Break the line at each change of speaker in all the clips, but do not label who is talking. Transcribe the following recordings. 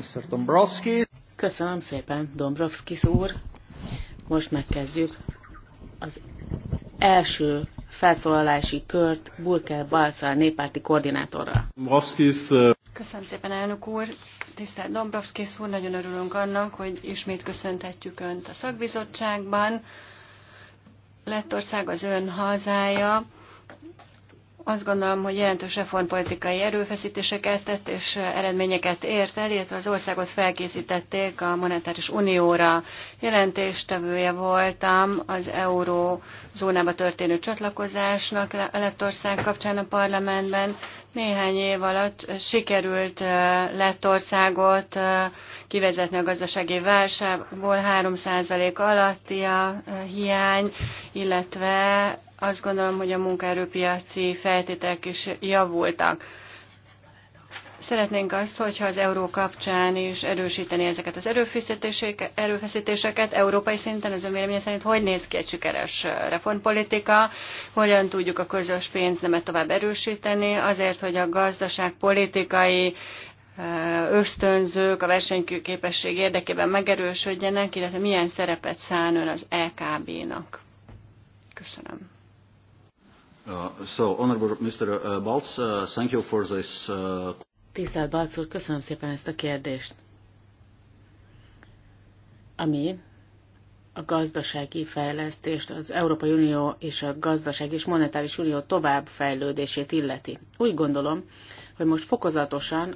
Mr. Dombrovski. Köszönöm szépen, Dombrovskis úr. Most megkezdjük az első felszólalási kört Burkel Balszal néppárti koordinátorral.
Dombrovskis. Uh,
Köszönöm szépen, elnök úr. Tisztelt Dombrovskis úr, nagyon örülünk annak, hogy ismét köszöntetjük Önt a szakbizottságban. Lettország az Ön hazája azt gondolom, hogy jelentős reformpolitikai erőfeszítéseket tett és eredményeket ért el, illetve az országot felkészítették a monetáris unióra. Jelentéstevője voltam az eurózónába történő csatlakozásnak Lettország kapcsán a parlamentben. Néhány év alatt sikerült eh, Lettországot eh, kivezetni a gazdasági válságból 3% alatti a eh, hiány, illetve azt gondolom, hogy a munkaerőpiaci feltételek is javultak. Szeretnénk azt, hogyha az euró kapcsán is erősíteni ezeket az erőfeszítéseket. Európai szinten az önvéleménye szerint hogy néz ki egy sikeres reformpolitika, hogyan tudjuk a közös nemet tovább erősíteni, azért, hogy a politikai eh, ösztönzők a versenyképesség érdekében megerősödjenek, illetve milyen szerepet szán ön az EKB-nak. Köszönöm. Uh, so, honorable Mr. Uh, uh, thank you for this. Uh... Tisztelt Balc úr, köszönöm
szépen ezt a kérdést. Ami a gazdasági fejlesztést, az Európai Unió és a gazdaság és monetáris unió tovább fejlődését illeti. Úgy gondolom, hogy most fokozatosan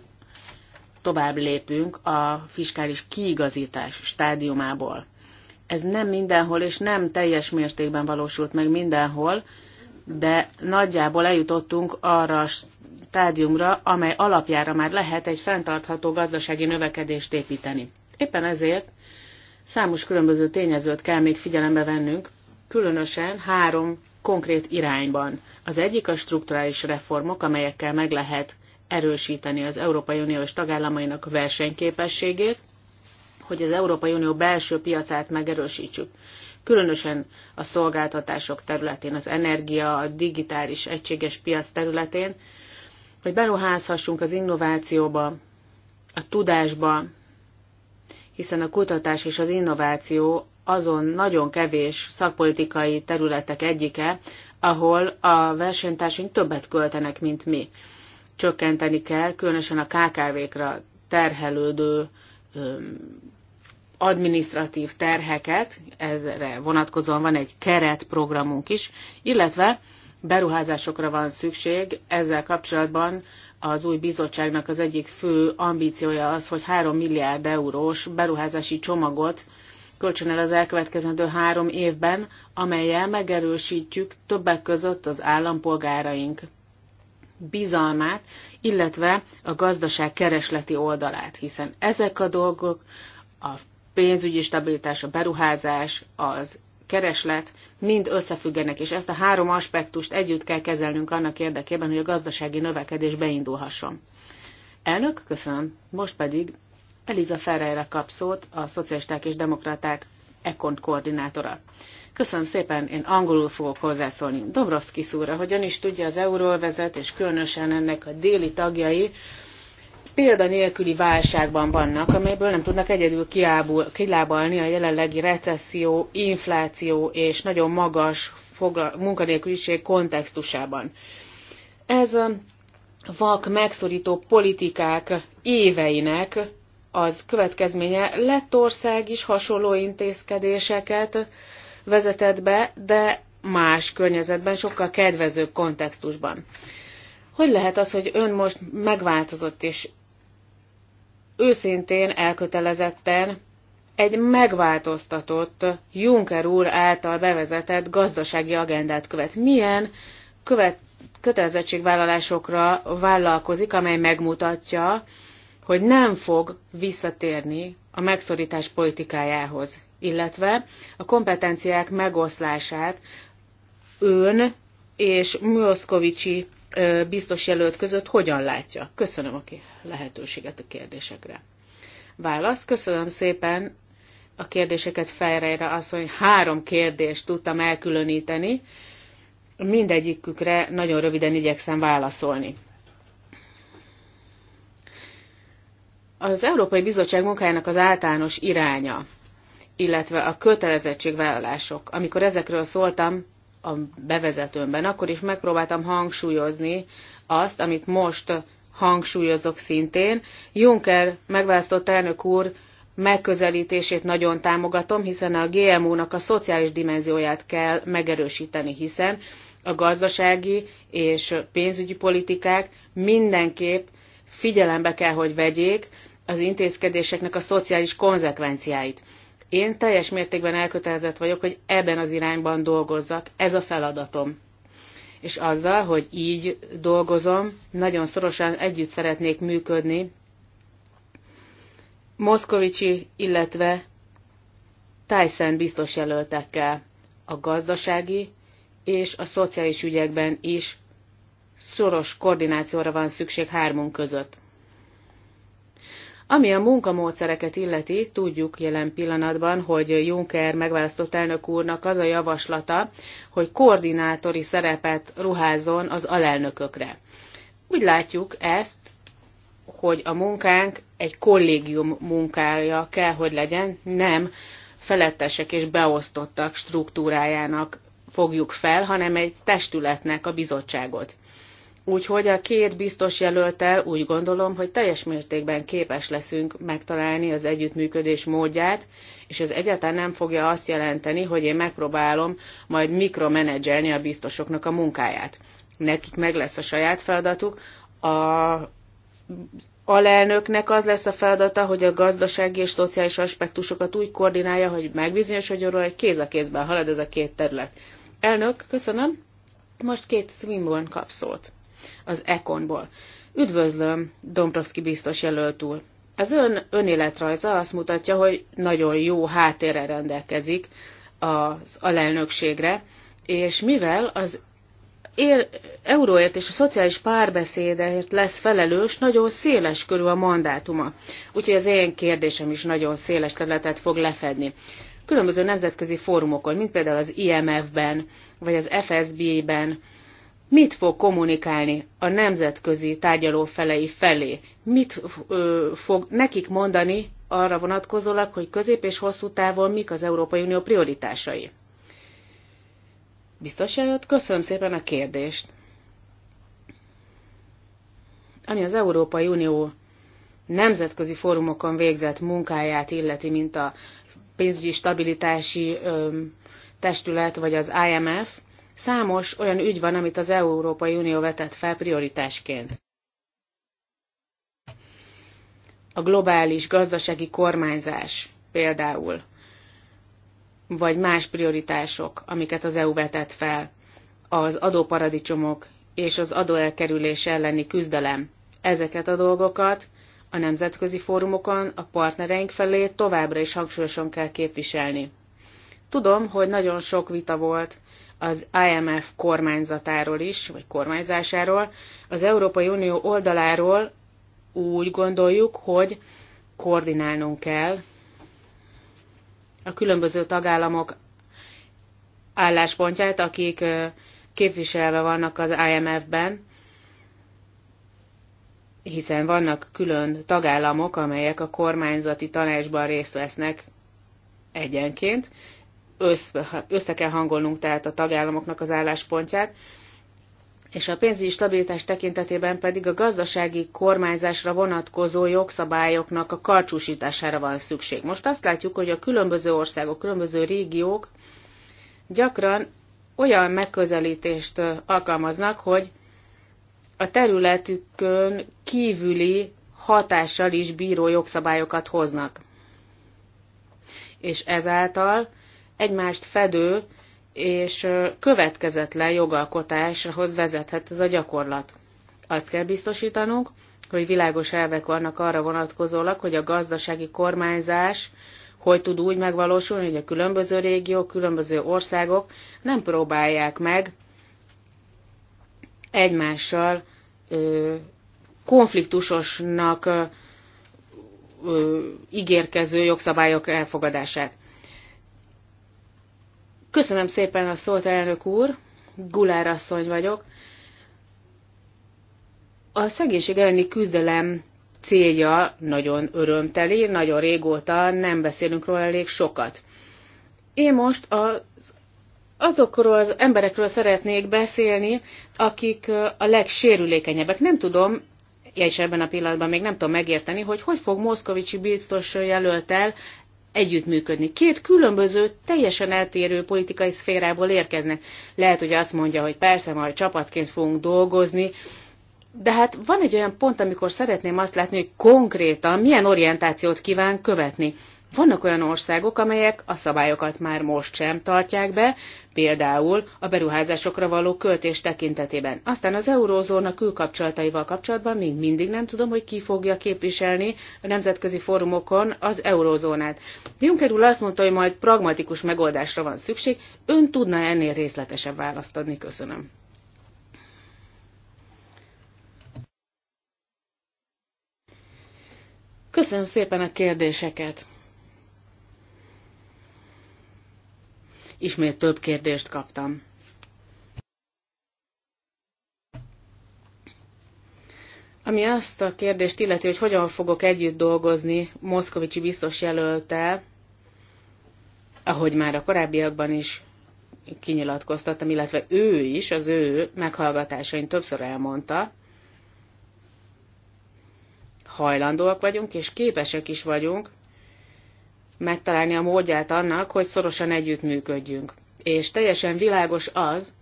tovább lépünk a fiskális kiigazítás stádiumából. Ez nem mindenhol és nem teljes mértékben valósult meg mindenhol, de nagyjából eljutottunk arra a stádiumra, amely alapjára már lehet egy fenntartható gazdasági növekedést építeni. Éppen ezért számos különböző tényezőt kell még figyelembe vennünk, különösen három konkrét irányban. Az egyik a strukturális reformok, amelyekkel meg lehet erősíteni az Európai Uniós tagállamainak versenyképességét, hogy az Európai Unió belső piacát megerősítsük különösen a szolgáltatások területén, az energia, a digitális egységes piac területén, hogy beruházhassunk az innovációba, a tudásba, hiszen a kutatás és az innováció azon nagyon kevés szakpolitikai területek egyike, ahol a versenytársaink többet költenek, mint mi. Csökkenteni kell, különösen a KKV-kra terhelődő administratív terheket, ezre vonatkozóan van egy keretprogramunk is, illetve beruházásokra van szükség. Ezzel kapcsolatban az új bizottságnak az egyik fő ambíciója az, hogy 3 milliárd eurós beruházási csomagot kölcsön el az elkövetkezendő három évben, amelyel megerősítjük többek között az állampolgáraink bizalmát, illetve a gazdaság keresleti oldalát, hiszen ezek a dolgok a pénzügyi stabilitás, a beruházás, az kereslet mind összefüggenek, és ezt a három aspektust együtt kell kezelnünk annak érdekében, hogy a gazdasági növekedés beindulhasson. Elnök, köszönöm. Most pedig Eliza Ferreira kap szót, a Szocialisták és Demokraták Ekon koordinátora. Köszönöm szépen, én angolul fogok hozzászólni. Dobrovszki szúra, hogyan is tudja az euróvezet, és különösen ennek a déli tagjai, példanélküli válságban vannak, amelyből nem tudnak egyedül kiábul, kilábalni a jelenlegi recesszió, infláció és nagyon magas fogla, munkanélküliség kontextusában. Ez a vak megszorító politikák éveinek az következménye Lettország is hasonló intézkedéseket vezetett be, de más környezetben, sokkal kedvezőbb kontextusban. Hogy lehet az, hogy ön most megváltozott és őszintén, elkötelezetten egy megváltoztatott Juncker úr által bevezetett gazdasági agendát követ. Milyen követ, kötelezettségvállalásokra vállalkozik, amely megmutatja, hogy nem fog visszatérni a megszorítás politikájához, illetve a kompetenciák megoszlását ön és Mioszkovicsi biztos jelölt között hogyan látja? Köszönöm a lehetőséget a kérdésekre. Válasz, köszönöm szépen a kérdéseket Az hogy Három kérdést tudtam elkülöníteni, mindegyikükre nagyon röviden igyekszem válaszolni. Az Európai Bizottság munkájának az általános iránya, illetve a kötelezettségvállalások, amikor ezekről szóltam, a bevezetőmben, akkor is megpróbáltam hangsúlyozni azt, amit most hangsúlyozok szintén. Juncker megválasztott elnök úr megközelítését nagyon támogatom, hiszen a GMO-nak a szociális dimenzióját kell megerősíteni, hiszen a gazdasági és pénzügyi politikák mindenképp figyelembe kell, hogy vegyék az intézkedéseknek a szociális konzekvenciáit. Én teljes mértékben elkötelezett vagyok, hogy ebben az irányban dolgozzak, ez a feladatom. És azzal, hogy így dolgozom, nagyon szorosan együtt szeretnék működni Moszkovicsi, illetve Tyson biztos jelöltekkel a gazdasági és a szociális ügyekben is szoros koordinációra van szükség hármunk között. Ami a munkamódszereket illeti, tudjuk jelen pillanatban, hogy Juncker megválasztott elnök úrnak az a javaslata, hogy koordinátori szerepet ruházzon az alelnökökre. Úgy látjuk ezt, hogy a munkánk egy kollégium munkája kell, hogy legyen, nem felettesek és beosztottak struktúrájának fogjuk fel, hanem egy testületnek a bizottságot. Úgyhogy a két biztos jelöltel úgy gondolom, hogy teljes mértékben képes leszünk megtalálni az együttműködés módját, és ez egyáltalán nem fogja azt jelenteni, hogy én megpróbálom majd mikromenedzselni a biztosoknak a munkáját. Nekik meg lesz a saját feladatuk, a alelnöknek az lesz a feladata, hogy a gazdasági és szociális aspektusokat úgy koordinálja, hogy megbizonyosodjon róla, hogy kéz a kézben halad ez a két terület. Elnök, köszönöm. Most két Swinburne kap szót az Econból. Üdvözlöm, Dombrovski biztos jelölt úr. Az ön önéletrajza azt mutatja, hogy nagyon jó háttérre rendelkezik az alelnökségre, és mivel az ér, euróért és a szociális párbeszédért lesz felelős, nagyon széles körül a mandátuma. Úgyhogy az én kérdésem is nagyon széles területet fog lefedni. Különböző nemzetközi fórumokon, mint például az IMF-ben, vagy az FSB-ben, mit fog kommunikálni a nemzetközi tárgyaló felé, mit ö, fog nekik mondani arra vonatkozólag, hogy közép és hosszú távon mik az Európai Unió prioritásai. Biztos jött? Köszönöm szépen a kérdést. Ami az Európai Unió nemzetközi fórumokon végzett munkáját illeti, mint a pénzügyi stabilitási ö, testület vagy az IMF, Számos olyan ügy van, amit az Európai Unió vetett fel prioritásként. A globális gazdasági kormányzás például, vagy más prioritások, amiket az EU vetett fel, az adóparadicsomok és az adóelkerülés elleni küzdelem. Ezeket a dolgokat a nemzetközi fórumokon a partnereink felé továbbra is hangsúlyosan kell képviselni. Tudom, hogy nagyon sok vita volt az IMF kormányzatáról is, vagy kormányzásáról. Az Európai Unió oldaláról úgy gondoljuk, hogy koordinálnunk kell a különböző tagállamok álláspontját, akik képviselve vannak az IMF-ben, hiszen vannak külön tagállamok, amelyek a kormányzati tanácsban részt vesznek egyenként, össze, össze kell hangolnunk tehát a tagállamoknak az álláspontját, és a pénzügyi stabilitás tekintetében pedig a gazdasági kormányzásra vonatkozó jogszabályoknak a karcsúsítására van szükség. Most azt látjuk, hogy a különböző országok, különböző régiók gyakran olyan megközelítést alkalmaznak, hogy a területükön kívüli hatással is bíró jogszabályokat hoznak. És ezáltal egymást fedő és következetlen jogalkotáshoz vezethet ez a gyakorlat. Azt kell biztosítanunk, hogy világos elvek vannak arra vonatkozólag, hogy a gazdasági kormányzás hogy tud úgy megvalósulni, hogy a különböző régiók, különböző országok nem próbálják meg egymással ö, konfliktusosnak ö, ö, ígérkező jogszabályok elfogadását. Köszönöm szépen a szót, elnök úr. Gulár asszony vagyok. A szegénység elleni küzdelem célja nagyon örömteli, nagyon régóta nem beszélünk róla elég sokat. Én most az, azokról az emberekről szeretnék beszélni, akik a legsérülékenyebbek. Nem tudom, és ebben a pillanatban még nem tudom megérteni, hogy hogy fog Moszkovicsi biztos jelöltel együttműködni. Két különböző, teljesen eltérő politikai szférából érkeznek. Lehet, hogy azt mondja, hogy persze majd csapatként fogunk dolgozni, de hát van egy olyan pont, amikor szeretném azt látni, hogy konkrétan milyen orientációt kíván követni. Vannak olyan országok, amelyek a szabályokat már most sem tartják be, például a beruházásokra való költés tekintetében. Aztán az eurózóna külkapcsolataival kapcsolatban még mindig nem tudom, hogy ki fogja képviselni a nemzetközi fórumokon az eurózónát. Juncker úr azt mondta, hogy majd pragmatikus megoldásra van szükség. Ön tudna ennél részletesebb választ adni? Köszönöm. Köszönöm szépen a kérdéseket! Ismét több kérdést kaptam. Ami azt a kérdést illeti, hogy hogyan fogok együtt dolgozni Moszkovicsi biztos jelöltel, ahogy már a korábbiakban is kinyilatkoztattam, illetve ő is, az ő meghallgatásain többször elmondta, hajlandóak vagyunk, és képesek is vagyunk megtalálni a módját annak, hogy szorosan együttműködjünk. És teljesen világos az,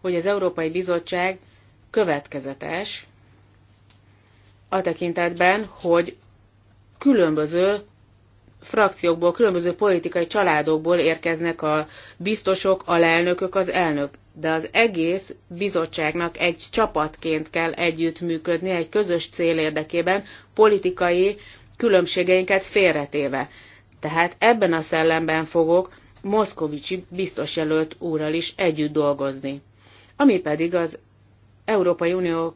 hogy az Európai Bizottság következetes a tekintetben, hogy különböző frakciókból, különböző politikai családokból érkeznek a biztosok, alelnökök, az elnök. De az egész bizottságnak egy csapatként kell együttműködni, egy közös cél érdekében, politikai különbségeinket félretéve. Tehát ebben a szellemben fogok Moszkovicsi biztos jelölt úrral is együtt dolgozni. Ami pedig az Európai Unió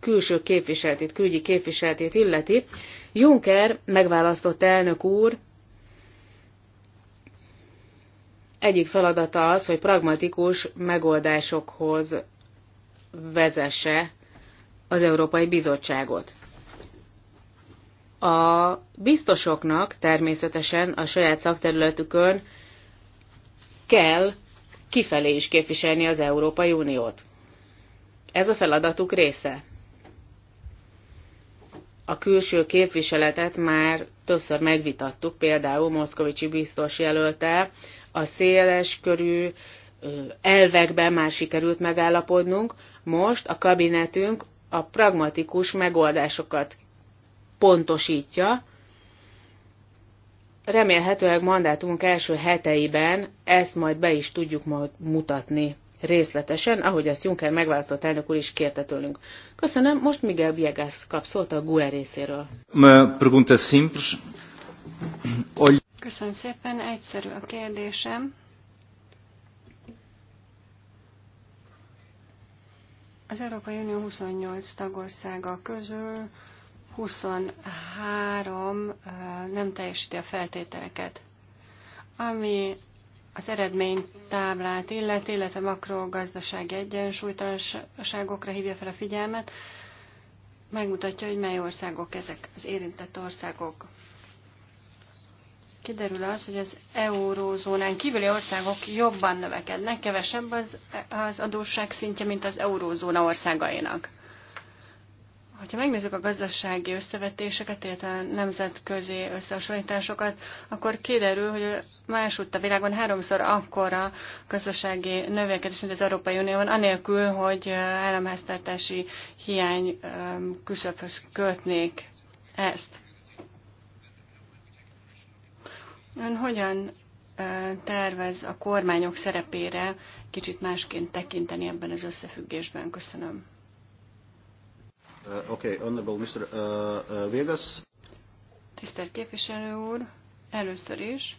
külső képviseltét, külügyi képviseltét illeti, Juncker megválasztott elnök úr egyik feladata az, hogy pragmatikus megoldásokhoz vezesse az Európai Bizottságot. A biztosoknak természetesen a saját szakterületükön kell kifelé is képviselni az Európai Uniót. Ez a feladatuk része. A külső képviseletet már többször megvitattuk, például Moszkovicsi biztos jelölte, a széles körű elvekben már sikerült megállapodnunk, most a kabinetünk a pragmatikus megoldásokat pontosítja. Remélhetőleg mandátumunk első heteiben ezt majd be is tudjuk majd mutatni részletesen, ahogy azt Juncker megválasztott elnök úr is kérte tőlünk. Köszönöm, most Miguel Biegas kap szót a GUE részéről.
Köszönöm szépen, egyszerű a kérdésem. Az Európai Unió 28 tagországa közül 23 nem teljesíti a feltételeket. Ami az eredménytáblát illeti, illetve makrogazdasági egyensúlytalanságokra hívja fel a figyelmet, megmutatja, hogy mely országok ezek, az érintett országok. Kiderül az, hogy az eurózónán kívüli országok jobban növekednek, kevesebb az, az adósság szintje, mint az eurózóna országainak. Ha megnézzük a gazdasági összevetéseket, illetve a nemzetközi összehasonlításokat, akkor kiderül, hogy másútt a világon háromszor akkora gazdasági növekedés, mint az Európai Unióban, anélkül, hogy államháztartási hiány küszöbhöz kötnék ezt. Ön hogyan tervez a kormányok szerepére kicsit másként tekinteni ebben az összefüggésben? Köszönöm.
Uh, okay, honorable Mr. Uh, uh, Vegas.
Tisztelt képviselő úr, először is,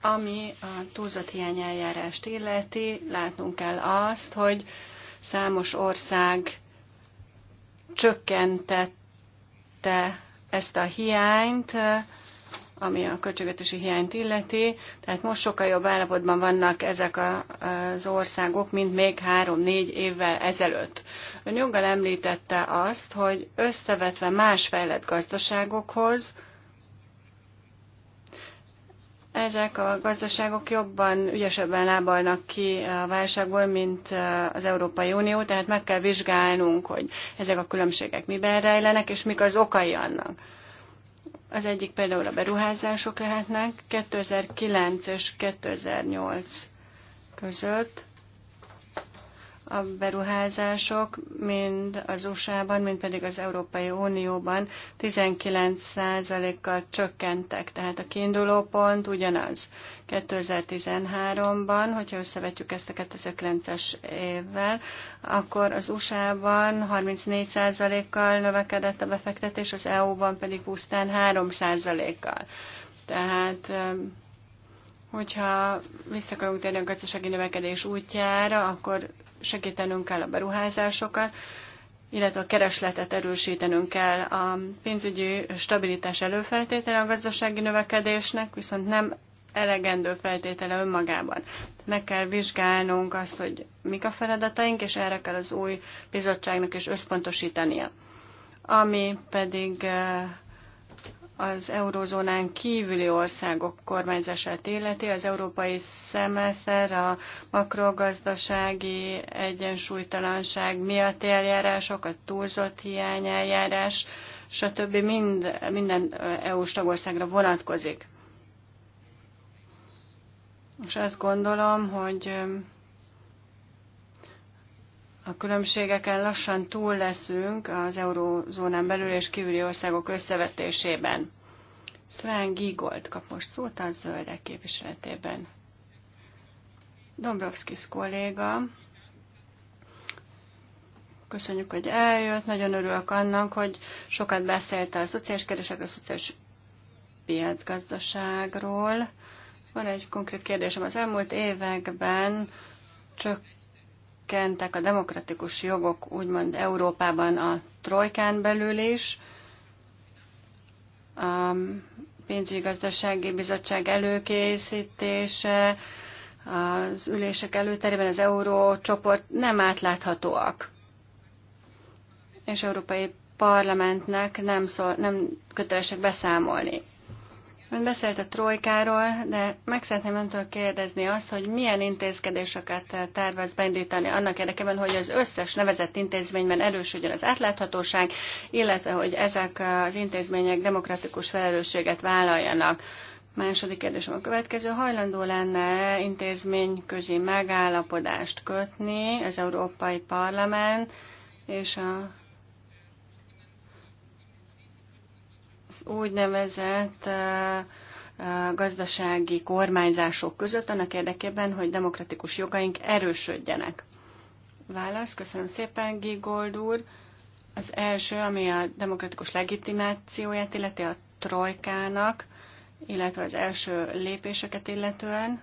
ami a túlzathiány eljárást illeti, látnunk kell azt, hogy számos ország csökkentette ezt a hiányt, ami a költségvetési hiányt illeti. Tehát most sokkal jobb állapotban vannak ezek a, az országok, mint még három-négy évvel ezelőtt. Ön joggal említette azt, hogy összevetve más fejlett gazdaságokhoz, ezek a gazdaságok jobban, ügyesebben lábalnak ki a válságból, mint az Európai Unió, tehát meg kell vizsgálnunk, hogy ezek a különbségek miben rejlenek, és mik az okai annak. Az egyik például a beruházások lehetnek 2009 és 2008 között a beruházások, mind az USA-ban, mind pedig az Európai Unióban 19%-kal csökkentek. Tehát a kiinduló pont ugyanaz. 2013-ban, hogyha összevetjük ezt a 2009-es évvel, akkor az USA-ban 34%-kal növekedett a befektetés, az EU-ban pedig pusztán 3%-kal. Tehát Hogyha vissza akarunk térni a gazdasági növekedés útjára, akkor segítenünk kell a beruházásokat, illetve a keresletet erősítenünk kell. A pénzügyi stabilitás előfeltétele a gazdasági növekedésnek, viszont nem elegendő feltétele önmagában. Meg kell vizsgálnunk azt, hogy mik a feladataink, és erre kell az új bizottságnak is összpontosítania. Ami pedig eh, az eurozónán kívüli országok kormányzását illeti. Az európai szemeszter a makrogazdasági egyensúlytalanság miatt eljárások, a túlzott hiányeljárás, stb. Mind, minden EU-s tagországra vonatkozik. És azt gondolom, hogy a különbségeken lassan túl leszünk az eurózónán belül és kívüli országok összevetésében. Sven Gigold kap most szót a zöldek képviseletében. Dombrovskis kolléga, köszönjük, hogy eljött, nagyon örülök annak, hogy sokat beszélt a szociális kérdésekről, a szociális piacgazdaságról. Van egy konkrét kérdésem. Az elmúlt években csak csökkentek a demokratikus jogok úgymond Európában a trojkán belül is. A pénzügyi gazdasági bizottság előkészítése, az ülések előterében az eurócsoport nem átláthatóak. És Európai Parlamentnek nem, szól, nem kötelesek beszámolni. Ön beszélt a trojkáról, de meg szeretném öntől kérdezni azt, hogy milyen intézkedéseket tervez beindítani annak érdekében, hogy az összes nevezett intézményben erősödjön az átláthatóság, illetve hogy ezek az intézmények demokratikus felelősséget vállaljanak. Második kérdésem a következő. Hajlandó lenne intézményközi megállapodást kötni az Európai Parlament és a úgynevezett gazdasági kormányzások között, annak érdekében, hogy demokratikus jogaink erősödjenek. Válasz, köszönöm szépen, Gigold úr. Az első, ami a demokratikus legitimációját illeti a trojkának, illetve az első lépéseket illetően.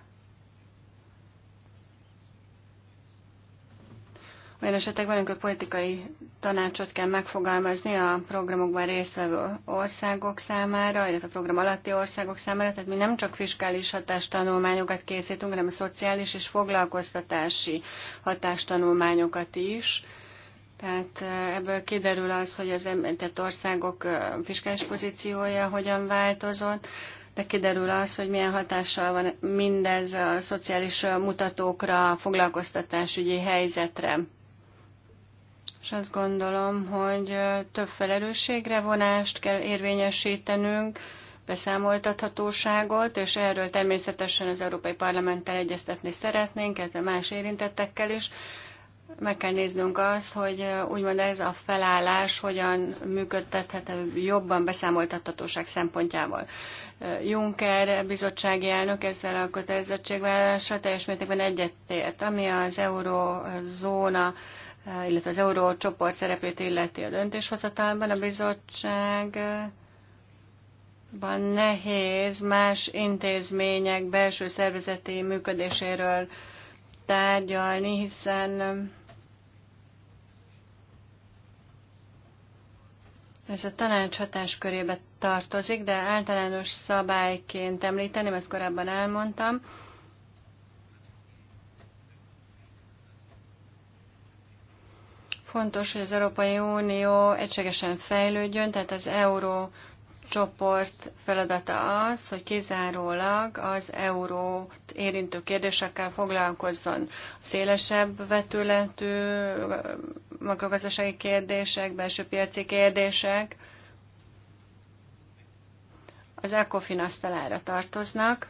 olyan esetekben, amikor politikai tanácsot kell megfogalmazni a programokban résztvevő országok számára, illetve a program alatti országok számára, tehát mi nem csak fiskális hatástanulmányokat készítünk, hanem a szociális és foglalkoztatási hatástanulmányokat is. Tehát ebből kiderül az, hogy az említett országok fiskális pozíciója hogyan változott, de kiderül az, hogy milyen hatással van mindez a szociális mutatókra, a foglalkoztatásügyi helyzetre és azt gondolom, hogy több felelősségre vonást kell érvényesítenünk, beszámoltathatóságot, és erről természetesen az Európai Parlamenttel egyeztetni szeretnénk, ezzel más érintettekkel is. Meg kell néznünk azt, hogy úgymond ez a felállás hogyan működtethet jobban beszámoltathatóság szempontjából. Juncker bizottsági elnök ezzel a kötelezettségvállalással teljes mértékben egyetért, ami az eurozóna illetve az eurócsoport szerepét illeti a döntéshozatalban, a bizottságban nehéz más intézmények belső szervezeti működéséről tárgyalni, hiszen um, Ez a tanács hatáskörébe tartozik, de általános szabályként említeném, ezt korábban elmondtam, Fontos, hogy az Európai Unió egységesen fejlődjön, tehát az euró csoport feladata az, hogy kizárólag az eurót érintő kérdésekkel foglalkozzon. Szélesebb vetületű makrogazdasági kérdések, belső piaci kérdések az ECOFIN asztalára tartoznak.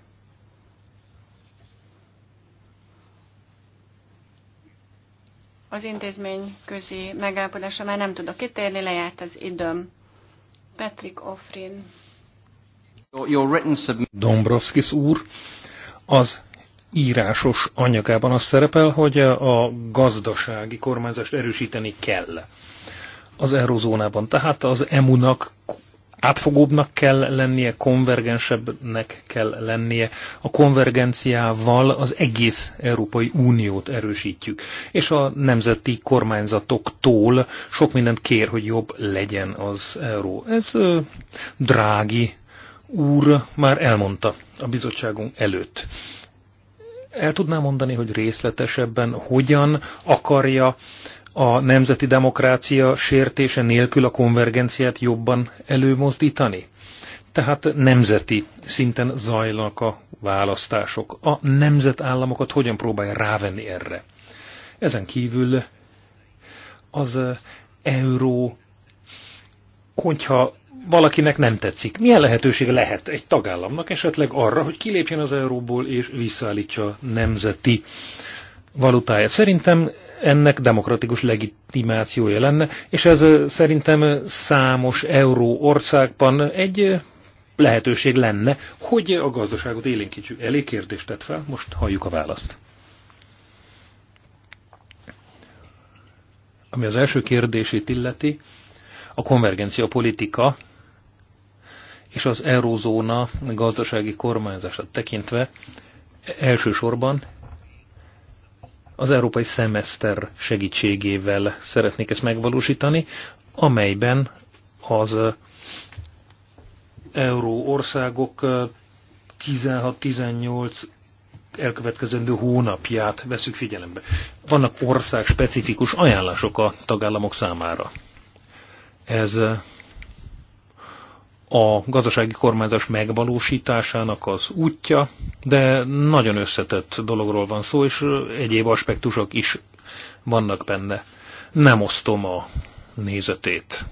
az intézmény közi megállapodásra már nem tudok kitérni, lejárt az időm. Patrick Offrin.
Dombrovskis úr, az írásos anyagában az szerepel, hogy a gazdasági kormányzást erősíteni kell az eurozónában. Tehát az EMU-nak átfogóbbnak kell lennie, konvergensebbnek kell lennie. A konvergenciával az egész Európai Uniót erősítjük, és a nemzeti kormányzatoktól sok mindent kér, hogy jobb legyen az euró. Ez ö, drági úr már elmondta a bizottságunk előtt. El tudná mondani, hogy részletesebben hogyan akarja a nemzeti demokrácia sértése nélkül a konvergenciát jobban előmozdítani? Tehát nemzeti szinten zajlanak a választások. A nemzetállamokat hogyan próbálja rávenni erre? Ezen kívül az euró, hogyha valakinek nem tetszik, milyen lehetősége lehet egy tagállamnak esetleg arra, hogy kilépjen az euróból és visszaállítsa a nemzeti valutáját? Szerintem ennek demokratikus legitimációja lenne, és ez szerintem számos euró országban egy lehetőség lenne, hogy a gazdaságot élénkítsük. Elég kérdést tett fel, most halljuk a választ. Ami az első kérdését illeti, a konvergencia politika és az eurózóna gazdasági kormányzását tekintve elsősorban az európai szemeszter segítségével szeretnék ezt megvalósítani, amelyben az euró országok 16-18 elkövetkezendő hónapját veszük figyelembe. Vannak ország specifikus ajánlások a tagállamok számára. Ez a gazdasági kormányzás megvalósításának az útja, de nagyon összetett dologról van szó, és egyéb aspektusok is vannak benne. Nem osztom a nézetét.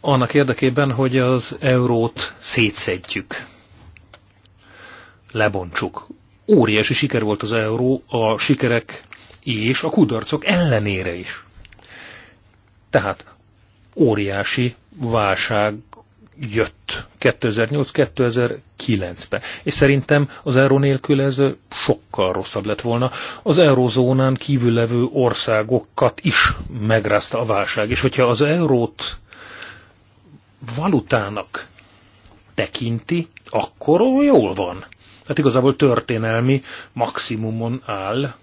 Annak érdekében, hogy az eurót szétszedjük, lebontsuk. Óriási siker volt az euró a sikerek és a kudarcok ellenére is. Tehát óriási válság jött 2008-2009-ben. És szerintem az euró nélkül ez sokkal rosszabb lett volna. Az eurozónán kívül levő országokat is megrázta a válság. És hogyha az eurót valutának tekinti, akkor jól van. Tehát igazából történelmi maximumon áll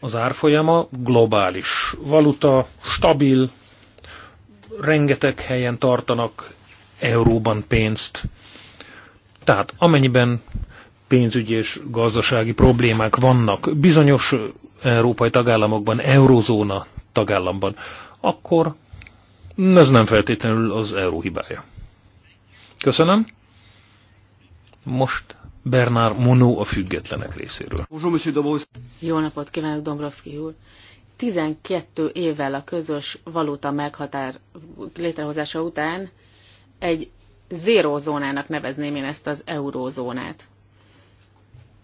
az árfolyama, globális valuta, stabil, rengeteg helyen tartanak euróban pénzt. Tehát amennyiben pénzügyi és gazdasági problémák vannak bizonyos európai tagállamokban, eurozóna tagállamban, akkor ez nem feltétlenül az euró hibája. Köszönöm. Most Bernard Monó a függetlenek részéről.
Jó napot kívánok, Dombrovski úr! 12 évvel a közös valuta meghatár létrehozása után egy zérózónának nevezném én ezt az eurózónát.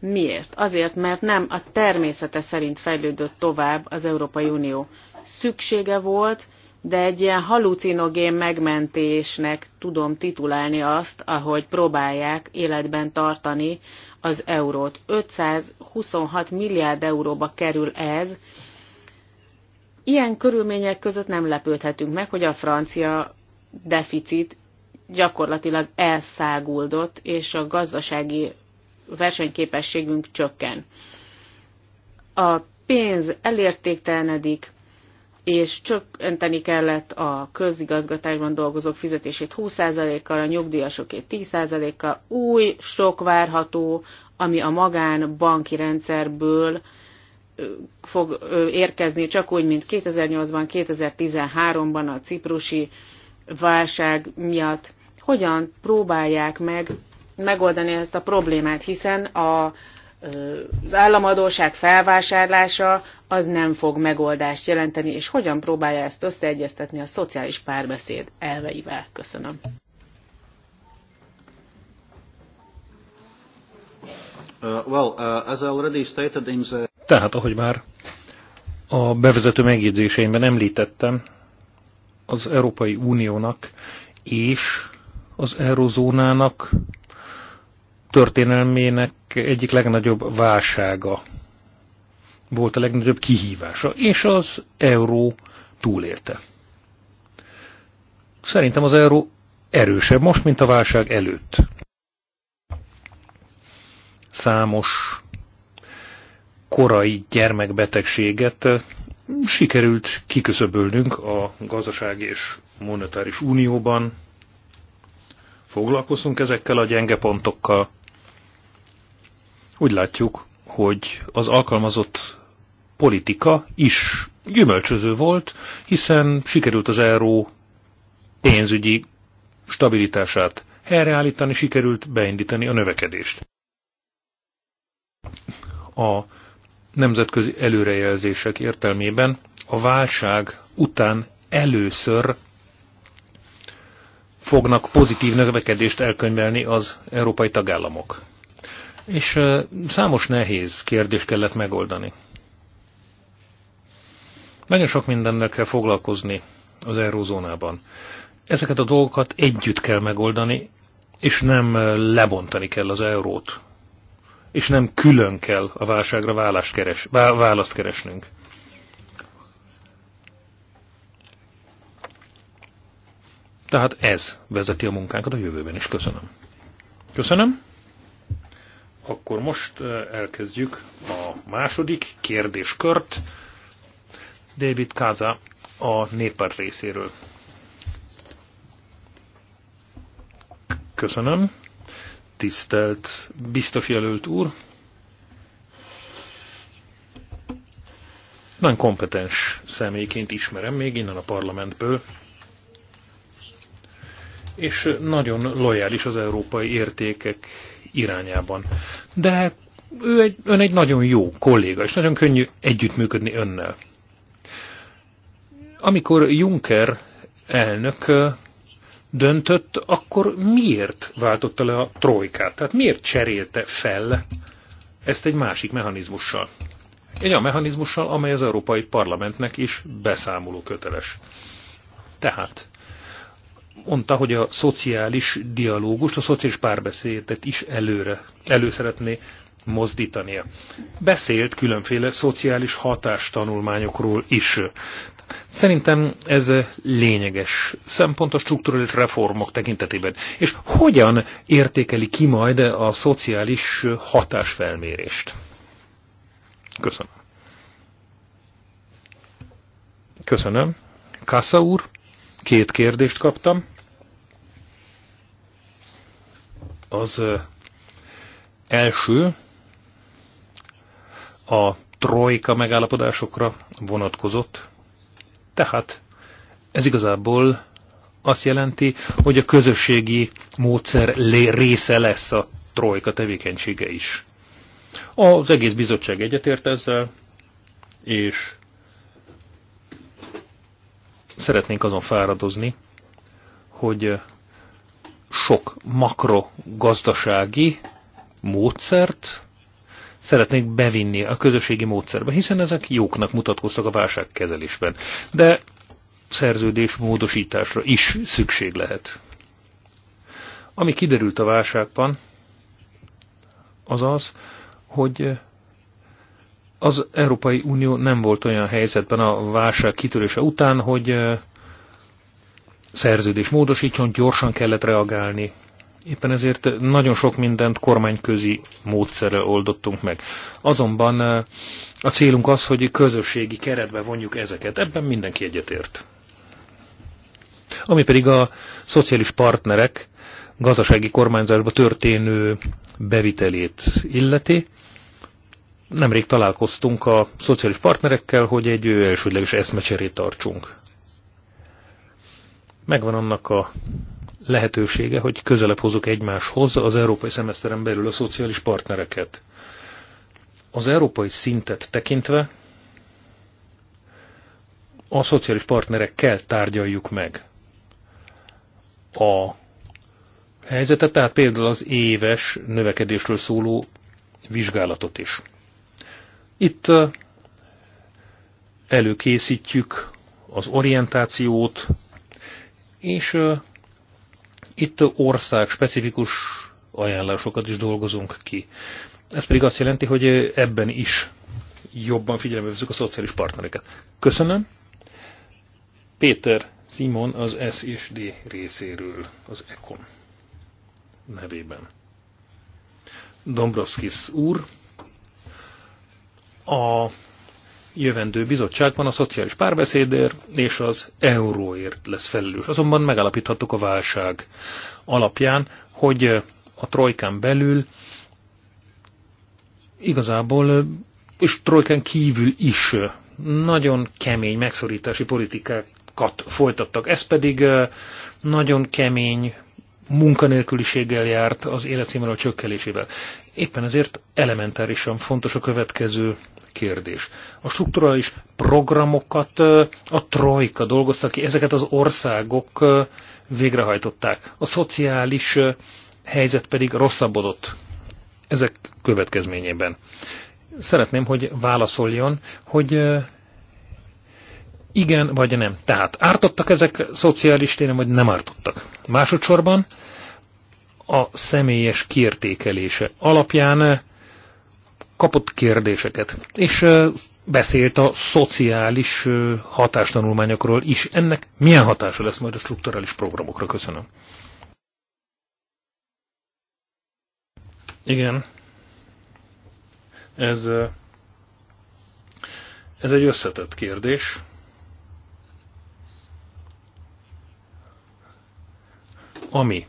Miért? Azért, mert nem a természete szerint fejlődött tovább az Európai Unió. Szüksége volt, de egy ilyen halucinogén megmentésnek tudom titulálni azt, ahogy próbálják életben tartani az eurót. 526 milliárd euróba kerül ez. Ilyen körülmények között nem lepődhetünk meg, hogy a francia deficit gyakorlatilag elszáguldott, és a gazdasági versenyképességünk csökken. A pénz elértéktelenedik, és csökkenteni kellett a közigazgatásban dolgozók fizetését 20%-kal, a nyugdíjasokét 10%-kal, új sok várható, ami a magán banki rendszerből fog érkezni, csak úgy, mint 2008-ban, 2013-ban a ciprusi válság miatt hogyan próbálják meg megoldani ezt a problémát, hiszen a, az államadóság felvásárlása az nem fog megoldást jelenteni, és hogyan próbálja ezt összeegyeztetni a szociális párbeszéd elveivel. Köszönöm.
Uh, well, uh, as I already stated in the... Tehát, ahogy már a bevezető megjegyzéseimben említettem, az Európai Uniónak és az eurozónának történelmének egyik legnagyobb válsága volt a legnagyobb kihívása, és az euró túlélte. Szerintem az euró erősebb most, mint a válság előtt. Számos korai gyermekbetegséget sikerült kiközöbölnünk a gazdasági és monetáris unióban, foglalkozunk ezekkel a gyenge pontokkal. Úgy látjuk, hogy az alkalmazott politika is gyümölcsöző volt, hiszen sikerült az euró pénzügyi stabilitását helyreállítani, sikerült beindítani a növekedést. A nemzetközi előrejelzések értelmében a válság után először fognak pozitív növekedést elkönyvelni az európai tagállamok. És számos nehéz kérdést kellett megoldani. Nagyon sok mindennel kell foglalkozni az eurózónában. Ezeket a dolgokat együtt kell megoldani, és nem lebontani kell az eurót és nem külön kell a válságra választ, keres, választ keresnünk. Tehát ez vezeti a munkánkat a jövőben is. Köszönöm. Köszönöm. Akkor most eh, elkezdjük a második kérdéskört. David Káza a népár részéről. Köszönöm tisztelt biztos jelölt úr. Nagyon kompetens személyként ismerem még innen a parlamentből, és nagyon lojális az európai értékek irányában. De hát ő egy, ön egy nagyon jó kolléga, és nagyon könnyű együttműködni önnel. Amikor Juncker elnök döntött, akkor miért váltotta le a trojkát? Tehát miért cserélte fel ezt egy másik mechanizmussal? Egy olyan mechanizmussal, amely az Európai Parlamentnek is beszámoló köteles. Tehát mondta, hogy a szociális dialógust, a szociális párbeszédet is előre, elő szeretné mozdítania. Beszélt különféle szociális hatástanulmányokról is. Szerintem ez lényeges szempont a strukturális reformok tekintetében. És hogyan értékeli ki majd a szociális hatásfelmérést? Köszönöm. Köszönöm. Kassa úr, két kérdést kaptam. Az első a trojka megállapodásokra vonatkozott. Tehát ez igazából azt jelenti, hogy a közösségi módszer része lesz a trojka tevékenysége is. Az egész bizottság egyetért ezzel, és szeretnénk azon fáradozni, hogy sok makrogazdasági módszert szeretnék bevinni a közösségi módszerbe, hiszen ezek jóknak mutatkoztak a válságkezelésben. De szerződés módosításra is szükség lehet. Ami kiderült a válságban, az az, hogy az Európai Unió nem volt olyan helyzetben a válság kitörése után, hogy eh, szerződés módosítson, gyorsan kellett reagálni. Éppen ezért nagyon sok mindent kormányközi módszerrel oldottunk meg. Azonban eh, a célunk az, hogy közösségi keretbe vonjuk ezeket. Ebben mindenki egyetért. Ami pedig a szociális partnerek gazdasági kormányzásba történő bevitelét illeti, nemrég találkoztunk a szociális partnerekkel, hogy egy elsődleges eszmecserét tartsunk. Megvan annak a lehetősége, hogy közelebb hozzuk egymáshoz az európai szemeszteren belül a szociális partnereket. Az európai szintet tekintve a szociális partnerekkel tárgyaljuk meg a helyzetet, tehát például az éves növekedésről szóló vizsgálatot is. Itt uh, előkészítjük az orientációt, és uh, itt ország specifikus ajánlásokat is dolgozunk ki. Ez pedig azt jelenti, hogy ebben is jobban figyelembe veszük a szociális partnereket. Köszönöm. Péter Simon az S és D részéről, az ECON nevében. Dombrovskis úr, a jövendő bizottságban a szociális párbeszédért és az euróért lesz felelős. Azonban megállapíthattuk a válság alapján, hogy a trojkán belül igazából, és trojkán kívül is nagyon kemény megszorítási politikákat folytattak. Ez pedig nagyon kemény munkanélküliséggel járt, az életszínvonal csökkelésével. Éppen ezért elementárisan fontos a következő kérdés. A strukturális programokat a trojka dolgozta ki, ezeket az országok végrehajtották. A szociális helyzet pedig rosszabbodott ezek következményében. Szeretném, hogy válaszoljon, hogy igen vagy nem. Tehát ártottak ezek szociális vagy nem ártottak. Másodszorban a személyes kiértékelése alapján eh, kapott kérdéseket, és eh, beszélt a szociális eh, hatástanulmányokról is. Ennek milyen hatása lesz majd a strukturális programokra? Köszönöm. Igen. Ez, ez egy összetett kérdés. Ami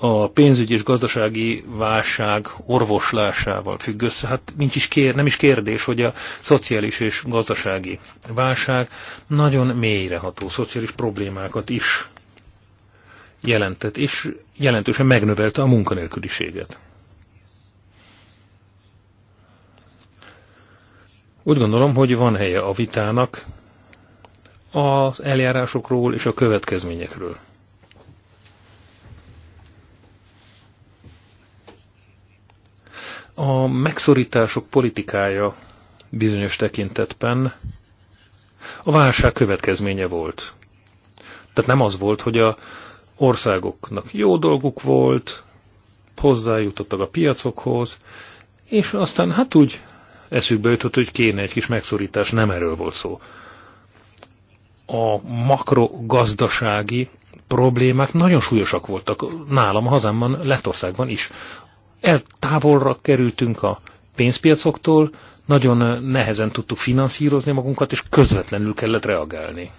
a pénzügyi és gazdasági válság orvoslásával függ össze. Hát nincs is kér, nem is kérdés, hogy a szociális és gazdasági válság nagyon mélyreható szociális problémákat is jelentett, és jelentősen megnövelte a munkanélküliséget. Úgy gondolom, hogy van helye a vitának az eljárásokról és a következményekről. a megszorítások politikája bizonyos tekintetben a válság következménye volt. Tehát nem az volt, hogy a országoknak jó dolguk volt, hozzájutottak a piacokhoz, és aztán hát úgy eszükbe jutott, hogy kéne egy kis megszorítás, nem erről volt szó. A makrogazdasági problémák nagyon súlyosak voltak, nálam, a hazámban, Lettországban is eltávolra kerültünk a pénzpiacoktól, nagyon nehezen tudtuk finanszírozni magunkat, és közvetlenül kellett reagálni.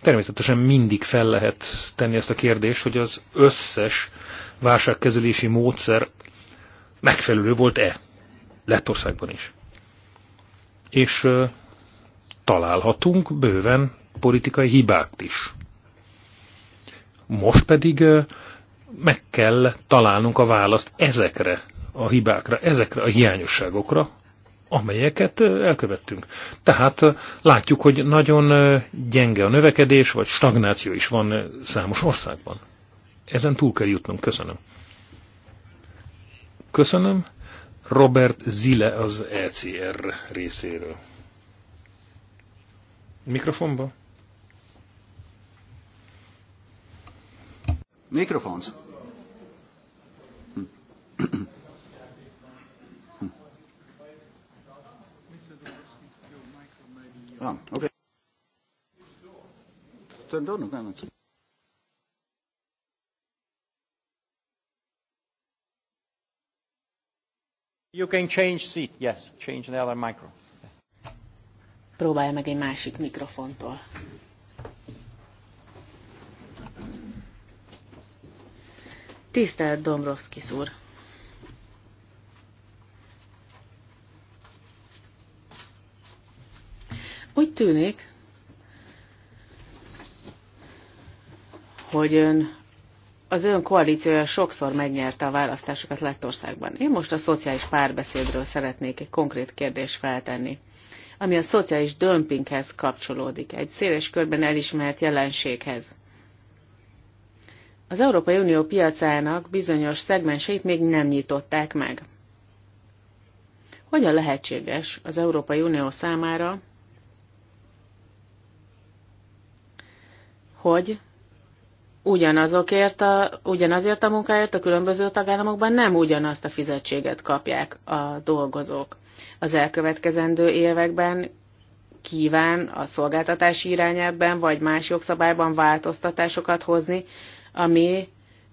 Természetesen mindig fel lehet tenni ezt a kérdést, hogy az összes válságkezelési módszer megfelelő volt-e Lettországban is. És ö, találhatunk bőven politikai hibát is. Most pedig ö, meg kell találnunk a választ ezekre a hibákra, ezekre a hiányosságokra, amelyeket elkövettünk. Tehát látjuk, hogy nagyon gyenge a növekedés, vagy stagnáció is van számos országban. Ezen túl kell jutnunk. Köszönöm. Köszönöm. Robert Zile az ECR részéről. Mikrofonba?
Mikrofons. Ah,
you can change seat, yes. Change the other micro. Próbálja meg egy másik mikrofontól. Tisztelt Dombrovskis úr! Úgy tűnik, hogy ön, az ön koalíciója sokszor megnyerte a választásokat Lettországban. Én most a szociális párbeszédről szeretnék egy konkrét kérdést feltenni, ami a szociális dömpinghez kapcsolódik, egy széles körben elismert jelenséghez. Az Európai Unió piacának bizonyos szegmenseit még nem nyitották meg. Hogyan lehetséges az Európai Unió számára, hogy ugyanazokért a, ugyanazért a munkáért a különböző tagállamokban nem ugyanazt a fizetséget kapják a dolgozók. Az elkövetkezendő években kíván a szolgáltatási irányában vagy más jogszabályban változtatásokat hozni, ami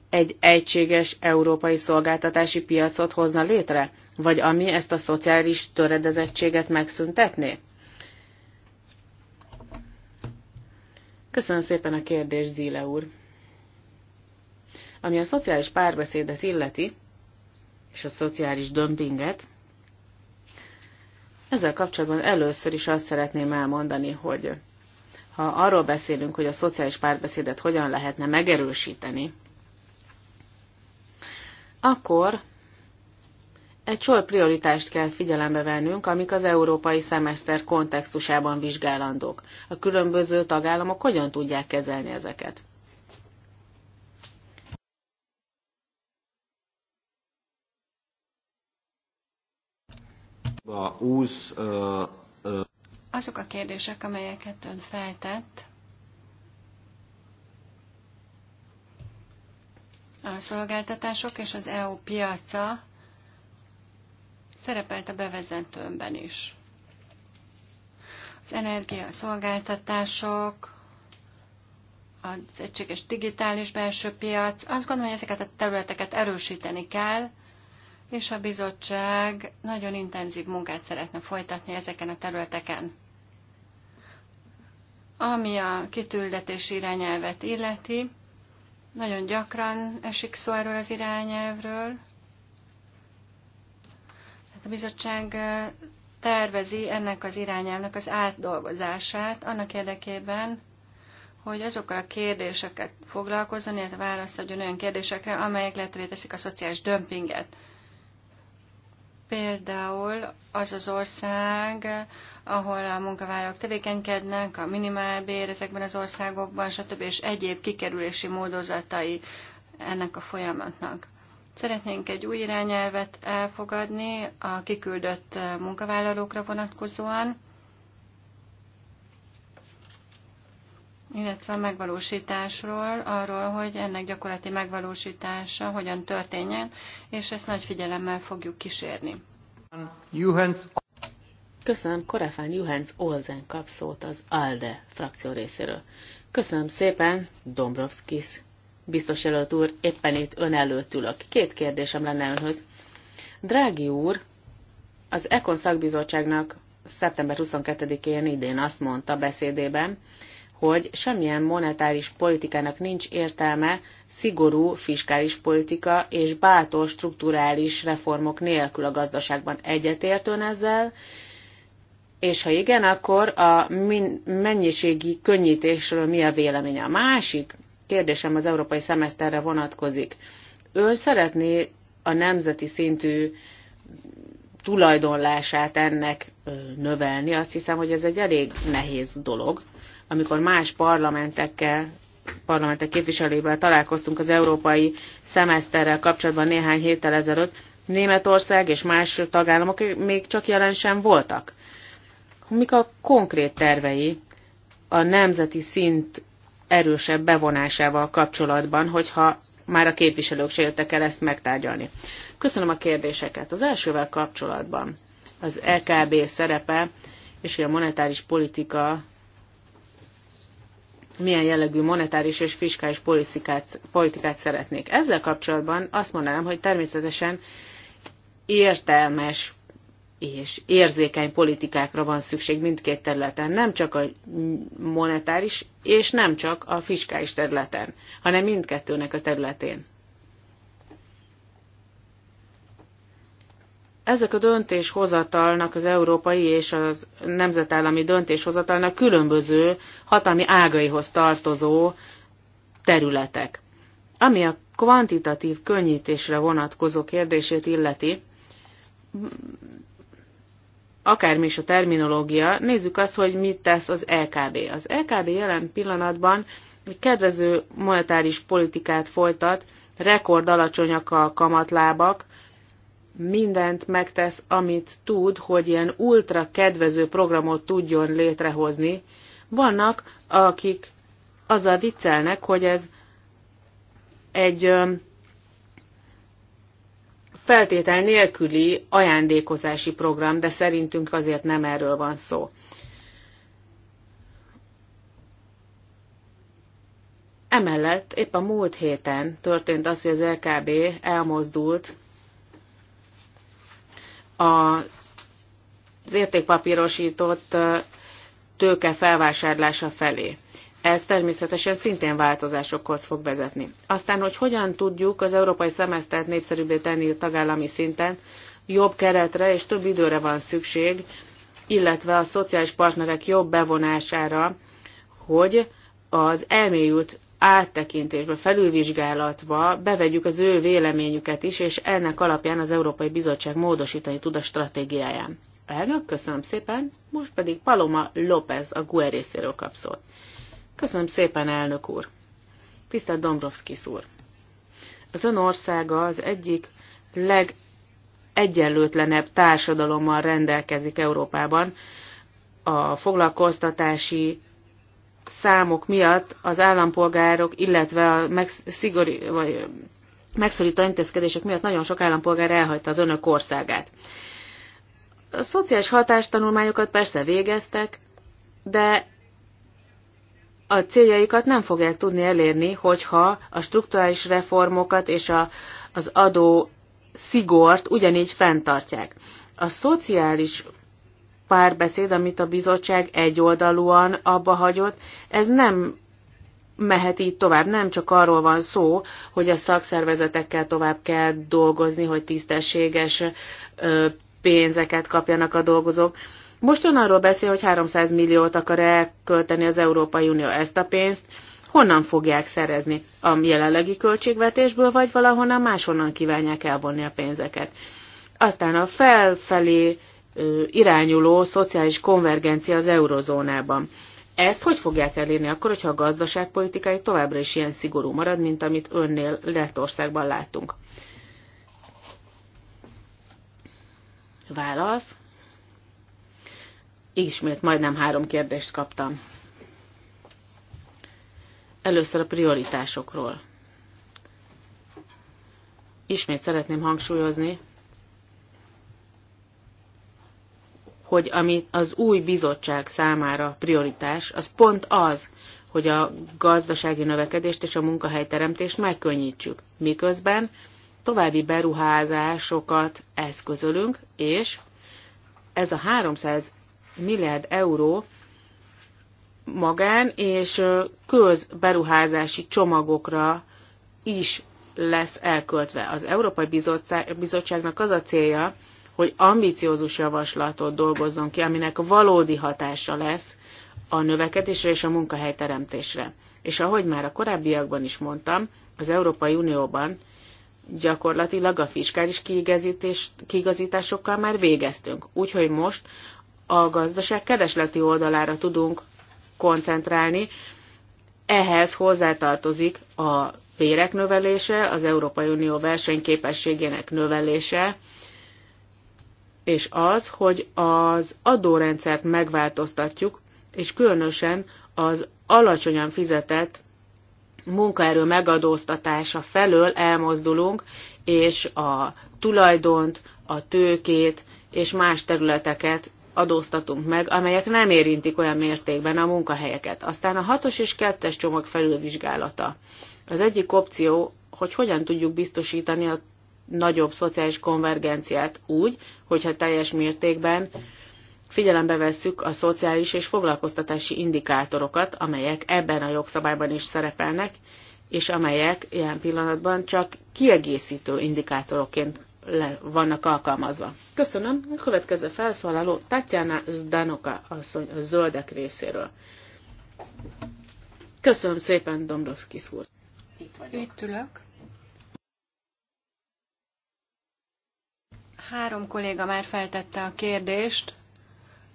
egy egységes európai szolgáltatási piacot hozna létre, vagy ami ezt a szociális töredezettséget megszüntetné? Köszönöm szépen a kérdést, Zile úr. Ami a szociális párbeszédet illeti, és a szociális dömpinget, ezzel kapcsolatban először is azt szeretném elmondani, hogy ha arról beszélünk, hogy a szociális párbeszédet hogyan lehetne megerősíteni, akkor egy sor prioritást kell figyelembe vennünk, amik az európai szemeszter kontextusában vizsgálandók. A különböző tagállamok hogyan tudják kezelni ezeket?
Azok a kérdések, amelyeket ön feltett, a szolgáltatások és az EU piaca szerepelt a bevezetőmben is. Az energia szolgáltatások, az egységes digitális belső piac, azt gondolom, hogy ezeket a területeket erősíteni kell, és a bizottság nagyon intenzív munkát szeretne folytatni ezeken a területeken. Ami a kitüldetés irányelvet illeti, nagyon gyakran esik szó erről az irányelvről, bizottság tervezi ennek az irányának az átdolgozását annak érdekében, hogy azokkal a kérdéseket foglalkozzon, illetve választ adjon olyan kérdésekre, amelyek lehetővé teszik a szociális dömpinget. Például az az ország, ahol a munkavállalók tevékenykednek, a minimálbér ezekben az országokban, stb. és egyéb kikerülési módozatai ennek a folyamatnak. Szeretnénk egy új irányelvet elfogadni a kiküldött munkavállalókra vonatkozóan, illetve a megvalósításról, arról, hogy ennek gyakorlati megvalósítása hogyan történjen, és ezt nagy figyelemmel fogjuk kísérni.
Köszönöm, Korefán Juhens Olzen kap szót az ALDE frakció részéről. Köszönöm szépen, Dombrovskis Biztos jelölt úr, éppen itt ön előtt ülök. Két kérdésem lenne önhöz. Drági úr, az Ekon szakbizottságnak szeptember 22-én idén azt mondta beszédében, hogy semmilyen monetáris politikának nincs értelme szigorú fiskális politika és bátor strukturális reformok nélkül a gazdaságban. Egyetértőn ezzel, és ha igen, akkor a mennyiségi könnyítésről mi a véleménye? A másik kérdésem az európai szemeszterre vonatkozik. Ő szeretné a nemzeti szintű tulajdonlását ennek növelni. Azt hiszem, hogy ez egy elég nehéz dolog. Amikor más parlamentekkel, parlamentek képviselőivel találkoztunk az európai szemeszterrel kapcsolatban néhány héttel ezelőtt, Németország és más tagállamok még csak jelen sem voltak. Mik a konkrét tervei a nemzeti szint erősebb bevonásával kapcsolatban, hogyha már a képviselők se jöttek el ezt megtárgyalni. Köszönöm a kérdéseket. Az elsővel kapcsolatban az LKB szerepe és a monetáris politika milyen jellegű monetáris és fiskális politikát, politikát szeretnék. Ezzel kapcsolatban azt mondanám, hogy természetesen értelmes és érzékeny politikákra van szükség mindkét területen, nem csak a monetáris és nem csak a fiskális területen, hanem mindkettőnek a területén. Ezek a döntéshozatalnak, az európai és az nemzetállami döntéshozatalnak különböző hatalmi ágaihoz tartozó területek. Ami a kvantitatív könnyítésre vonatkozó kérdését illeti, akármi is a terminológia, nézzük azt, hogy mit tesz az LKB. Az LKB jelen pillanatban egy kedvező monetáris politikát folytat, rekord alacsonyak a kamatlábak, mindent megtesz, amit tud, hogy ilyen ultra kedvező programot tudjon létrehozni. Vannak, akik azzal viccelnek, hogy ez egy feltétel nélküli ajándékozási program, de szerintünk azért nem erről van szó. Emellett épp a múlt héten történt az, hogy az LKB elmozdult az értékpapírosított tőke felvásárlása felé ez természetesen szintén változásokhoz fog vezetni. Aztán, hogy hogyan tudjuk az európai szemesztert népszerűbbé tenni a tagállami szinten, jobb keretre és több időre van szükség, illetve a szociális partnerek jobb bevonására, hogy az elmélyült áttekintésbe, felülvizsgálatba bevegyük az ő véleményüket is, és ennek alapján az Európai Bizottság módosítani tud a stratégiáján. Elnök, köszönöm szépen, most pedig Paloma López a GUE részéről kap szót. Köszönöm szépen, elnök úr! Tisztelt Dombrovskis úr! Az ön országa az egyik legegyenlőtlenebb társadalommal rendelkezik Európában. A foglalkoztatási számok miatt az állampolgárok, illetve a megszigori, vagy megszorító intézkedések miatt nagyon sok állampolgár elhagyta az önök országát. A szociális hatástanulmányokat persze végeztek, de a céljaikat nem fogják tudni elérni, hogyha a strukturális reformokat és a, az adó szigort ugyanígy fenntartják. A szociális párbeszéd, amit a bizottság egyoldalúan abba hagyott, ez nem mehet így tovább. Nem csak arról van szó, hogy a szakszervezetekkel tovább kell dolgozni, hogy tisztességes pénzeket kapjanak a dolgozók. Most ön arról beszél, hogy 300 milliót akar elkölteni az Európai Unió ezt a pénzt. Honnan fogják szerezni? A jelenlegi költségvetésből, vagy valahonnan máshonnan kívánják elvonni a pénzeket? Aztán a felfelé irányuló szociális konvergencia az eurozónában. Ezt hogy fogják elérni akkor, hogyha a gazdaságpolitikai továbbra is ilyen szigorú marad, mint amit önnél Lettországban látunk? Válasz ismét majdnem három kérdést kaptam. Először a prioritásokról. Ismét szeretném hangsúlyozni, hogy ami az új bizottság számára prioritás, az pont az, hogy a gazdasági növekedést és a munkahelyteremtést megkönnyítsük, miközben további beruházásokat eszközölünk, és ez a 300 milliárd euró magán és közberuházási csomagokra is lesz elköltve. Az Európai Bizottságnak az a célja, hogy ambiciózus javaslatot dolgozzon ki, aminek valódi hatása lesz a növekedésre és a munkahelyteremtésre. És ahogy már a korábbiakban is mondtam, az Európai Unióban gyakorlatilag a fiskális kiigazításokkal már végeztünk. Úgyhogy most a gazdaság keresleti oldalára tudunk koncentrálni. Ehhez hozzátartozik a bérek növelése, az Európai Unió versenyképességének növelése, és az, hogy az adórendszert megváltoztatjuk, és különösen az alacsonyan fizetett munkaerő megadóztatása felől elmozdulunk, és a tulajdont, a tőkét és más területeket adóztatunk meg, amelyek nem érintik olyan mértékben a munkahelyeket. Aztán a hatos és kettes csomag felülvizsgálata. Az egyik opció, hogy hogyan tudjuk biztosítani a nagyobb szociális konvergenciát úgy, hogyha teljes mértékben figyelembe vesszük a szociális és foglalkoztatási indikátorokat, amelyek ebben a jogszabályban is szerepelnek, és amelyek ilyen pillanatban csak kiegészítő indikátorokként le vannak alkalmazva. Köszönöm. A következő felszólaló Tatjana Zdanoka asszony a zöldek részéről. Köszönöm szépen, Dombrovskis úr. Itt
vagyok. Itt ülök. Három kolléga már feltette a kérdést.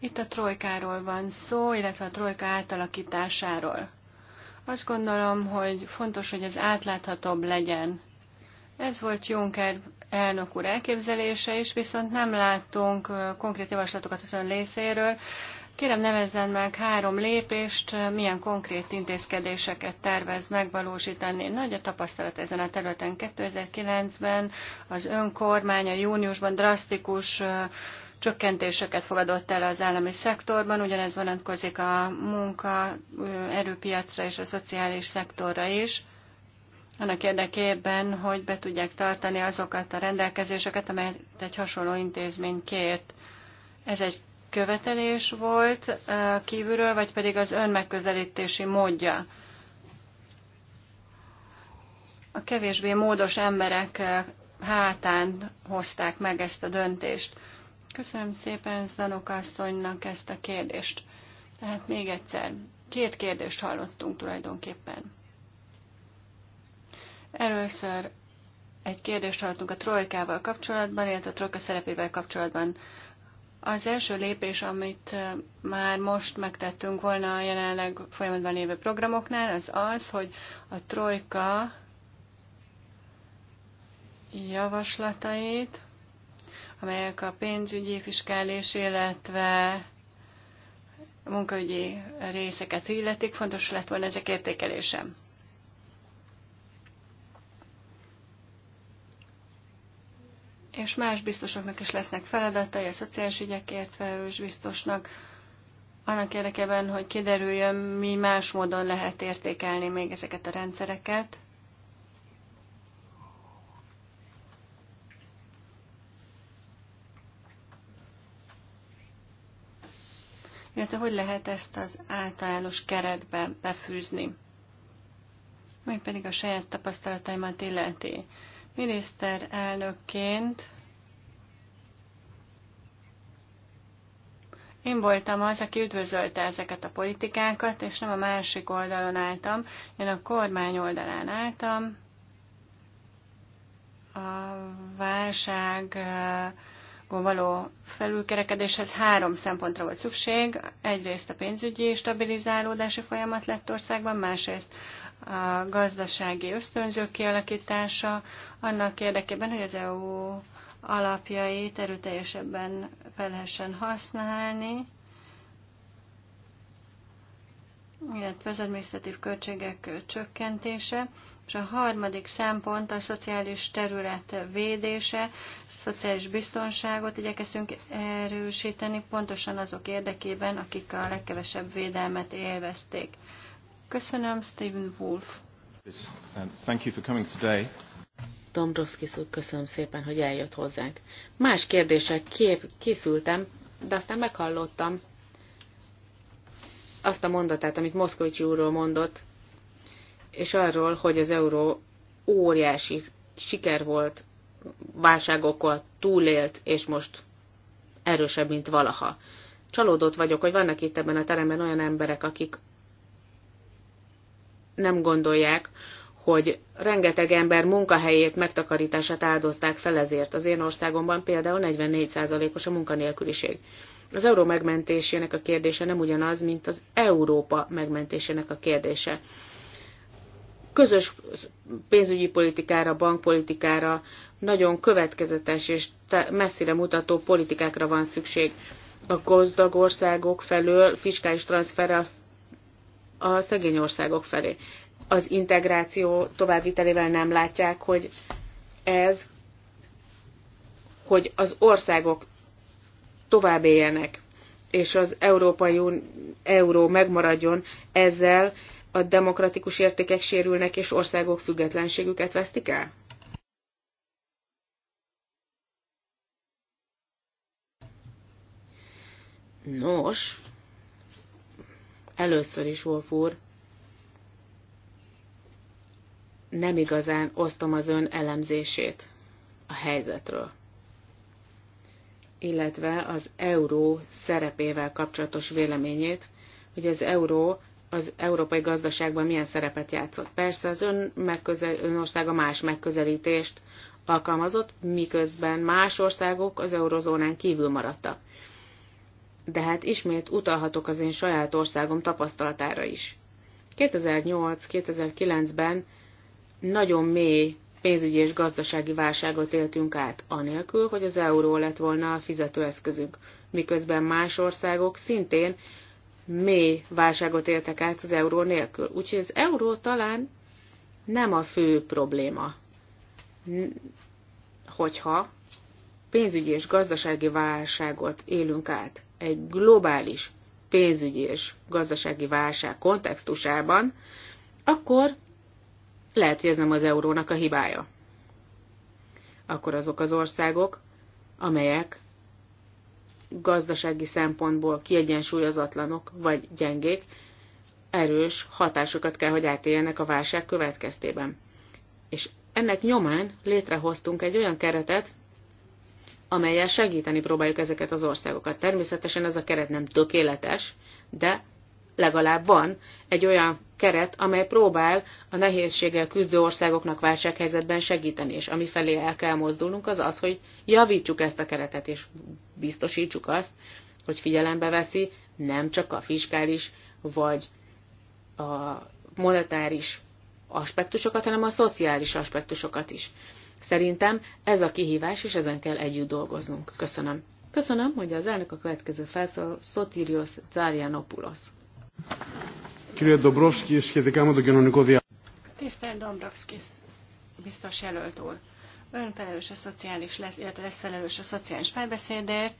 Itt a trojkáról van szó, illetve a trojka átalakításáról. Azt gondolom, hogy fontos, hogy ez átláthatóbb legyen. Ez volt Juncker elnök úr elképzelése is, viszont nem láttunk konkrét javaslatokat az ön részéről. Kérem, nevezzen meg három lépést, milyen konkrét intézkedéseket tervez megvalósítani. Nagy a tapasztalat ezen a területen. 2009-ben az a júniusban drasztikus csökkentéseket fogadott el az állami szektorban, ugyanez vonatkozik a munkaerőpiacra és a szociális szektorra is annak érdekében, hogy be tudják tartani azokat a rendelkezéseket, amelyet egy hasonló intézmény kért. Ez egy követelés volt kívülről, vagy pedig az ön megközelítési módja? A kevésbé módos emberek hátán hozták meg ezt a döntést. Köszönöm szépen Zdanok asszonynak ezt a kérdést. Tehát még egyszer, két kérdést hallottunk tulajdonképpen. Először egy kérdést hallottunk a trojkával kapcsolatban, illetve a trojka szerepével kapcsolatban. Az első lépés, amit már most megtettünk volna a jelenleg folyamatban lévő programoknál, az az, hogy a trojka javaslatait, amelyek a pénzügyi, fiskális, illetve munkaügyi részeket illetik, fontos lett volna ezek értékelése. és más biztosoknak is lesznek feladatai, a szociális ügyekért felelős biztosnak, annak érdekében, hogy kiderüljön, mi más módon lehet értékelni még ezeket a rendszereket. illetve hogy lehet ezt az általános keretbe befűzni, még pedig a saját tapasztalataimat illeti. Miniszterelnökként Én voltam az, aki üdvözölte ezeket a politikákat, és nem a másik oldalon álltam, én a kormány oldalán álltam. A válság való felülkerekedéshez három szempontra volt szükség. Egyrészt a pénzügyi stabilizálódási folyamat lett országban, másrészt a gazdasági ösztönzők kialakítása annak érdekében, hogy az EU alapjait erőteljesebben fel lehessen használni, illetve az administratív költségek csökkentése, és a harmadik szempont a szociális terület védése, szociális biztonságot igyekeztünk erősíteni, pontosan azok érdekében, akik a legkevesebb védelmet élvezték. Köszönöm, Stephen Wolf.
Thank you for coming today. Dombrovskis úr, köszönöm szépen, hogy eljött hozzánk. Más kérdések kép, készültem, de aztán meghallottam azt a mondatát, amit Moszkovicsi úrról mondott, és arról, hogy az euró óriási siker volt, válságokkal túlélt, és most erősebb, mint valaha. Csalódott vagyok, hogy vannak itt ebben a teremben olyan emberek, akik nem gondolják, hogy rengeteg ember munkahelyét, megtakarítását áldozták fel ezért. Az én országomban például 44%-os a munkanélküliség. Az euró megmentésének a kérdése nem ugyanaz, mint az Európa megmentésének a kérdése. Közös pénzügyi politikára, bankpolitikára, nagyon következetes és messzire mutató politikákra van szükség. A gazdag országok felől fiskális transferrel a szegény országok felé. Az integráció továbbvitelével nem látják, hogy ez, hogy az országok tovább éljenek, és az Európai Euró megmaradjon, ezzel a demokratikus értékek sérülnek, és országok függetlenségüket vesztik el? Nos, Először is, Wolf úr, nem igazán osztom az ön elemzését a helyzetről, illetve az euró szerepével kapcsolatos véleményét, hogy az euró az európai gazdaságban milyen szerepet játszott. Persze az ön, megközel, ön országa más megközelítést alkalmazott, miközben más országok az eurozónán kívül maradtak de hát ismét utalhatok az én saját országom tapasztalatára is. 2008-2009-ben nagyon mély pénzügyi és gazdasági válságot éltünk át, anélkül, hogy az euró lett volna a fizetőeszközünk, miközben más országok szintén mély válságot éltek át az euró nélkül. Úgyhogy az euró talán nem a fő probléma, hogyha pénzügyi és gazdasági válságot élünk át egy globális pénzügyi és gazdasági válság kontextusában, akkor lehet, hogy ez nem az eurónak a hibája. Akkor azok az országok, amelyek gazdasági szempontból kiegyensúlyozatlanok vagy gyengék, erős hatásokat kell, hogy átéljenek a válság következtében. És ennek nyomán létrehoztunk egy olyan keretet, amelyel segíteni próbáljuk ezeket az országokat. Természetesen ez a keret nem tökéletes, de legalább van egy olyan keret, amely próbál a nehézséggel küzdő országoknak válsághelyzetben segíteni, és ami felé el kell mozdulnunk, az az, hogy javítsuk ezt a keretet, és biztosítsuk azt, hogy figyelembe veszi nem csak a fiskális vagy a monetáris aspektusokat, hanem a szociális aspektusokat is. Szerintem ez a kihívás, és ezen kell együtt dolgoznunk. Köszönöm. Köszönöm, hogy az elnök a következő felszól,
Szotirios Zárianopoulos.
Κυρία Ντομπρόφσκη, σχετικά με τον
Tisztelt Dombrovskis, biztos jelölt úr. Ön felelős a szociális, lesz, illetve lesz felelős a szociális párbeszédért,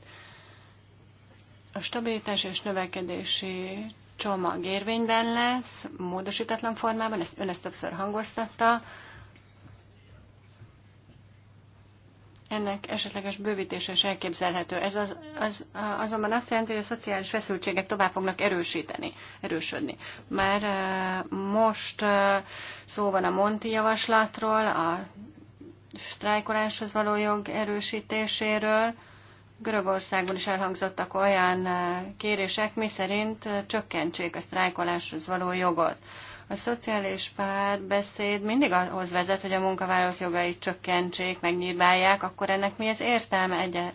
a stabilitás és növekedési csomag érvényben lesz, módosítatlan formában, ezt, ön ezt többször hangoztatta, ennek esetleges bővítése is elképzelhető. Ez az, az, azonban azt jelenti, hogy a szociális feszültségek tovább fognak erősíteni, erősödni. Már most szó van a Monti javaslatról, a sztrájkoláshoz való jog erősítéséről. Görögországban is elhangzottak olyan kérések, miszerint csökkentsék a sztrájkoláshoz való jogot. A szociális párbeszéd mindig ahhoz vezet, hogy a munkavállalók jogait csökkentsék, megnyírbálják, akkor ennek mi az értelme egy e,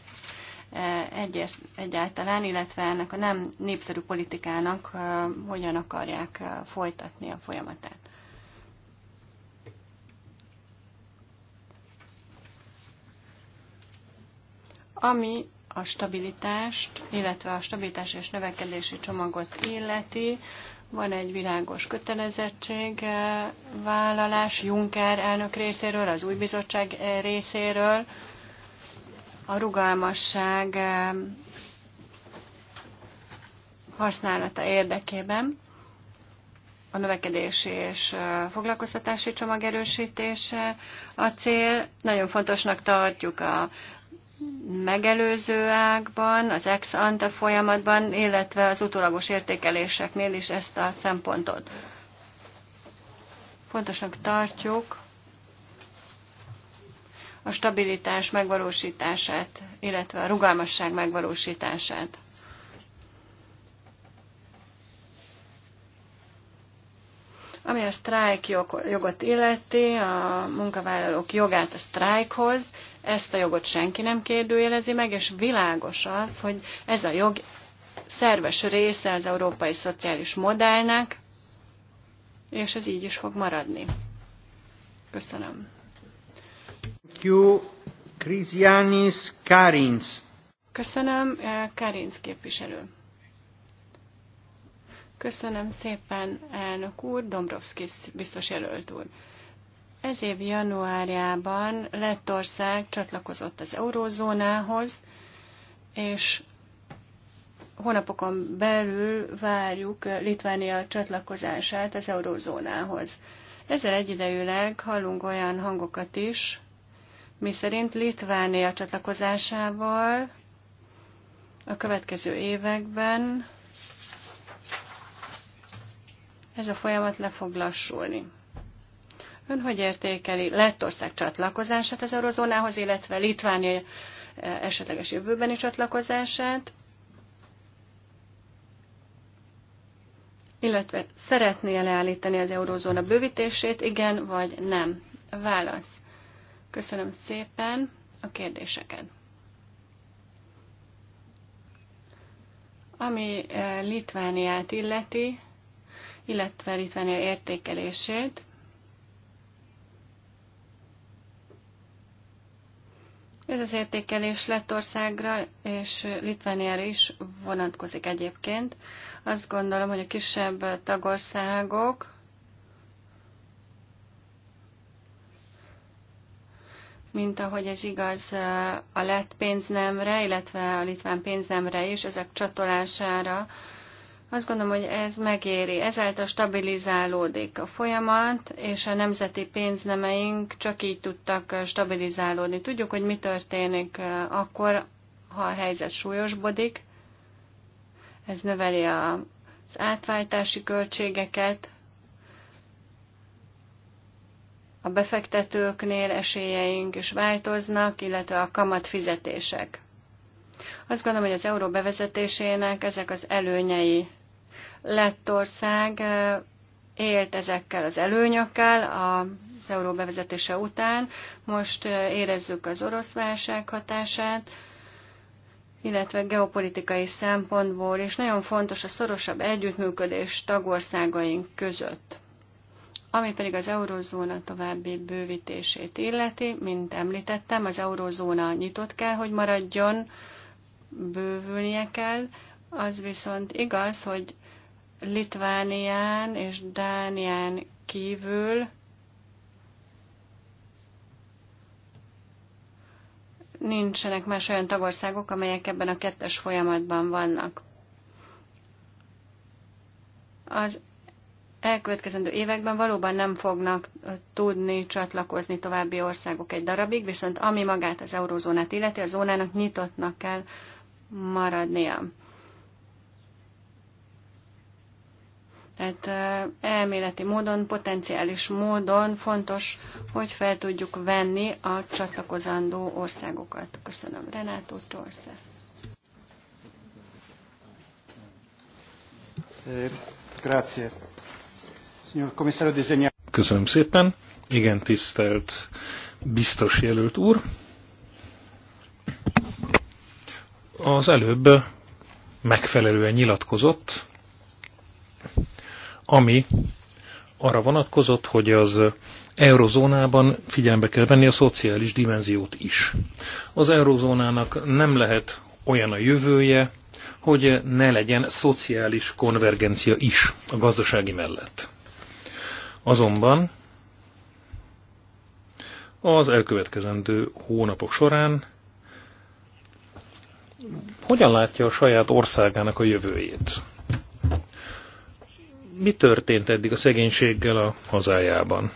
egy egyáltalán, illetve ennek a nem népszerű politikának e, hogyan akarják e, folytatni a folyamatát? Ami a stabilitást, illetve a stabilitás és növekedési csomagot illeti, van egy világos kötelezettség vállalás Juncker elnök részéről, az új bizottság részéről. A rugalmasság eh, használata érdekében a növekedési és eh, foglalkoztatási csomag erősítése a cél. Nagyon fontosnak tartjuk a megelőző ágban, az ex ante folyamatban, illetve az utólagos értékeléseknél is ezt a szempontot. Fontosnak tartjuk a stabilitás megvalósítását, illetve a rugalmasság megvalósítását. Ami a sztrájk jogot illeti, a munkavállalók jogát a sztrájkhoz, ezt a jogot senki nem kérdőjelezi meg, és világos az, hogy ez a jog szerves része az európai szociális modellnek, és ez így is fog maradni. Köszönöm.
Thank you,
Köszönöm, eh, Karins képviselő. Köszönöm szépen, elnök úr, Dombrovskis biztos jelölt úr. Ez év januárjában Lettország csatlakozott az eurózónához, és hónapokon belül várjuk Litvánia csatlakozását az eurózónához. Ezzel egyidejűleg hallunk olyan hangokat is, miszerint Litvánia csatlakozásával a következő években ez a folyamat le fog lassulni. Ön hogy értékeli Lettország csatlakozását az eurozónához, illetve Litvánia e, esetleges jövőbeni csatlakozását, illetve szeretné e leállítani az eurozóna bővítését, igen vagy nem? Válasz. Köszönöm szépen a kérdéseket. Ami e, Litvániát illeti, illetve Litvánia értékelését. Ez az értékelés Lettországra és Litvániára is vonatkozik egyébként. Azt gondolom, hogy a kisebb tagországok mint ahogy ez igaz eh, a lett pénznemre, illetve a litván pénznemre is, ezek csatolására azt gondolom, hogy ez megéri. Ezáltal stabilizálódik a folyamat, és a nemzeti pénznemeink csak így tudtak stabilizálódni. Tudjuk, hogy mi történik akkor, ha a helyzet súlyosbodik. Ez növeli az átváltási költségeket, a befektetőknél esélyeink is változnak, illetve a kamat fizetések. Azt gondolom, hogy az euró bevezetésének ezek az előnyei Lettország élt ezekkel az előnyökkel az euró bevezetése után. Most érezzük az orosz válság hatását, illetve geopolitikai szempontból, és nagyon fontos a szorosabb együttműködés tagországaink között. Ami pedig az eurózóna további bővítését illeti, mint említettem, az eurózóna nyitott kell, hogy maradjon, bővülnie kell. Az viszont igaz, hogy Litvánián és Dánián kívül nincsenek más olyan tagországok, amelyek ebben a kettes folyamatban vannak. Az elkövetkezendő években valóban nem fognak tudni csatlakozni további országok egy darabig, viszont ami magát az eurozónát illeti, a zónának nyitottnak kell maradnia. Tehát elméleti módon, potenciális módon fontos, hogy fel tudjuk venni a csatlakozandó országokat. Köszönöm. Renátó Csorsze.
Eh, grazie. Signor Commissario Köszönöm szépen. Igen, tisztelt biztos jelölt úr. Az előbb megfelelően nyilatkozott ami arra vonatkozott, hogy az eurozónában figyelembe kell venni a szociális dimenziót is. Az eurozónának nem lehet olyan a jövője, hogy ne legyen szociális konvergencia is a gazdasági mellett. Azonban az elkövetkezendő hónapok során hogyan látja a saját országának a jövőjét? mi történt eddig a szegénységgel a hazájában?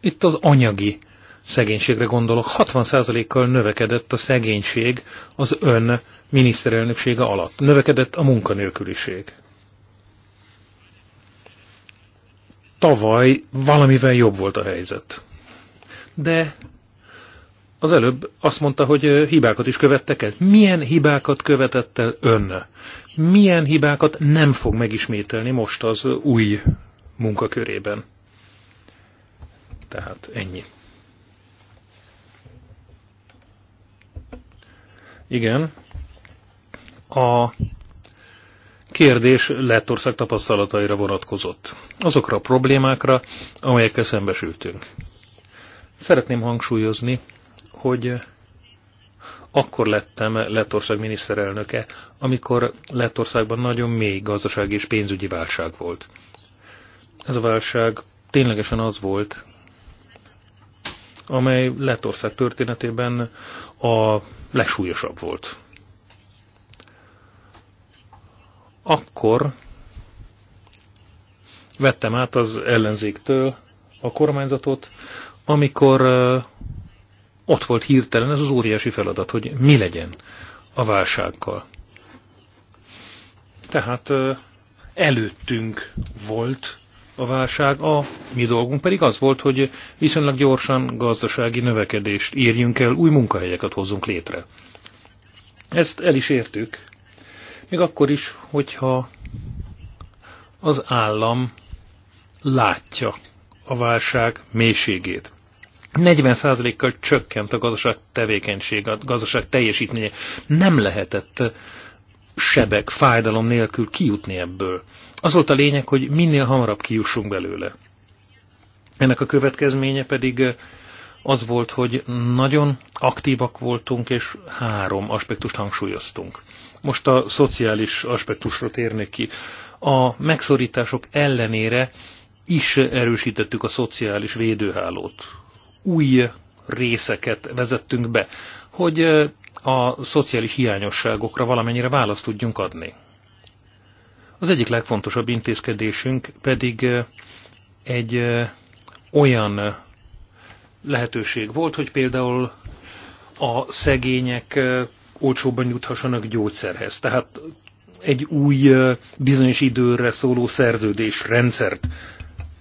Itt az anyagi szegénységre gondolok. 60%-kal növekedett a szegénység az ön miniszterelnöksége alatt. Növekedett a munkanélküliség. Tavaly valamivel jobb volt a helyzet. De az előbb azt mondta, hogy hibákat is követtek el. Milyen hibákat követett el ön? milyen hibákat nem fog megismételni most az új munkakörében. Tehát ennyi. Igen. A kérdés Lettország tapasztalataira vonatkozott. Azokra a problémákra, amelyekkel szembesültünk. Szeretném hangsúlyozni, hogy akkor lettem Lettország miniszterelnöke, amikor Lettországban nagyon mély gazdasági és pénzügyi válság volt. Ez a válság ténylegesen az volt, amely Lettország történetében a legsúlyosabb volt. Akkor vettem át az ellenzéktől a kormányzatot, amikor ott volt hirtelen ez az óriási feladat, hogy mi legyen a válsággal. Tehát előttünk volt a válság, a mi dolgunk pedig az volt, hogy viszonylag gyorsan gazdasági növekedést írjunk el, új munkahelyeket hozzunk létre. Ezt el is értük, még akkor is, hogyha az állam látja a válság mélységét. 40%-kal csökkent a gazdaság tevékenység, a gazdaság teljesítménye. Nem lehetett sebek, fájdalom nélkül kijutni ebből. Az volt a lényeg, hogy minél hamarabb kijussunk belőle. Ennek a következménye pedig az volt, hogy nagyon aktívak voltunk, és három aspektust hangsúlyoztunk. Most a szociális aspektusra térnék ki. A megszorítások ellenére is erősítettük a szociális védőhálót, új részeket vezettünk be, hogy a szociális hiányosságokra valamennyire választ tudjunk adni. Az egyik legfontosabb intézkedésünk pedig egy olyan lehetőség volt, hogy például a szegények olcsóban juthassanak gyógyszerhez. Tehát egy új bizonyos időre szóló szerződés rendszert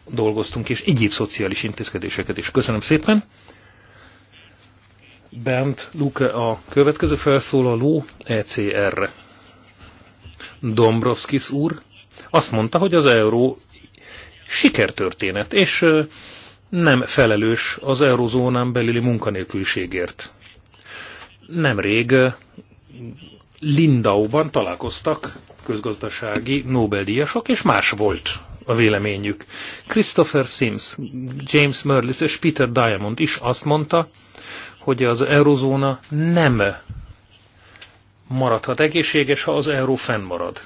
dolgoztunk, és egyéb szociális intézkedéseket is. Köszönöm szépen! Bent Luke a következő felszólaló ecr Dombrovskis úr azt mondta, hogy az euró sikertörténet, és nem felelős az eurozónán belüli munkanélküliségért. Nemrég Lindauban találkoztak közgazdasági Nobel-díjasok, és más volt a véleményük. Christopher Sims, James Merlis és Peter Diamond is azt mondta, hogy az eurozóna nem maradhat egészséges, ha az euró fennmarad.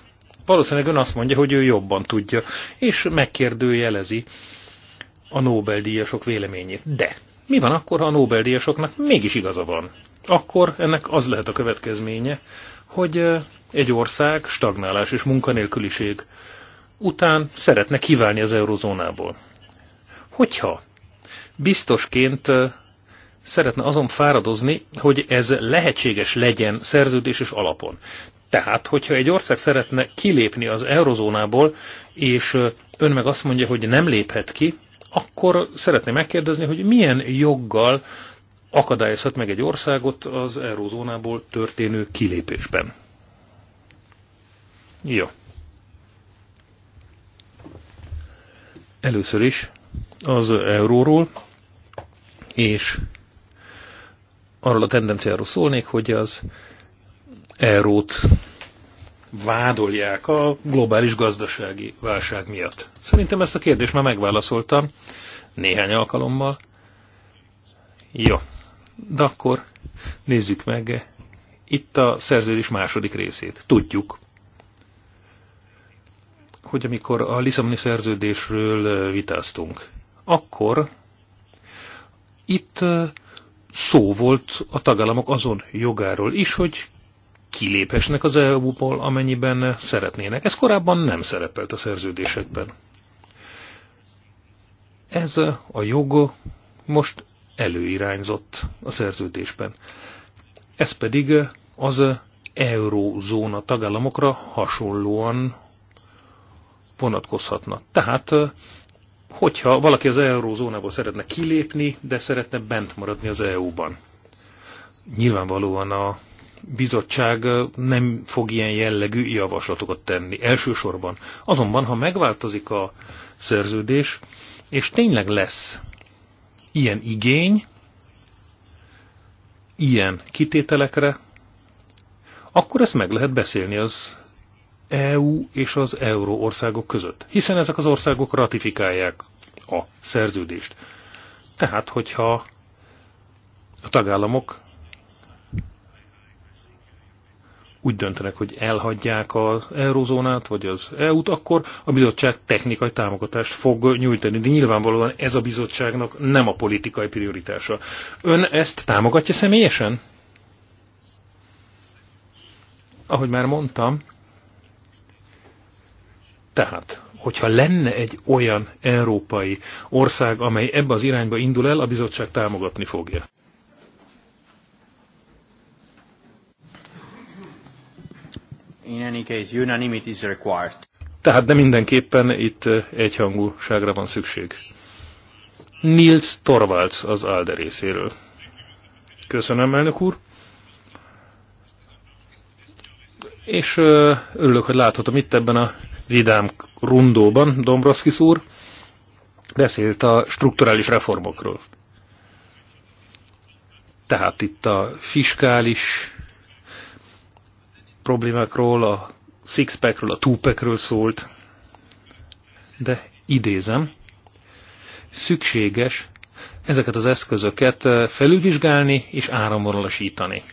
Valószínűleg ön azt mondja, hogy ő jobban tudja, és megkérdőjelezi a Nobel-díjasok véleményét. De mi van akkor, ha a Nobel-díjasoknak mégis igaza van? Akkor ennek az lehet a következménye, hogy egy ország stagnálás és munkanélküliség után szeretne kiválni az eurozónából. Hogyha biztosként szeretne azon fáradozni, hogy ez lehetséges legyen szerződéses alapon. Tehát, hogyha egy ország szeretne kilépni az eurozónából, és ön meg azt mondja, hogy nem léphet ki, akkor szeretné megkérdezni, hogy milyen joggal akadályozhat meg egy országot az eurozónából történő kilépésben. Jó. Először is az euróról, és arról a tendenciáról szólnék, hogy az eurót vádolják a globális gazdasági válság miatt. Szerintem ezt a kérdést már megválaszoltam néhány alkalommal. Jó, de akkor nézzük meg itt a szerződés második részét. Tudjuk, hogy amikor a Lisszaboni szerződésről vitáztunk, akkor itt szó volt a tagállamok azon jogáról is, hogy kiléphesnek az EU-ból, amennyiben szeretnének. Ez korábban nem szerepelt a szerződésekben. Ez a jog most előirányzott a szerződésben. Ez pedig az eurózóna tagállamokra hasonlóan vonatkozhatna. Tehát, hogyha valaki az eurózónából szeretne kilépni, de szeretne bent maradni az EU-ban. Nyilvánvalóan a bizottság nem fog ilyen jellegű javaslatokat tenni elsősorban. Azonban, ha megváltozik a szerződés, és tényleg lesz ilyen igény, ilyen kitételekre, akkor ezt meg lehet beszélni az EU és az euró országok között, hiszen ezek az országok ratifikálják a szerződést. Tehát, hogyha a tagállamok úgy döntenek, hogy elhagyják az eurozónát, vagy az EU-t, akkor a bizottság technikai támogatást fog nyújtani. De nyilvánvalóan ez a bizottságnak nem a politikai prioritása. Ön ezt támogatja személyesen? Ahogy már mondtam, tehát, hogyha lenne egy olyan európai ország, amely ebbe az irányba indul el, a bizottság támogatni fogja. In any case, unanimity is required. Tehát de mindenképpen itt eh, egyhangúságra van szükség. Nils Torvalds az ALDE részéről. Köszönöm, elnök úr. És eh, örülök, hogy láthatom itt ebben a vidám rundóban Dombrovskis úr beszélt a strukturális reformokról. Tehát itt a fiskális problémákról, a sixpackről, a túpekről szólt, de idézem, szükséges ezeket az eszközöket eh, felülvizsgálni és áramvonalasítani.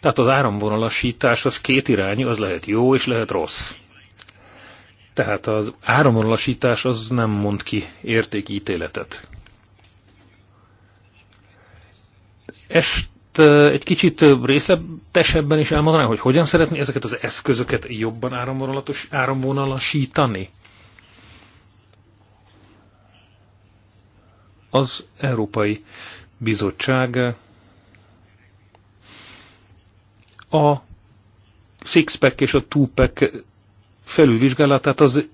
Tehát az áramvonalasítás az két irányú, az lehet jó és lehet rossz. Tehát az áramorlasítás az nem mond ki értékítéletet. Ezt egy kicsit részletesebben is elmondanám, hogy hogyan szeretné ezeket az eszközöket jobban áramvonalasítani? Az Európai Bizottság a Sixpack és a Tupac felülvizsgálatát az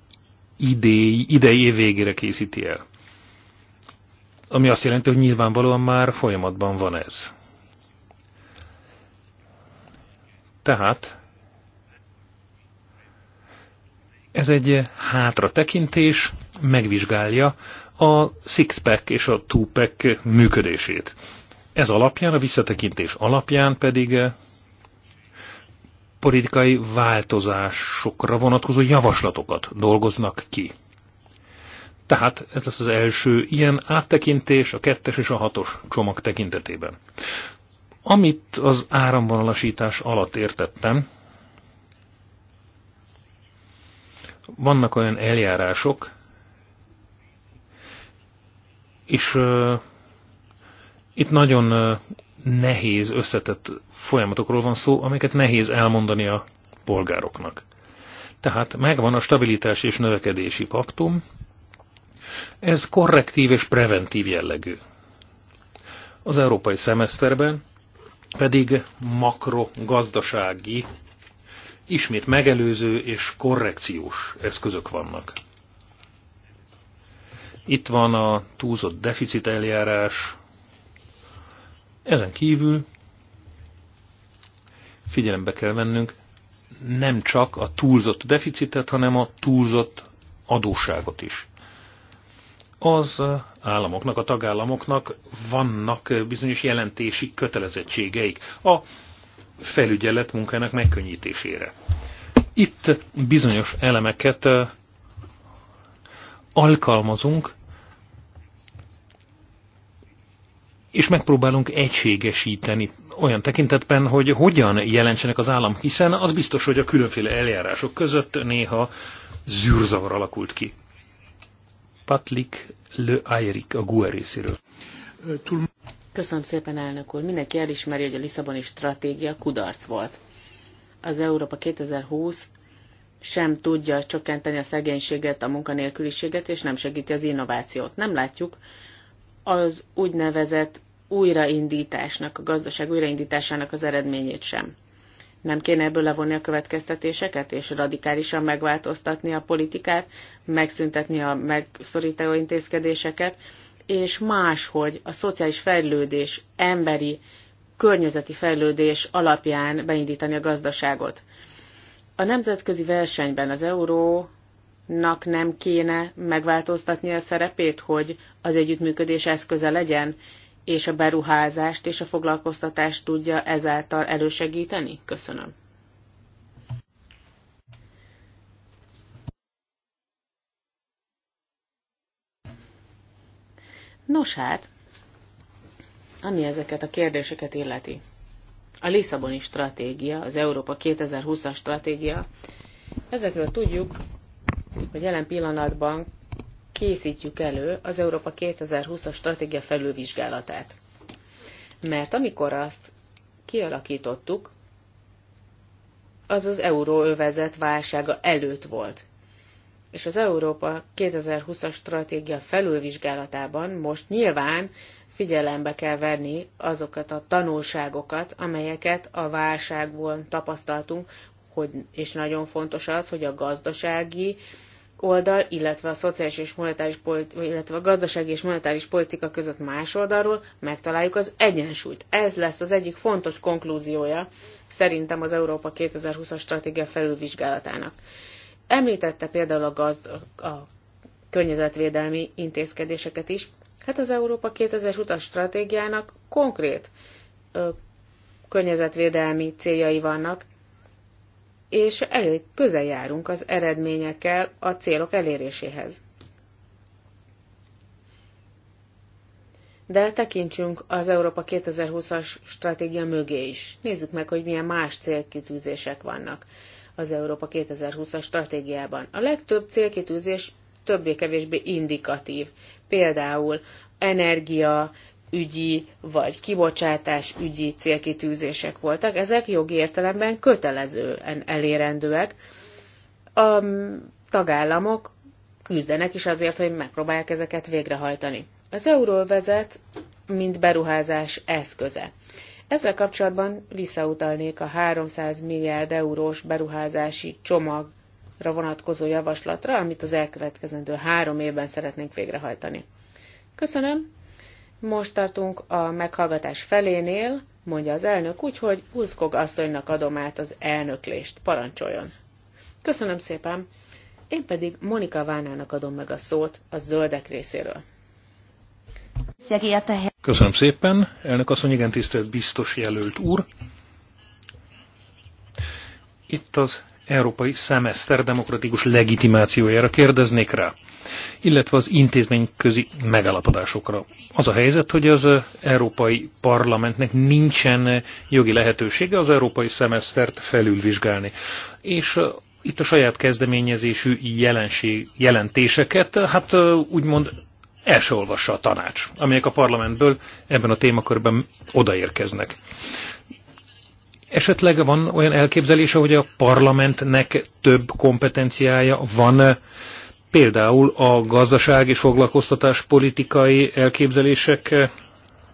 idei, idei év végére készíti el. Ami azt jelenti, hogy nyilvánvalóan már folyamatban van ez. Tehát ez egy hátra tekintés, megvizsgálja a six-pack és a two-pack működését. Ez alapján, a visszatekintés alapján pedig politikai változásokra vonatkozó javaslatokat dolgoznak ki. Tehát ez lesz az első ilyen áttekintés a kettes és a hatos csomag tekintetében. Amit az áramvonalasítás alatt értettem, vannak olyan eljárások, és uh, itt nagyon nehéz, összetett folyamatokról van szó, amiket nehéz elmondani a polgároknak. Tehát megvan a stabilitás és növekedési paktum, ez korrektív és preventív jellegű. Az európai szemeszterben pedig makrogazdasági, ismét megelőző és korrekciós eszközök vannak. Itt van a túlzott deficit eljárás, ezen kívül figyelembe kell vennünk nem csak a túlzott deficitet, hanem a túlzott adósságot is. Az államoknak, a tagállamoknak vannak bizonyos jelentési kötelezettségeik a felügyelet munkának megkönnyítésére. Itt bizonyos elemeket alkalmazunk, és megpróbálunk egységesíteni olyan tekintetben, hogy hogyan jelentsenek az állam, hiszen az biztos, hogy a különféle eljárások között néha zűrzavar alakult ki. Patlik Le Ayrik a GUE részéről.
Köszönöm szépen, elnök úr. Mindenki elismeri, hogy a Lisszaboni stratégia kudarc volt. Az Európa 2020 sem tudja csökkenteni a szegénységet, a munkanélküliséget, és nem segíti az innovációt. Nem látjuk, az úgynevezett újraindításnak, a gazdaság újraindításának az eredményét sem. Nem kéne ebből levonni a következtetéseket, és radikálisan megváltoztatni a politikát, megszüntetni a megszorító intézkedéseket, és máshogy a szociális fejlődés, emberi, környezeti fejlődés alapján beindítani a gazdaságot. A nemzetközi versenyben az euró nak nem kéne megváltoztatni a szerepét, hogy az együttműködés eszköze legyen, és a beruházást és a foglalkoztatást tudja ezáltal elősegíteni? Köszönöm. Nos hát, ami ezeket a kérdéseket illeti. A Lisszaboni stratégia, az Európa 2020-as stratégia, ezekről tudjuk, hogy jelen pillanatban készítjük elő az Európa 2020-as stratégia felülvizsgálatát. Mert amikor azt kialakítottuk, az az euróövezet válsága előtt volt. És az Európa 2020-as stratégia felülvizsgálatában most nyilván figyelembe kell venni azokat a tanulságokat, amelyeket a válságból tapasztaltunk, hogy, és nagyon fontos az, hogy a gazdasági oldal, illetve a szociális és monetáris politika, illetve a gazdasági és monetáris politika között más oldalról megtaláljuk az egyensúlyt. Ez lesz az egyik fontos konklúziója szerintem az Európa 2020-as stratégia felülvizsgálatának. Említette például a, gazd- a környezetvédelmi intézkedéseket is. Hát az Európa 2020-as stratégiának konkrét ö, környezetvédelmi céljai vannak, és elég közel járunk az eredményekkel a célok eléréséhez. De tekintsünk az Európa 2020-as stratégia mögé is. Nézzük meg, hogy milyen más célkitűzések vannak az Európa 2020-as stratégiában. A legtöbb célkitűzés többé-kevésbé indikatív. Például energia, ügyi vagy kibocsátás ügyi célkitűzések voltak. Ezek jogi értelemben kötelezően elérendőek. A tagállamok küzdenek is azért, hogy megpróbálják ezeket végrehajtani. Az euró vezet, mint beruházás eszköze. Ezzel kapcsolatban visszautalnék a 300 milliárd eurós beruházási csomagra vonatkozó javaslatra, amit az elkövetkezendő három évben szeretnénk végrehajtani. Köszönöm, most tartunk a meghallgatás felénél, mondja az elnök, úgyhogy Uszkog asszonynak adom át az elnöklést. Parancsoljon! Köszönöm szépen! Én pedig Monika Vánának adom meg a szót a zöldek részéről.
Köszönöm szépen, elnök asszony, igen tisztelt biztos jelölt úr. Itt az európai szemeszter demokratikus legitimációjára kérdeznék rá illetve az intézményközi megállapodásokra. Az a helyzet, hogy az Európai Parlamentnek nincsen jogi lehetősége az európai szemesztert felülvizsgálni. És itt a saját kezdeményezésű jelenség, jelentéseket, hát úgymond el se olvassa a tanács, amelyek a parlamentből ebben a témakörben odaérkeznek. Esetleg van olyan elképzelése, hogy a parlamentnek több kompetenciája van Például a gazdaság és foglalkoztatás politikai elképzelések eh,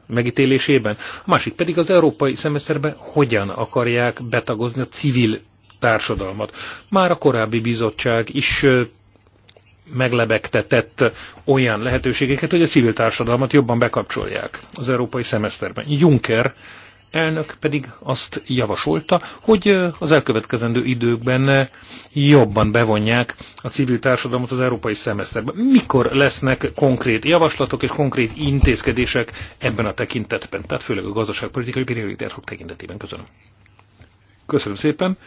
megítélésében, a másik pedig az európai szemeszterbe hogyan akarják betagozni a civil társadalmat. Már a korábbi bizottság is eh, meglebegtetett olyan lehetőségeket, hogy a civil társadalmat jobban bekapcsolják az európai szemeszterben. Juncker elnök pedig azt javasolta, hogy az elkövetkezendő időkben jobban bevonják a civil társadalmat az európai szemeszterbe. Mikor lesznek konkrét javaslatok és konkrét intézkedések ebben a tekintetben? Tehát főleg a gazdaságpolitikai prioritások tekintetében. Köszönöm. Köszönöm szépen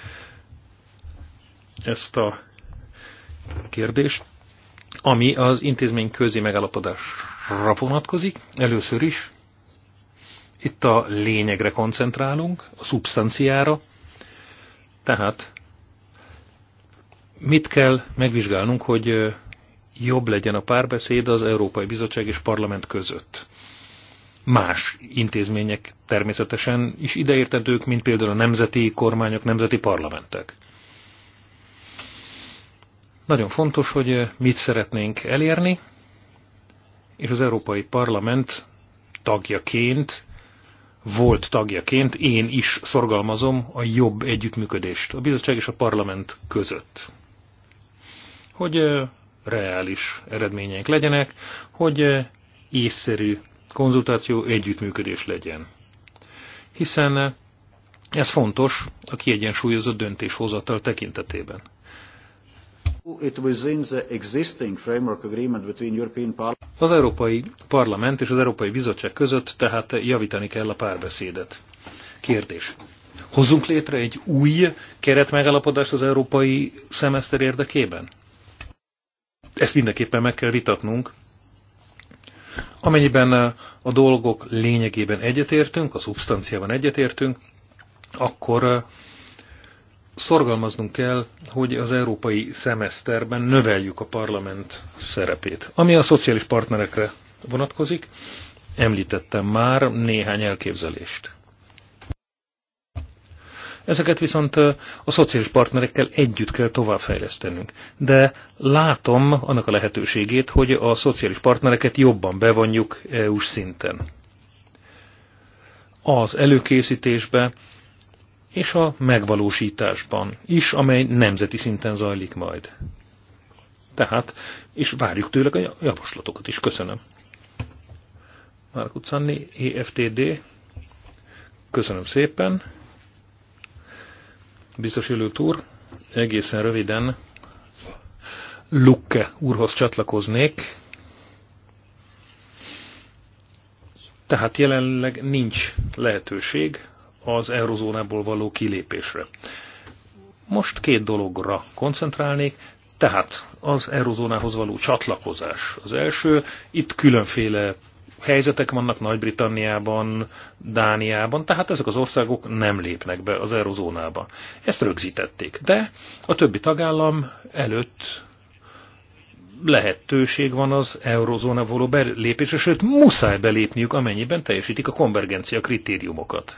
ezt a kérdést, ami az intézmény közi megállapodásra vonatkozik. Először is itt a lényegre koncentrálunk, a szubstanciára, tehát mit kell megvizsgálnunk, hogy jobb legyen a párbeszéd az Európai Bizottság és Parlament között. Más intézmények természetesen is ideértetők, mint például a nemzeti kormányok, nemzeti parlamentek. Nagyon fontos, hogy mit szeretnénk elérni, és az Európai Parlament tagjaként volt tagjaként én is szorgalmazom a jobb együttműködést a bizottság és a parlament között. Hogy reális eredményeink legyenek, hogy észszerű konzultáció, együttműködés legyen. Hiszen ez fontos a kiegyensúlyozott döntéshozatal tekintetében. Az Európai Parlament és az Európai Bizottság között tehát javítani kell a párbeszédet. Kérdés. Hozunk létre egy új keretmegállapodást az európai szemeszter érdekében? Ezt mindenképpen meg kell vitatnunk. Amennyiben a dolgok lényegében egyetértünk, a szubstanciában egyetértünk, akkor szorgalmaznunk kell, hogy az európai szemeszterben növeljük a parlament szerepét. Ami a szociális partnerekre vonatkozik, említettem már néhány elképzelést. Ezeket viszont a szociális partnerekkel együtt kell továbbfejlesztenünk. De látom annak a lehetőségét, hogy a szociális partnereket jobban bevonjuk EU-s szinten. Az előkészítésbe, és a megvalósításban is, amely nemzeti szinten zajlik majd. Tehát, és várjuk tőleg a javaslatokat is. Köszönöm. Márk Ucanni, EFTD. Köszönöm szépen. Biztos jelölt úr, egészen röviden Lukke úrhoz csatlakoznék. Tehát jelenleg nincs lehetőség az eurozónából való kilépésre. Most két dologra koncentrálnék, tehát az eurozónához való csatlakozás az első. Itt különféle helyzetek vannak Nagy-Britanniában, Dániában, tehát ezek az országok nem lépnek be az eurozónába. Ezt rögzítették, de a többi tagállam előtt lehetőség van az eurozóna való belépésre, sőt muszáj belépniük, amennyiben teljesítik a konvergencia kritériumokat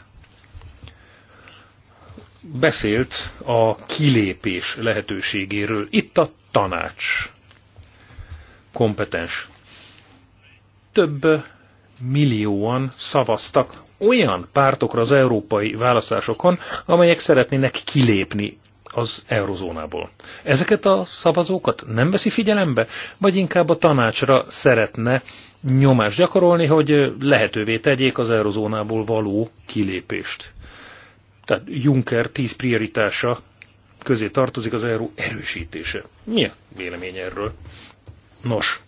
beszélt a kilépés lehetőségéről. Itt a tanács kompetens. Több millióan szavaztak olyan pártokra az európai választásokon, amelyek szeretnének kilépni az eurozónából. Ezeket a szavazókat nem veszi figyelembe, vagy inkább a tanácsra szeretne nyomást gyakorolni, hogy lehetővé tegyék az eurozónából való kilépést tehát Juncker tíz prioritása közé tartozik az euró erősítése. Mi a vélemény erről? Nos,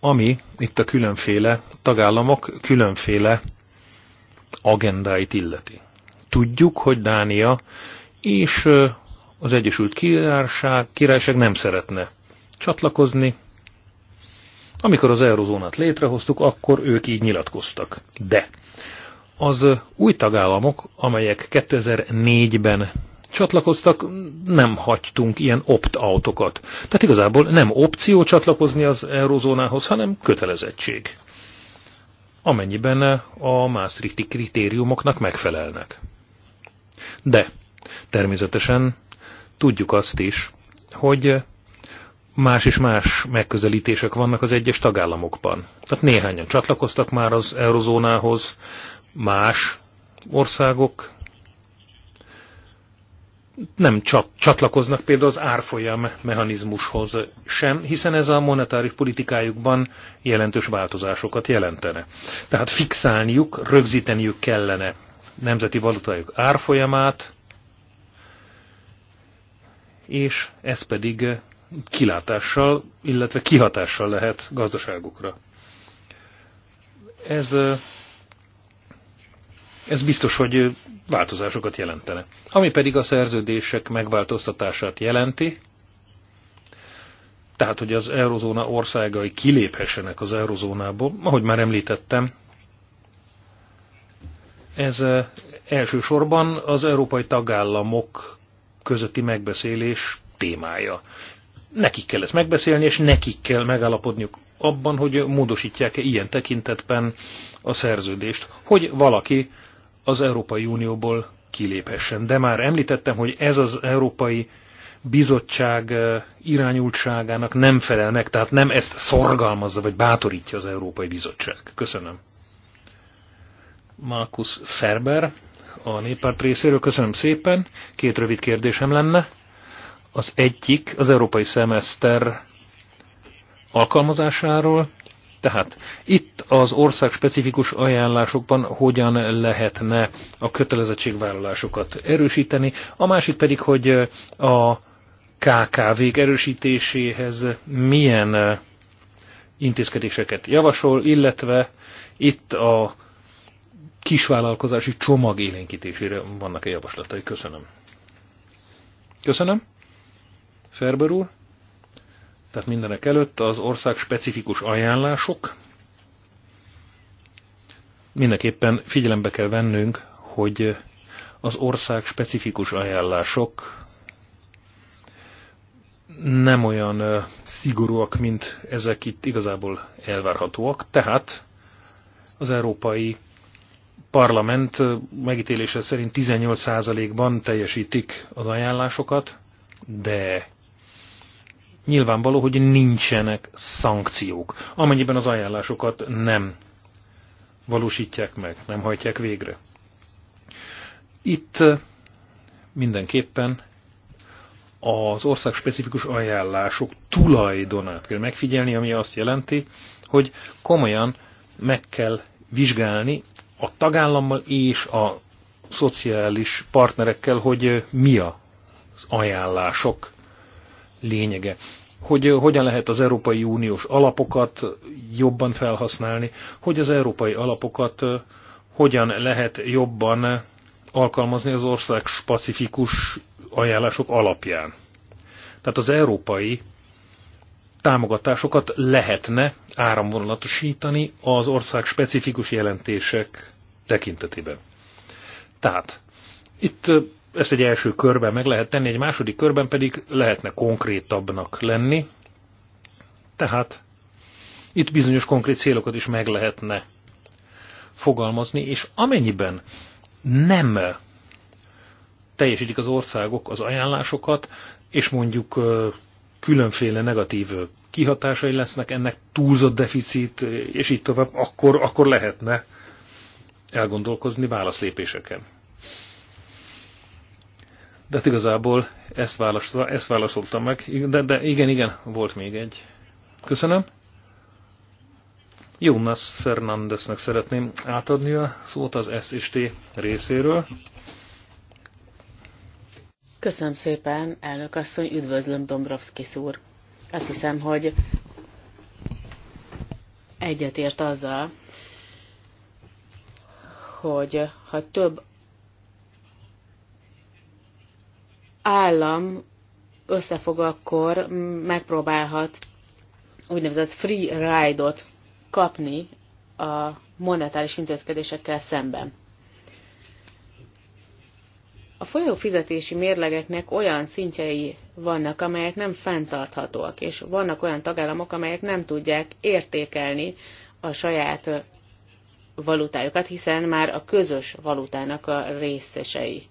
ami itt a különféle tagállamok különféle agendáit illeti. Tudjuk, hogy Dánia és az Egyesült Királyság, nem szeretne csatlakozni amikor az eurozónát létrehoztuk, akkor ők így nyilatkoztak. De az új tagállamok, amelyek 2004-ben csatlakoztak, nem hagytunk ilyen opt-autokat. Tehát igazából nem opció csatlakozni az eurozónához, hanem kötelezettség. Amennyiben a Maastrichti kritériumoknak megfelelnek. De természetesen tudjuk azt is, hogy más és más megközelítések vannak az egyes tagállamokban. Tehát néhányan csatlakoztak már az eurozónához, más országok nem csak csatlakoznak például az árfolyam mechanizmushoz sem, hiszen ez a monetáris politikájukban jelentős változásokat jelentene. Tehát fixálniuk, rögzíteniük kellene nemzeti valutájuk árfolyamát, és ez pedig kilátással, illetve kihatással lehet gazdaságukra. Ez, ez biztos, hogy változásokat jelentene. Ami pedig a szerződések megváltoztatását jelenti, tehát, hogy az eurozóna országai kiléphessenek az eurozónából, ahogy már említettem, ez elsősorban az európai tagállamok közötti megbeszélés témája nekik kell ezt megbeszélni, és nekik kell megállapodniuk abban, hogy módosítják-e ilyen tekintetben a szerződést, hogy valaki az Európai Unióból kiléphessen. De már említettem, hogy ez az Európai Bizottság eh, irányultságának nem felel meg, tehát nem ezt szorgalmazza vagy bátorítja az Európai Bizottság. Köszönöm. Markus Ferber a néppárt részéről. Köszönöm szépen. Két rövid kérdésem lenne. Az egyik az európai szemeszter alkalmazásáról, tehát itt az ország specifikus ajánlásokban hogyan lehetne a kötelezettségvállalásokat erősíteni, a másik pedig, hogy a KKV-k erősítéséhez milyen intézkedéseket javasol, illetve itt a kisvállalkozási csomag élénkítésére vannak-e javaslatai. Köszönöm. Köszönöm. Ferber úr. Tehát mindenek előtt az ország specifikus ajánlások. Mindenképpen figyelembe kell vennünk, hogy az ország specifikus ajánlások nem olyan szigorúak, mint ezek itt igazából elvárhatóak. Tehát az Európai Parlament megítélése szerint 18%-ban teljesítik az ajánlásokat, de nyilvánvaló, hogy nincsenek szankciók, amennyiben az ajánlásokat nem valósítják meg, nem hajtják végre. Itt mindenképpen az ország specifikus ajánlások tulajdonát kell megfigyelni, ami azt jelenti, hogy komolyan meg kell vizsgálni a tagállammal és a szociális partnerekkel, hogy mi az ajánlások lényege. Hogy hogyan lehet az Európai Uniós alapokat jobban felhasználni, hogy az európai alapokat hogyan lehet jobban alkalmazni az ország specifikus ajánlások alapján. Tehát az európai támogatásokat lehetne áramvonalatosítani az ország specifikus jelentések tekintetében. Tehát itt ezt egy első körben meg lehet tenni, egy második körben pedig lehetne konkrétabbnak lenni. Tehát itt bizonyos konkrét célokat is meg lehetne fogalmazni, és amennyiben nem teljesítik az országok az ajánlásokat, és mondjuk különféle negatív kihatásai lesznek ennek, túlzott deficit, és így tovább, akkor, akkor lehetne elgondolkozni válaszlépéseken. De hát igazából ezt, válaszol, ezt válaszoltam meg. De, de igen, igen, volt még egy. Köszönöm. Jonas Fernandesnek szeretném átadni a szót az S részéről.
Köszönöm szépen, elnök asszony, üdvözlöm Dombrovski úr. Azt hiszem, hogy egyetért azzal, hogy ha több állam összefog, akkor megpróbálhat úgynevezett free ride-ot kapni a monetáris intézkedésekkel szemben. A folyó fizetési mérlegeknek olyan szintjei vannak, amelyek nem fenntarthatóak, és vannak olyan tagállamok, amelyek nem tudják értékelni a saját valutájukat, hiszen már a közös valutának a részesei.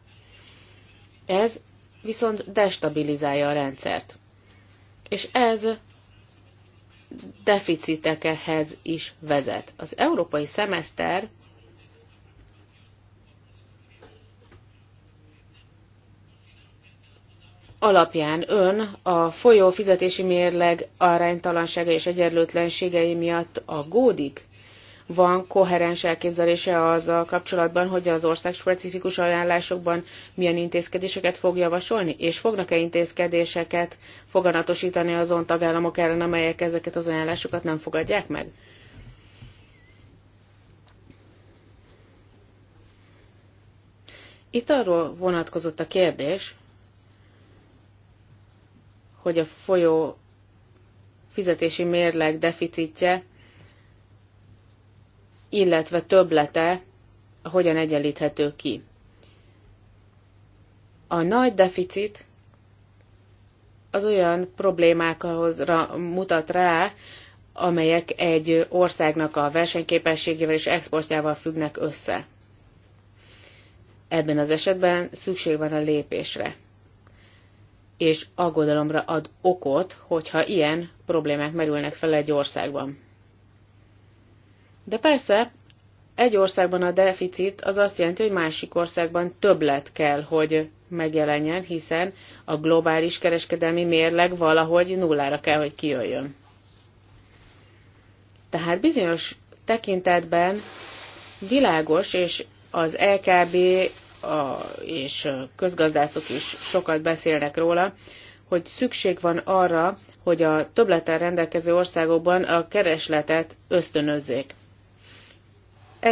Ez viszont destabilizálja a rendszert. És ez deficitekhez is vezet. Az európai szemeszter alapján ön a folyó fizetési mérleg aránytalansága és egyenlőtlenségei miatt aggódik? van koherens elképzelése a kapcsolatban, hogy az ország specifikus ajánlásokban milyen intézkedéseket fog javasolni, és fognak-e intézkedéseket foganatosítani azon tagállamok ellen, amelyek ezeket az ajánlásokat nem fogadják meg? Itt arról vonatkozott a kérdés, hogy a folyó fizetési mérleg deficitje illetve töblete hogyan egyenlíthető ki. A nagy deficit az olyan problémákra mutat rá, amelyek egy országnak a versenyképességével és exportjával függnek össze. Ebben az esetben szükség van a lépésre, és aggodalomra ad okot, hogyha ilyen problémák merülnek fel egy országban. De persze, egy országban a deficit az azt jelenti, hogy másik országban többlet kell, hogy megjelenjen, hiszen a globális kereskedelmi mérleg valahogy nullára kell, hogy kijöjjön. Tehát bizonyos tekintetben világos, és az LKB a, és közgazdászok is sokat beszélnek róla, hogy szükség van arra, hogy a többleten rendelkező országokban a keresletet ösztönözzék.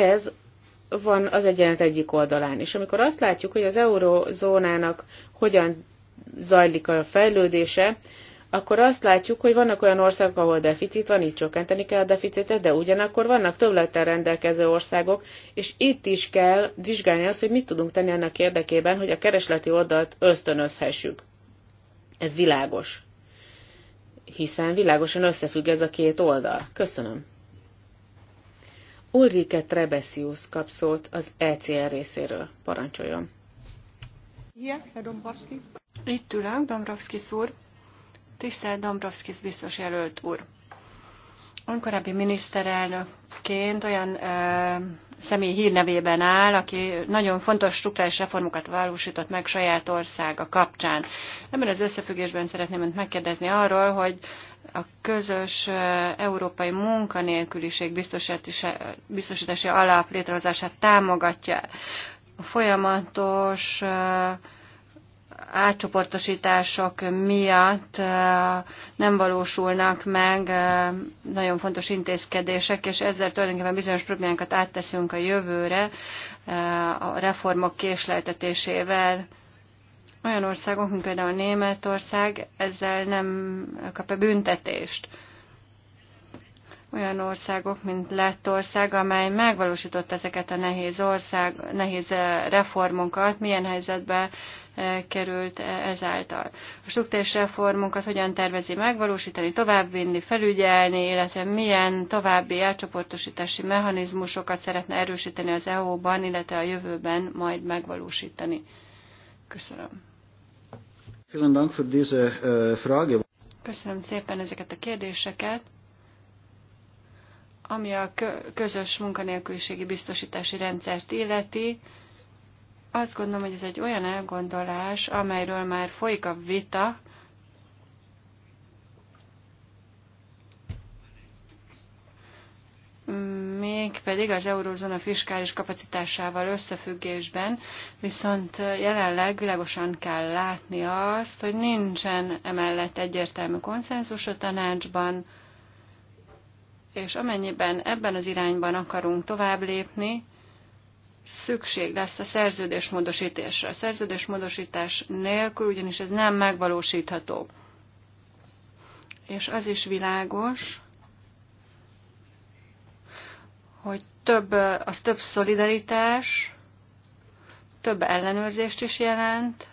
Ez van az egyenlet egyik oldalán. És amikor azt látjuk, hogy az eurozónának hogyan zajlik a fejlődése, akkor azt látjuk, hogy vannak olyan országok, ahol deficit van, itt csökkenteni kell a deficitet, de ugyanakkor vannak többlettel rendelkező országok, és itt is kell vizsgálni azt, hogy mit tudunk tenni annak érdekében, hogy a keresleti oldalt ösztönözhessük. Ez világos. Hiszen világosan összefügg ez a két oldal. Köszönöm. Ulrike Trebesius kap szót az ECR részéről. Parancsoljon.
Igen, Itt ülök, Dombrovski úr. Tisztelt Dombrovski biztos jelölt úr. Ön korábbi miniszterelnökként olyan ö, személy hírnevében áll, aki nagyon fontos struktúrális reformokat valósított meg saját országa kapcsán. Ebben az összefüggésben szeretném önt megkérdezni arról, hogy a közös európai munkanélküliség biztosítási alap létrehozását támogatja. A folyamatos átcsoportosítások miatt nem valósulnak meg nagyon fontos intézkedések, és ezzel tulajdonképpen bizonyos problémákat átteszünk a jövőre a reformok késleltetésével. Olyan országok, mint például Németország, ezzel nem kap-e büntetést. Olyan országok, mint Lettország, amely megvalósított ezeket a nehéz, ország, nehéz eh, reformokat, milyen helyzetbe eh, került e, ezáltal. A struktúrás reformunkat hogyan tervezi megvalósítani, továbbvinni, felügyelni, illetve milyen további elcsoportosítási mechanizmusokat szeretne erősíteni az EU-ban, illetve a jövőben majd megvalósítani. Köszönöm. Äh, Köszönöm szépen ezeket a kérdéseket. Ami a közös munkanélküliségi biztosítási rendszert illeti, azt gondolom, hogy ez egy olyan elgondolás, amelyről már folyik a vita, pedig az eurózóna fiskális kapacitásával összefüggésben, viszont jelenleg világosan kell látni azt, hogy nincsen emellett egyértelmű konszenzus a tanácsban, és amennyiben ebben az irányban akarunk tovább lépni, szükség lesz a szerződésmódosításra. A szerződésmódosítás nélkül ugyanis ez nem megvalósítható. És az is világos, hogy több, az több szolidaritás, több ellenőrzést is jelent,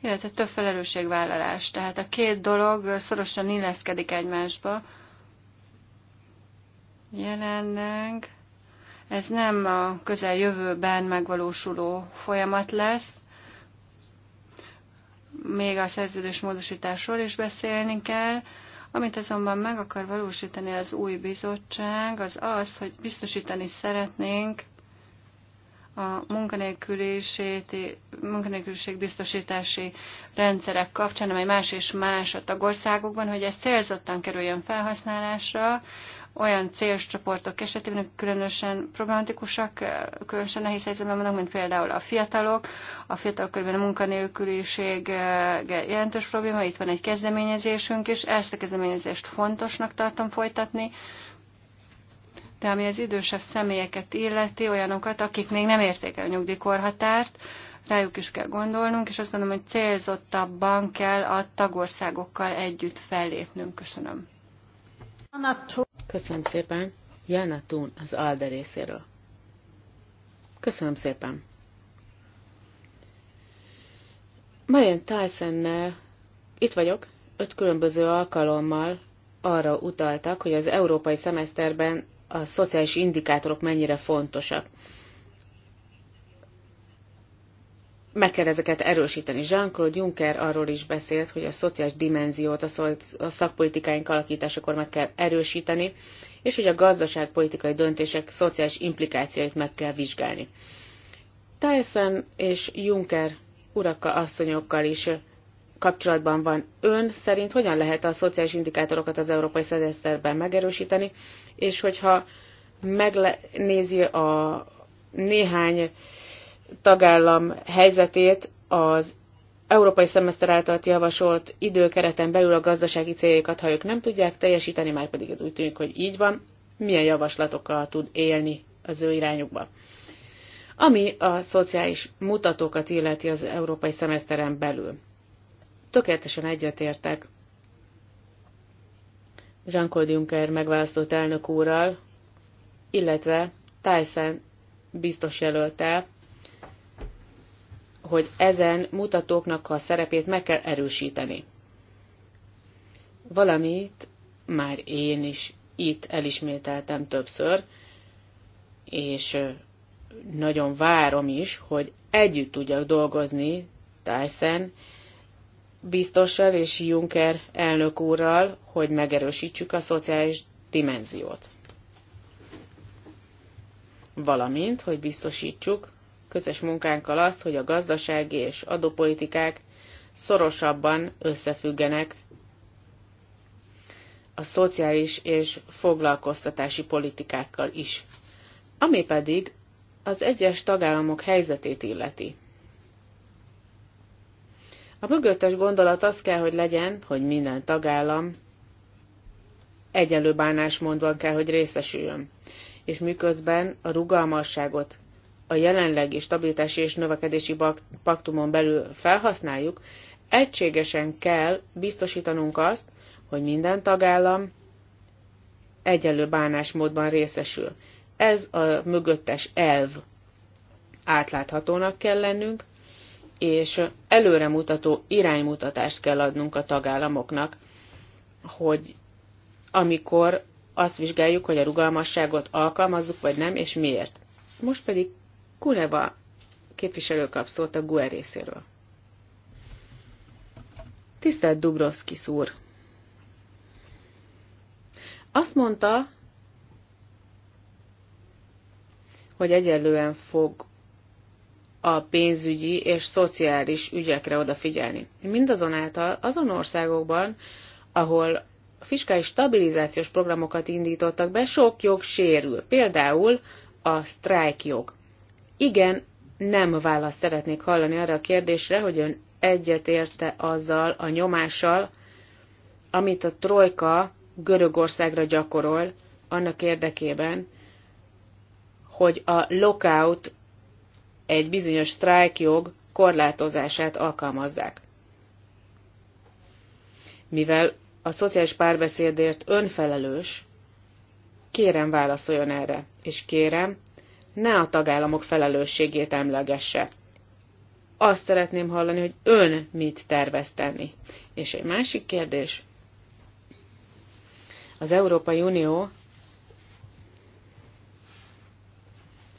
illetve több felelősségvállalás. Tehát a két dolog szorosan illeszkedik egymásba. Jelenleg ez nem a közeljövőben megvalósuló folyamat lesz, még a szerződés módosításról is beszélni kell, amit azonban meg akar valósítani az új bizottság, az az, hogy biztosítani szeretnénk a munkanélküliség biztosítási rendszerek kapcsán, amely más és más a tagországokban, hogy ez célzottan kerüljön felhasználásra, olyan célos csoportok esetében különösen problematikusak, különösen nehéz helyzetben vannak, mint például a fiatalok. A fiatalok körben a munkanélküliség jelentős probléma, itt van egy kezdeményezésünk is, ezt a kezdeményezést fontosnak tartom folytatni, de ami az idősebb személyeket illeti, olyanokat, akik még nem érték el a nyugdíjkorhatárt, rájuk is kell gondolnunk, és azt gondolom, hogy célzottabban kell a tagországokkal együtt fellépnünk. Köszönöm.
Köszönöm szépen. Jana Tún az ALDE részéről. Köszönöm szépen. Marian Tyson-nel itt vagyok, öt különböző alkalommal arra utaltak, hogy az európai szemeszterben a szociális indikátorok mennyire fontosak. meg kell ezeket erősíteni. Jean-Claude Juncker arról is beszélt, hogy a szociális dimenziót a szakpolitikáink alakításakor meg kell erősíteni, és hogy a gazdaságpolitikai döntések szociális implikációit meg kell vizsgálni. Tyson és Juncker urakkal, asszonyokkal is kapcsolatban van. Ön szerint hogyan lehet a szociális indikátorokat az európai szedeszterben megerősíteni, és hogyha megnézi a néhány tagállam helyzetét az európai szemeszter által javasolt időkereten belül a gazdasági céljaikat, ha ők nem tudják teljesíteni, már pedig ez úgy tűnik, hogy így van, milyen javaslatokkal tud élni az ő irányukba. Ami a szociális mutatókat illeti az európai szemeszteren belül. Tökéletesen egyetértek Jean-Claude Juncker megválasztott elnök úrral, illetve Tyson biztos jelöltel, hogy ezen mutatóknak a szerepét meg kell erősíteni. Valamit már én is itt elismételtem többször, és nagyon várom is, hogy együtt tudjak dolgozni Tyson biztossal és Juncker elnök úrral, hogy megerősítsük a szociális dimenziót. Valamint, hogy biztosítsuk, közös munkánkkal azt, hogy a gazdasági és adópolitikák szorosabban összefüggenek a szociális és foglalkoztatási politikákkal is, ami pedig az egyes tagállamok helyzetét illeti. A mögöttes gondolat az kell, hogy legyen, hogy minden tagállam egyenlő bánásmódban kell, hogy részesüljön, és miközben a rugalmasságot a jelenlegi stabilitási és növekedési paktumon belül felhasználjuk, egységesen kell biztosítanunk azt, hogy minden tagállam egyenlő bánásmódban részesül. Ez a mögöttes elv. Átláthatónak kell lennünk, és előremutató iránymutatást kell adnunk a tagállamoknak, hogy amikor azt vizsgáljuk, hogy a rugalmasságot alkalmazzuk vagy nem, és miért. Most pedig Kuleva képviselő kapszolt a GUE részéről. Tisztelt Dubrovski szúr! Azt mondta, hogy egyelően fog a pénzügyi és szociális ügyekre odafigyelni. Mindazonáltal azon országokban, ahol fiskális stabilizációs programokat indítottak be, sok jog sérül, például a sztrájkjog igen, nem választ szeretnék hallani arra a kérdésre, hogy ön egyetérte azzal a nyomással, amit a trojka Görögországra gyakorol, annak érdekében, hogy a lockout egy bizonyos sztrájkjog korlátozását alkalmazzák. Mivel a szociális párbeszédért önfelelős, kérem válaszoljon erre, és kérem, ne a tagállamok felelősségét emlegesse. Azt szeretném hallani, hogy ön mit tervez tenni. És egy másik kérdés. Az Európai Unió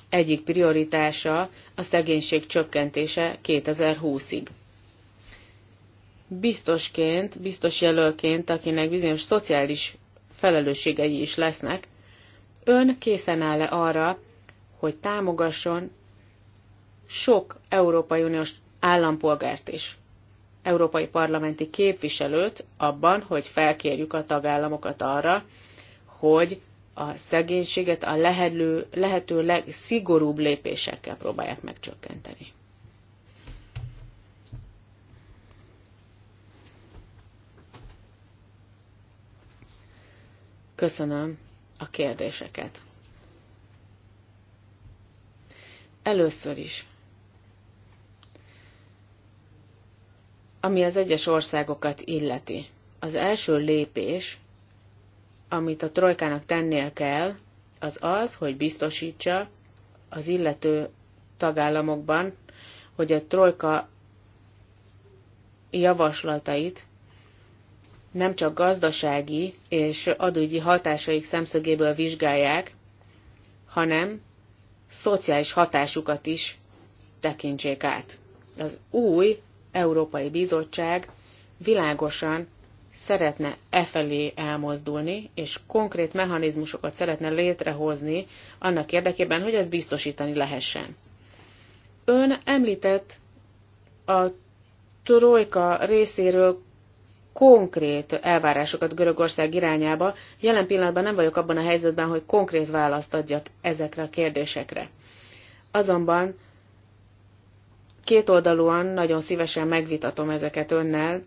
egyik prioritása a szegénység csökkentése 2020-ig. Biztosként, biztos jelölként, akinek bizonyos szociális felelősségei is lesznek, ön készen áll-e arra, hogy támogasson sok Európai Uniós állampolgárt is, európai parlamenti képviselőt abban, hogy felkérjük a tagállamokat arra, hogy a szegénységet a lehető, lehető legszigorúbb lépésekkel próbálják megcsökkenteni. Köszönöm a kérdéseket. Először is. Ami az egyes országokat illeti. Az első lépés, amit a trojkának tennie kell, az az, hogy biztosítsa az illető tagállamokban, hogy a trojka javaslatait nem csak gazdasági és adógyi hatásaik szemszögéből vizsgálják, hanem szociális hatásukat is tekintsék át. Az új Európai Bizottság világosan szeretne e felé elmozdulni, és konkrét mechanizmusokat szeretne létrehozni annak érdekében, hogy ezt biztosítani lehessen. Ön említett a trojka részéről konkrét elvárásokat Görögország irányába. Jelen pillanatban nem vagyok abban a helyzetben, hogy konkrét választ adjak ezekre a kérdésekre. Azonban kétoldalúan nagyon szívesen megvitatom ezeket önnel,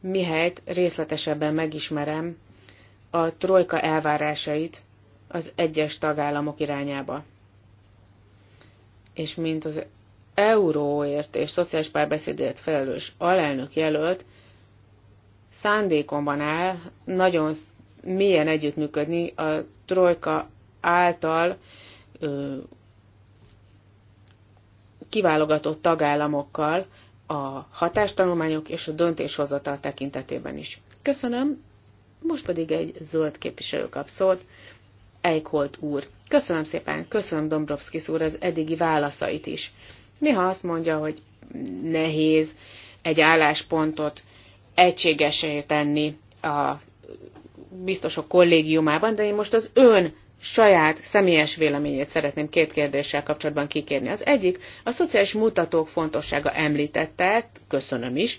mihelyt részletesebben megismerem a trojka elvárásait az egyes tagállamok irányába. És mint az euróért és szociális párbeszédért felelős alelnök jelölt, szándékomban áll nagyon mélyen együttműködni a trojka által ö, kiválogatott tagállamokkal a hatástanulmányok és a döntéshozatal tekintetében is. Köszönöm, most pedig egy zöld képviselő kap szót, Eichholt úr. Köszönöm szépen, köszönöm Dombrovskis úr az eddigi válaszait is. Néha azt mondja, hogy nehéz egy álláspontot egységesé tenni a biztosok kollégiumában, de én most az ön saját személyes véleményét szeretném két kérdéssel kapcsolatban kikérni. Az egyik, a szociális mutatók fontossága említette ezt, köszönöm is,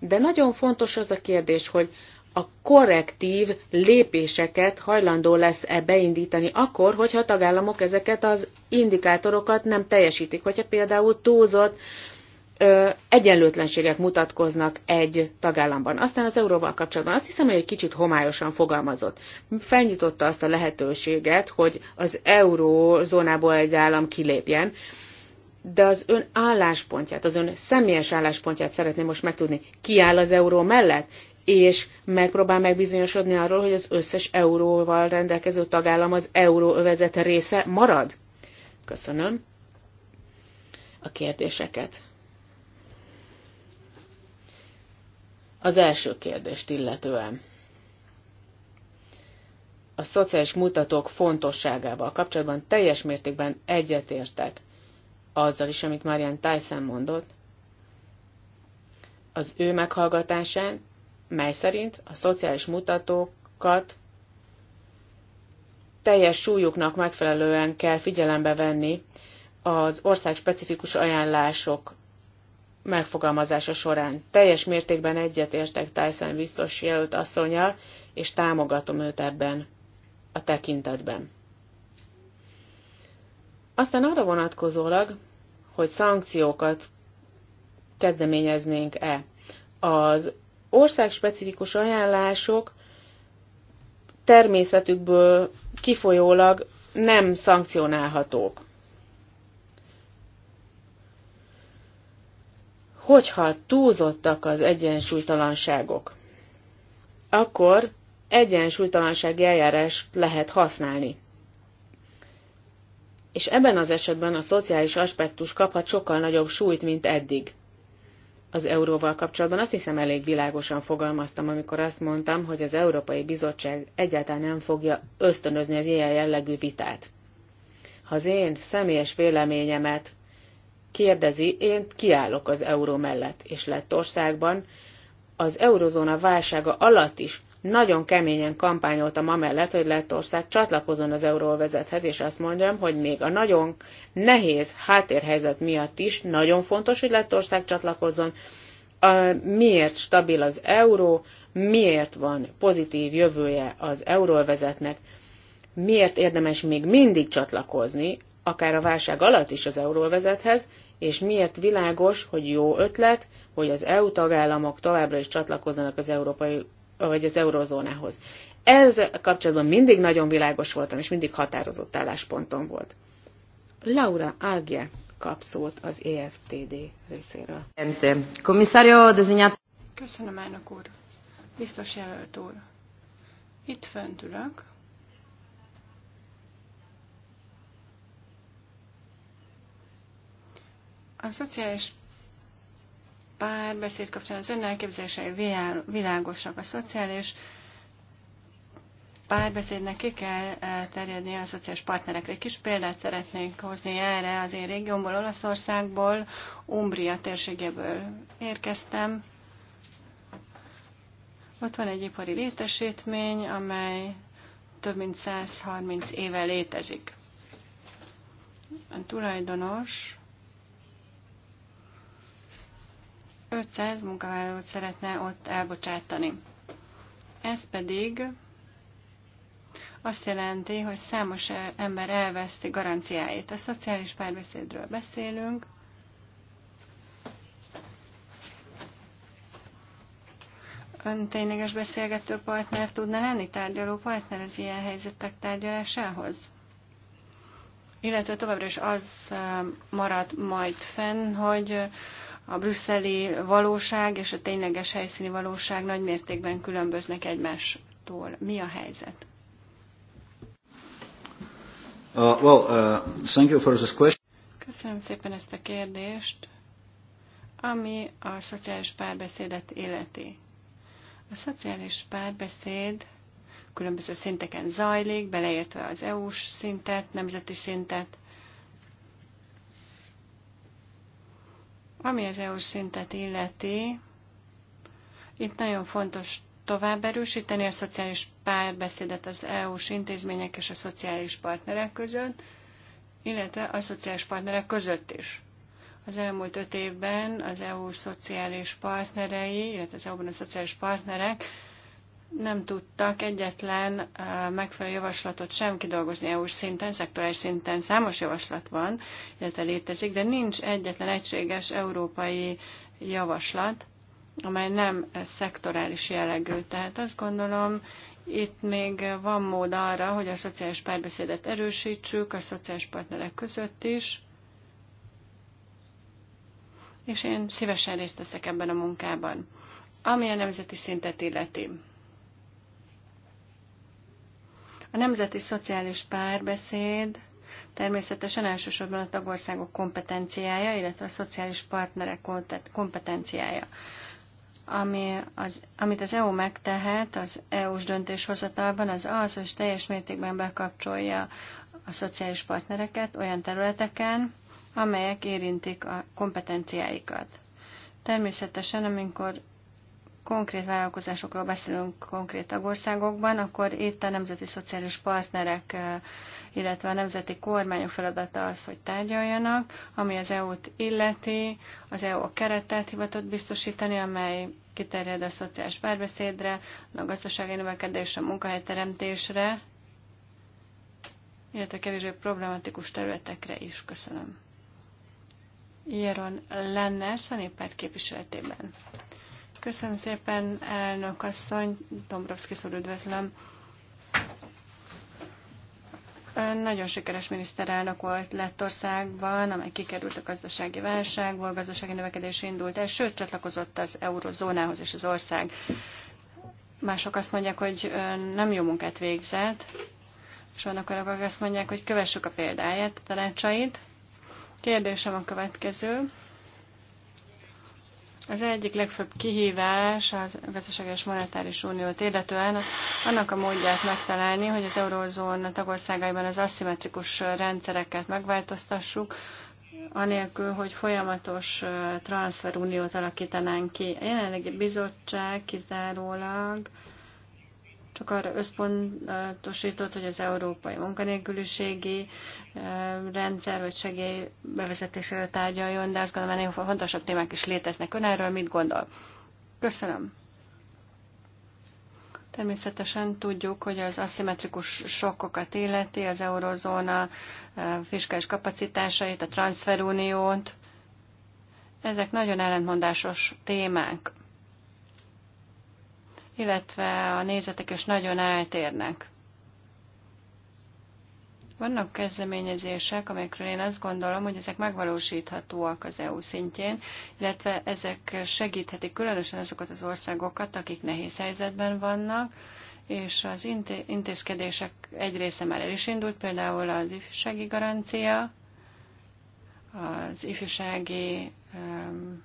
de nagyon fontos az a kérdés, hogy a korrektív lépéseket hajlandó lesz-e beindítani akkor, hogyha a tagállamok ezeket az indikátorokat nem teljesítik, hogyha például túlzott egyenlőtlenségek mutatkoznak egy tagállamban. Aztán az euróval kapcsolatban azt hiszem, hogy egy kicsit homályosan fogalmazott. Felnyitotta azt a lehetőséget, hogy az eurózónából egy állam kilépjen, de az ön álláspontját, az ön személyes álláspontját szeretném most megtudni. Ki áll az euró mellett? és megpróbál megbizonyosodni arról, hogy az összes euróval rendelkező tagállam az euróövezet része marad? Köszönöm a kérdéseket. Az első kérdést illetően a szociális mutatók fontosságával kapcsolatban teljes mértékben egyetértek azzal is, amit Marian Tyson mondott, az ő meghallgatásán, mely szerint a szociális mutatókat teljes súlyuknak megfelelően kell figyelembe venni az ország specifikus ajánlások megfogalmazása során. Teljes mértékben egyetértek Tyson biztos jelölt asszonya, és támogatom őt ebben a tekintetben. Aztán arra vonatkozólag, hogy szankciókat kezdeményeznénk-e. Az országspecifikus ajánlások természetükből kifolyólag nem szankcionálhatók. hogyha túlzottak az egyensúlytalanságok, akkor egyensúlytalansági eljárás lehet használni. És ebben az esetben a szociális aspektus kaphat sokkal nagyobb súlyt, mint eddig. Az euróval kapcsolatban azt hiszem elég világosan fogalmaztam, amikor azt mondtam, hogy az Európai Bizottság egyáltalán nem fogja ösztönözni az ilyen jellegű vitát. Ha az én személyes véleményemet kérdezi, én kiállok az euró mellett, és Lettországban az eurozóna válsága alatt is nagyon keményen kampányoltam amellett, hogy Lettország csatlakozon az euróvezethez, és azt mondjam, hogy még a nagyon nehéz háttérhelyzet miatt is nagyon fontos, hogy Lettország csatlakozzon. A, miért stabil az euró, miért van pozitív jövője az euróvezetnek, miért érdemes még mindig csatlakozni, akár a válság alatt is az euróvezethez, és miért világos, hogy jó ötlet, hogy az EU tagállamok továbbra is csatlakozzanak az európai vagy az eurozónához. Ez kapcsolatban mindig nagyon világos voltam, és mindig határozott álláspontom volt. Laura Ágje kap szót az EFTD részéről.
Köszönöm, elnök úr. Biztos jelölt úr. Itt fönt ülök, A szociális párbeszéd kapcsán az önelképzelései világosak. A szociális párbeszédnek ki kell eh, terjedni a szociális partnerekre. Egy kis példát szeretnék hozni erre az én régiómból, Olaszországból, Umbria térségéből érkeztem. Ott van egy ipari létesítmény, amely több mint 130 éve létezik. A tulajdonos 500 munkavállalót szeretne ott elbocsátani. Ez pedig azt jelenti, hogy számos ember elveszti garanciáit. A szociális párbeszédről beszélünk. Ön tényleges beszélgető partner tudna lenni, tárgyaló partner az ilyen helyzetek tárgyalásához? Illetve továbbra is az eh, marad majd fenn, hogy a brüsszeli valóság és a tényleges helyszíni valóság nagy mértékben különböznek egymástól. Mi a helyzet?
Uh, well, uh, thank you for this
question. Köszönöm szépen ezt a kérdést, ami a szociális párbeszédet életi. A szociális párbeszéd különböző szinteken zajlik, beleértve az EU-s szintet, nemzeti szintet, Ami az EU szintet illeti, itt nagyon fontos tovább erősíteni a szociális párbeszédet az EU-s intézmények és a szociális partnerek között, illetve a szociális partnerek között is. Az elmúlt öt évben az EU szociális partnerei, illetve az EU-ban a szociális partnerek nem tudtak egyetlen megfelelő javaslatot sem kidolgozni EU szinten, szektorális szinten számos javaslat van, illetve létezik, de nincs egyetlen egységes európai javaslat, amely nem szektorális jellegű. Tehát azt gondolom, itt még van mód arra, hogy a szociális párbeszédet erősítsük a szociális partnerek között is, és én szívesen részt veszek ebben a munkában, ami a nemzeti szintet illeti. A nemzeti szociális párbeszéd természetesen elsősorban a tagországok kompetenciája, illetve a szociális partnerek kompetenciája. Ami az, amit az EU megtehet az EU-s döntéshozatalban, az az, hogy teljes mértékben bekapcsolja a szociális partnereket olyan területeken, amelyek érintik a kompetenciáikat. Természetesen, amikor konkrét vállalkozásokról beszélünk konkrét tagországokban, akkor itt a nemzeti szociális partnerek, illetve a nemzeti kormányok feladata az, hogy tárgyaljanak, ami az EU-t illeti, az EU a keretet hivatott biztosítani, amely kiterjed a szociális párbeszédre, a gazdasági növekedésre, a munkahelyteremtésre, illetve kevésbé problematikus területekre is. Köszönöm. Jeron Lenner, a néppárt képviseletében. Köszönöm szépen, elnök asszony, Dombrovszki szól üdvözlöm. Ön nagyon sikeres miniszterelnök volt Lettországban, amely kikerült a gazdasági válságból, gazdasági növekedés indult el, sőt csatlakozott az eurozónához és az ország. Mások azt mondják, hogy nem jó munkát végzett, és vannak olyanok, akik azt mondják, hogy kövessük a példáját, a tanácsait. Kérdésem a következő. Az egyik legfőbb kihívás a gazdaságos monetáris uniót illetően annak a módját megtalálni, hogy az eurózóna tagországaiban az aszimmetrikus rendszereket megváltoztassuk, anélkül, hogy folyamatos transferuniót alakítanánk ki. A jelenlegi bizottság kizárólag csak arra összpontosított, hogy az európai munkanélküliségi eh, rendszer vagy segély bevezetésére tárgyaljon, de azt gondolom, hogy fontosabb témák is léteznek. Ön erről mit gondol? Köszönöm. Természetesen tudjuk, hogy az aszimmetrikus sokkokat illeti, az eurozóna eh, fiskális kapacitásait, a transferuniót. Ezek nagyon ellentmondásos témák illetve a nézetek is nagyon eltérnek. Vannak kezdeményezések, amelyekről én azt gondolom, hogy ezek megvalósíthatóak az EU szintjén, illetve ezek segíthetik különösen azokat az országokat, akik nehéz helyzetben vannak, és az intézkedések egy része már el is indult, például az ifjúsági garancia, az ifjúsági um,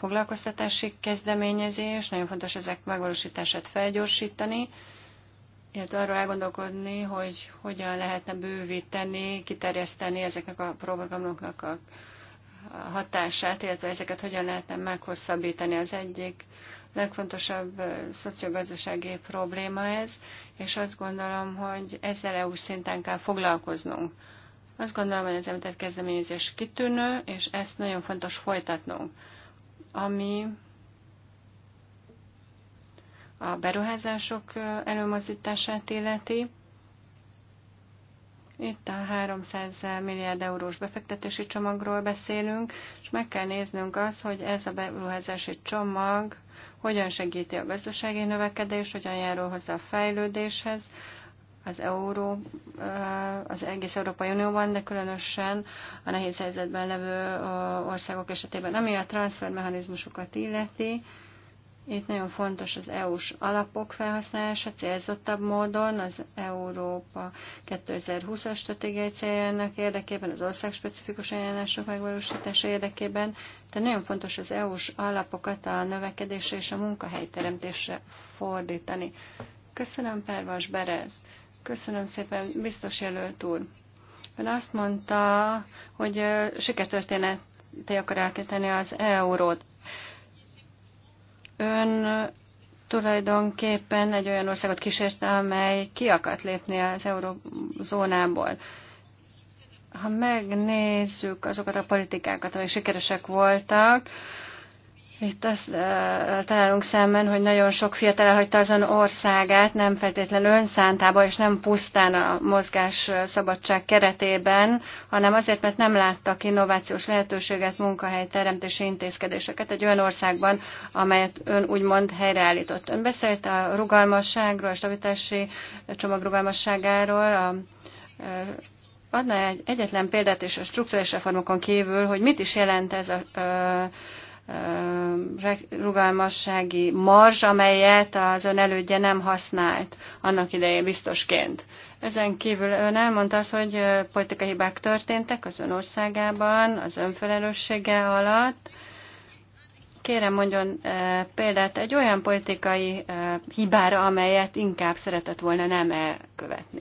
foglalkoztatási kezdeményezés, nagyon fontos ezek megvalósítását felgyorsítani, illetve arról elgondolkodni, hogy hogyan lehetne bővíteni, kiterjeszteni ezeknek a programoknak a hatását, illetve ezeket hogyan lehetne meghosszabbítani. Az egyik legfontosabb eh, szociogazdasági probléma ez, és azt gondolom, hogy ezzel EU szinten kell foglalkoznunk. Azt gondolom, hogy az említett kezdeményezés kitűnő, és ezt nagyon fontos folytatnunk ami a beruházások előmozdítását illeti. Itt a 300 milliárd eurós befektetési csomagról beszélünk, és meg kell néznünk azt, hogy ez a beruházási csomag hogyan segíti a gazdasági növekedést, hogyan járul hozzá a fejlődéshez, az euró, az egész Európai Unióban, de különösen a nehéz helyzetben levő országok esetében. Ami a transfermechanizmusokat illeti, itt nagyon fontos az EU-s alapok felhasználása célzottabb módon az Európa 2020-as stratégiai céljának érdekében, az ország specifikus ajánlások megvalósítása érdekében. Tehát nagyon fontos az EU-s alapokat a növekedésre és a munkahelyteremtésre fordítani. Köszönöm, Pervas Berez. Köszönöm szépen, biztos jelölt úr. Ön azt mondta, hogy sikertörténeté akar elkéteni az eurót. Ön tulajdonképpen egy olyan országot kísérte, amely ki akart lépni az eurozónából. Ha megnézzük azokat a politikákat, amelyek sikeresek voltak, itt azt uh, találunk szemben, hogy nagyon sok fiatal elhagyta azon országát, nem feltétlenül önszántából, és nem pusztán a mozgás szabadság keretében, hanem azért, mert nem láttak innovációs lehetőséget, munkahely teremtési intézkedéseket egy olyan országban, amelyet ön úgymond helyreállított. Ön beszélt a rugalmasságról, a stabilitási csomag rugalmasságáról, a, a adna egy egyetlen példát és a struktúrális reformokon kívül, hogy mit is jelent ez a, a rugalmassági marzs, amelyet az ön elődje nem használt annak idején biztosként. Ezen kívül ön elmondta az, hogy politikai hibák történtek az ön országában, az felelőssége alatt. Kérem mondjon példát egy olyan politikai hibára, amelyet inkább szeretett volna nem elkövetni.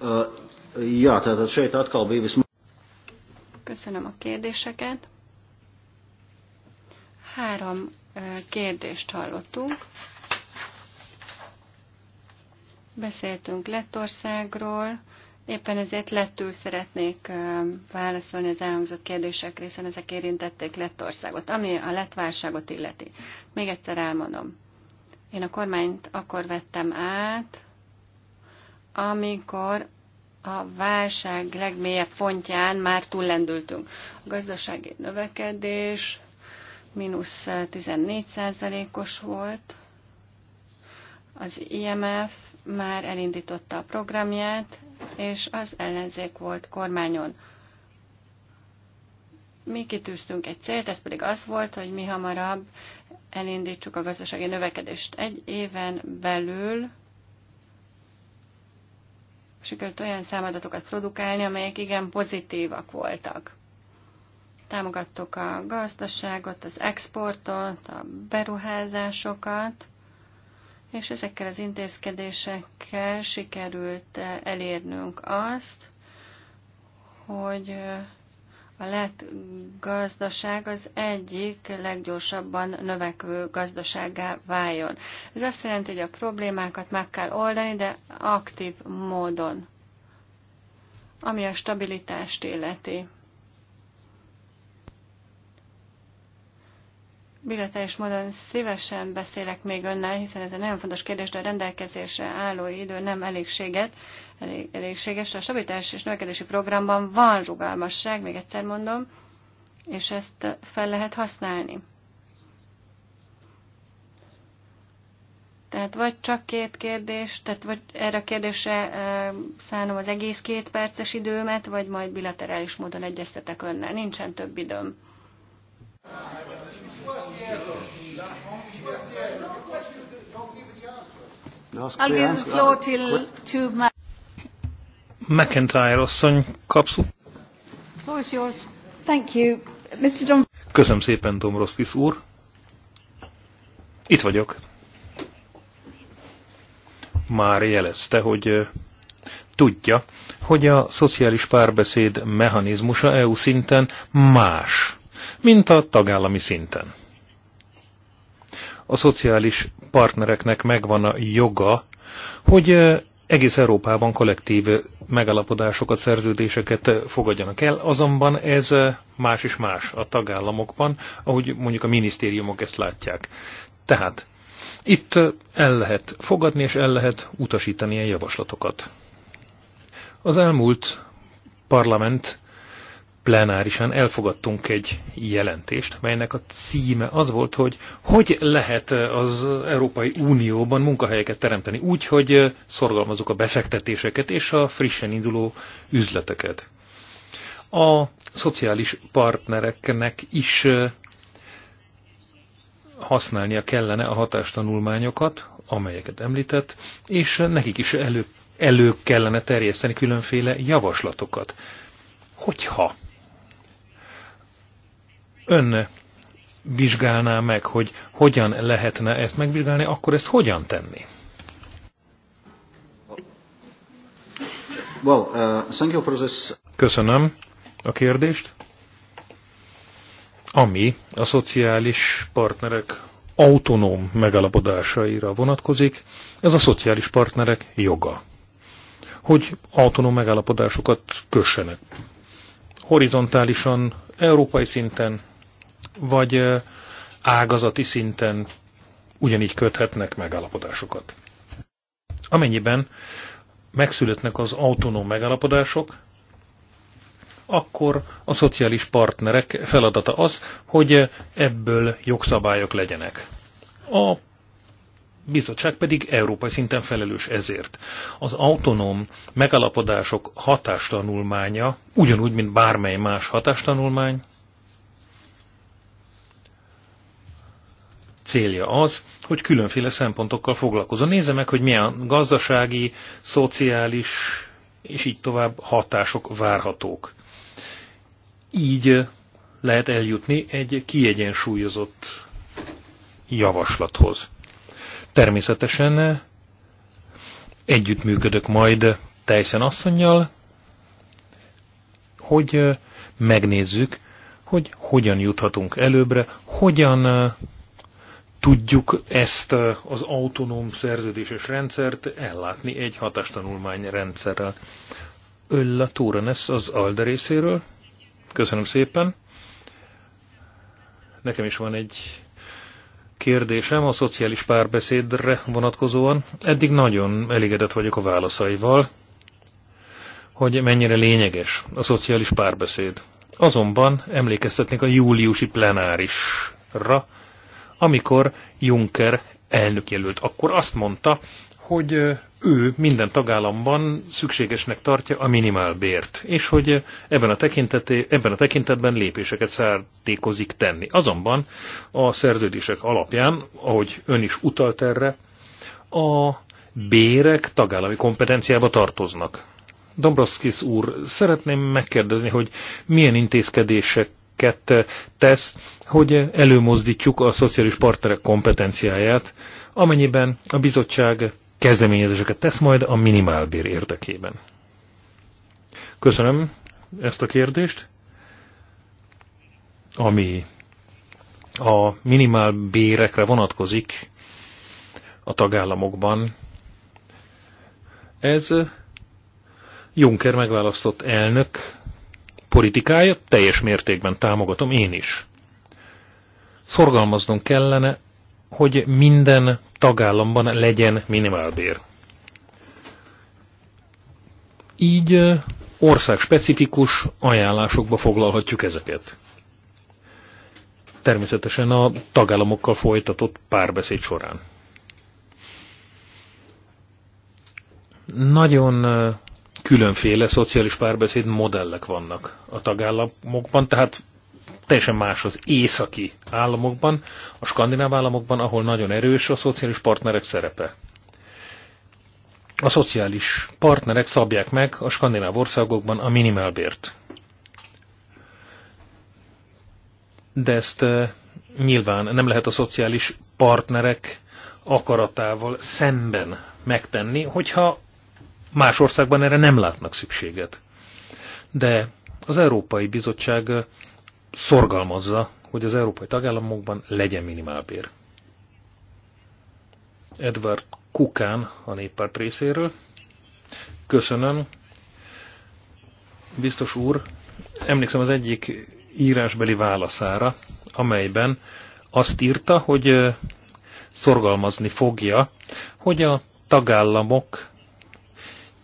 Uh, tehát a sejt atkal bévisz... Köszönöm a kérdéseket. Három kérdést hallottunk. Beszéltünk Lettországról, éppen ezért lettül szeretnék válaszolni az elhangzott kérdések részen, ezek érintették Lettországot, ami a lett válságot illeti. Még egyszer elmondom. Én a kormányt akkor vettem át, amikor a válság legmélyebb pontján már túllendültünk. A gazdasági növekedés mínusz 14 százalékos volt. Az IMF már elindította a programját, és az ellenzék volt kormányon. Mi kitűztünk egy célt, ez pedig az volt, hogy mi hamarabb elindítsuk a gazdasági növekedést. Egy éven belül sikerült olyan számadatokat produkálni, amelyek igen pozitívak voltak. Támogattuk a gazdaságot, az exportot, a beruházásokat, és ezekkel az intézkedésekkel sikerült eh, elérnünk azt, hogy eh, a lett gazdaság az egyik leggyorsabban növekvő gazdaságá váljon. Ez azt jelenti, hogy a problémákat meg kell oldani, de aktív módon, ami a stabilitást illeti. bilaterális módon szívesen beszélek még önnel, hiszen ez egy nagyon fontos kérdés, de a rendelkezésre álló idő nem elégséget, elég, elégséges. A stabilitás és növekedési programban van rugalmasság, még egyszer mondom, és ezt fel lehet használni. Tehát vagy csak két kérdés, tehát vagy erre a kérdésre szánom az egész két perces időmet, vagy majd bilaterális módon egyeztetek önnel. Nincsen több időm. I'll give the floor till, to
McIntyre asszony kapszul.
Floor is yours. Thank you. Mr. Don...
Köszönöm szépen, Domroszkis úr. Itt vagyok. Már jelezte, hogy tudja, hogy a szociális párbeszéd mechanizmusa EU szinten más, mint a tagállami szinten a szociális partnereknek megvan a joga, hogy egész Európában kollektív megállapodásokat, szerződéseket fogadjanak el, azonban ez más is más a tagállamokban, ahogy mondjuk a minisztériumok ezt látják. Tehát itt el lehet fogadni és el lehet utasítani ilyen javaslatokat. Az elmúlt parlament plenárisan elfogadtunk egy jelentést, melynek a címe az volt, hogy hogy lehet eh, az Európai Unióban munkahelyeket teremteni úgy, hogy eh, szorgalmazok a befektetéseket és a frissen induló üzleteket. A szociális partnereknek is eh, használnia kellene a hatástanulmányokat, amelyeket említett, és nekik is elő, elő kellene terjeszteni különféle javaslatokat. Hogyha ön vizsgálná meg, hogy hogyan lehetne ezt megvizsgálni, akkor ezt hogyan tenni? Well, uh, thank you for this. Köszönöm a kérdést. Ami a szociális partnerek autonóm megalapodásaira vonatkozik, ez a szociális partnerek joga. Hogy autonóm megalapodásokat kössenek. Horizontálisan, európai szinten, vagy ágazati szinten ugyanígy köthetnek megállapodásokat. Amennyiben megszületnek az autonóm megállapodások, akkor a szociális partnerek feladata az, hogy ebből jogszabályok legyenek. A bizottság pedig európai szinten felelős ezért. Az autonóm megalapodások hatástanulmánya, ugyanúgy, mint bármely más hatástanulmány, célja az, hogy különféle szempontokkal foglalkozom. Nézze meg, hogy milyen gazdasági, szociális és így tovább hatások várhatók. Így lehet eljutni egy kiegyensúlyozott javaslathoz. Természetesen együttműködök majd Tejszen asszonynal, hogy megnézzük, hogy hogyan juthatunk előbbre, hogyan tudjuk ezt az autonóm szerződéses rendszert ellátni egy hatástanulmány rendszerrel. Ölla Túranesz az ALDE részéről. Köszönöm szépen. Nekem is van egy kérdésem a szociális párbeszédre vonatkozóan. Eddig nagyon elégedett vagyok a válaszaival, hogy mennyire lényeges a szociális párbeszéd. Azonban emlékeztetnék a júliusi plenárisra, amikor Juncker elnökjelölt. Akkor azt mondta, hogy ő minden tagállamban szükségesnek tartja a minimálbért, és hogy ebben a, ebben a tekintetben lépéseket szártékozik tenni. Azonban a szerződések alapján, ahogy ön is utalt erre, a bérek tagállami kompetenciába tartoznak. Dombrovskis úr, szeretném megkérdezni, hogy milyen intézkedések lépéseket eh, tesz, hogy előmozdítsuk a szociális partnerek kompetenciáját, amennyiben a bizottság kezdeményezéseket tesz majd a minimálbér érdekében. Köszönöm ezt a kérdést, ami a minimálbérekre vonatkozik a tagállamokban. Ez Juncker megválasztott elnök politikája, teljes mértékben támogatom én is. Szorgalmaznunk kellene, hogy minden tagállamban legyen minimálbér. Így országspecifikus ajánlásokba foglalhatjuk ezeket. Természetesen a tagállamokkal folytatott párbeszéd során. Nagyon különféle szociális párbeszéd modellek vannak a tagállamokban, tehát teljesen más az északi államokban, a skandináv államokban, ahol nagyon erős a szociális partnerek szerepe. A szociális partnerek szabják meg a skandináv országokban a minimálbért. De ezt eh, nyilván nem lehet a szociális partnerek akaratával szemben megtenni, hogyha Más országban erre nem látnak szükséget. De az Európai Bizottság szorgalmazza, hogy az európai tagállamokban legyen minimálbér. Edward Kukán a néppárt részéről. Köszönöm. Biztos úr, emlékszem az egyik írásbeli válaszára, amelyben azt írta, hogy szorgalmazni fogja, hogy a tagállamok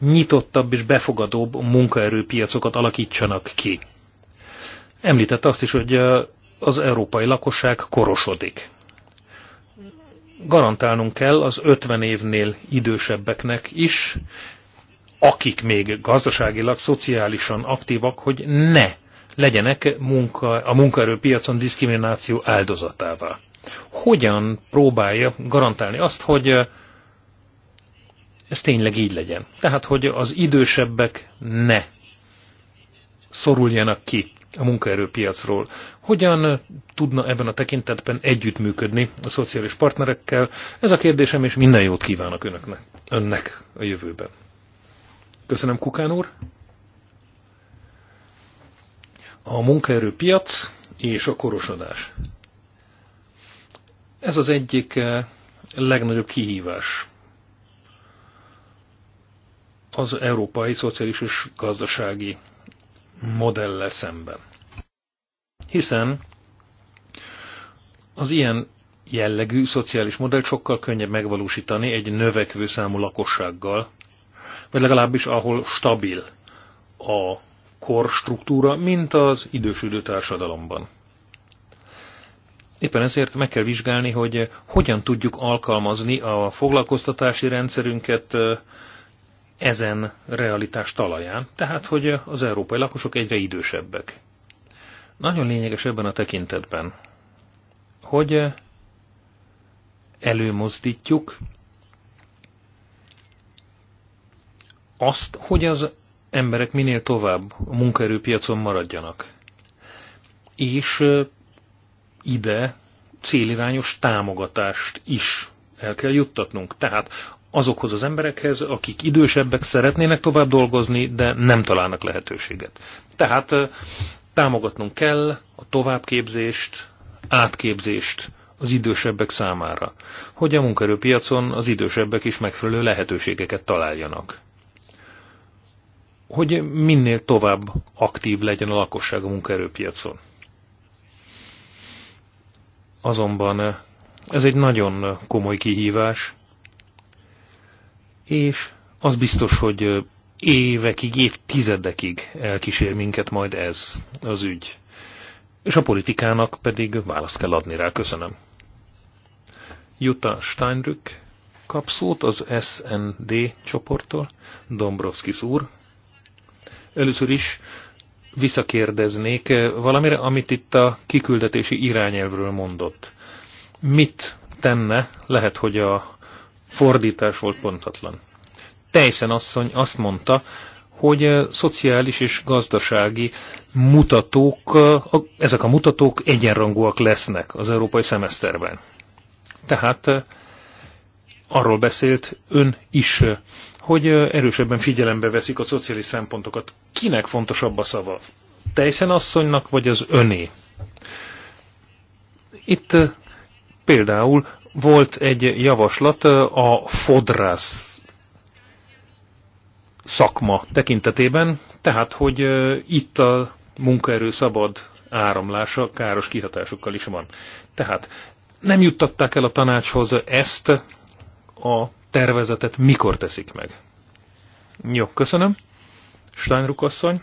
nyitottabb és befogadóbb munkaerőpiacokat alakítsanak ki. Említette azt is, hogy eh, az európai lakosság korosodik. Garantálnunk kell az 50 évnél idősebbeknek is, akik még gazdaságilag, szociálisan aktívak, hogy ne legyenek munka, a munkaerőpiacon diszkrimináció áldozatává. Hogyan próbálja garantálni azt, hogy eh, ez tényleg így legyen. Tehát, hogy az idősebbek ne szoruljanak ki a munkaerőpiacról. Hogyan tudna ebben a tekintetben együttműködni a szociális partnerekkel? Ez a kérdésem, és minden jót kívánok önöknek, önnek a jövőben. Köszönöm, Kukán úr! A munkaerőpiac és a korosodás. Ez az egyik eh, legnagyobb kihívás az európai szociális gazdasági modellel szemben. Hiszen az ilyen jellegű szociális modell sokkal könnyebb megvalósítani egy növekvő számú lakossággal, vagy legalábbis ahol stabil a korstruktúra, mint az idősödő társadalomban. Éppen ezért meg kell vizsgálni, hogy hogyan tudjuk alkalmazni a foglalkoztatási rendszerünket ezen realitás talaján, tehát hogy az európai lakosok egyre idősebbek. Nagyon lényeges ebben a tekintetben, hogy előmozdítjuk azt, hogy az emberek minél tovább a munkaerőpiacon maradjanak. És ide célirányos támogatást is el kell juttatnunk. Tehát azokhoz az emberekhez, akik idősebbek szeretnének tovább dolgozni, de nem találnak lehetőséget. Tehát támogatnunk kell a továbbképzést, átképzést az idősebbek számára, hogy a munkaerőpiacon az idősebbek is megfelelő lehetőségeket találjanak. Hogy minél tovább aktív legyen a lakosság a munkaerőpiacon. Azonban ez egy nagyon komoly kihívás, és az biztos, hogy évekig, évtizedekig elkísér minket majd ez az ügy. És a politikának pedig választ kell adni rá. Köszönöm. Jutta Steinrück kap szót az SND csoporttól, Dombrovskis úr. Először is visszakérdeznék valamire, amit itt a kiküldetési irányelvről mondott. Mit tenne, lehet, hogy a fordítás volt pontatlan. Tejszen asszony azt mondta, hogy szociális és gazdasági mutatók, ezek a mutatók egyenrangúak lesznek az európai szemeszterben. Tehát arról beszélt ön is, hogy erősebben figyelembe veszik a szociális szempontokat. Kinek fontosabb a szava? Tejszen asszonynak, vagy az öné? Itt Például volt egy javaslat a fodrász szakma tekintetében, tehát hogy itt a munkaerő szabad áramlása káros kihatásokkal is van. Tehát nem juttatták el a tanácshoz ezt a tervezetet, mikor teszik meg. Jó, köszönöm. Steinruck asszony.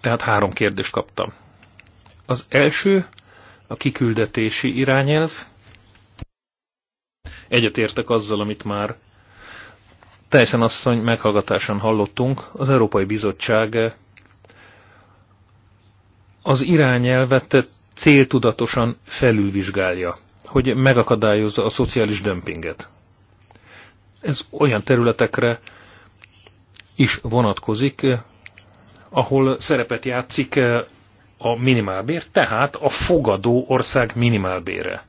Tehát három kérdést kaptam. Az első a kiküldetési irányelv. Egyetértek azzal, amit már teljesen asszony meghallgatáson hallottunk, az Európai Bizottság az irányelvet céltudatosan felülvizsgálja, hogy megakadályozza a szociális dömpinget. Ez olyan területekre is vonatkozik, ahol szerepet játszik a minimálbér, tehát a fogadó ország minimálbére.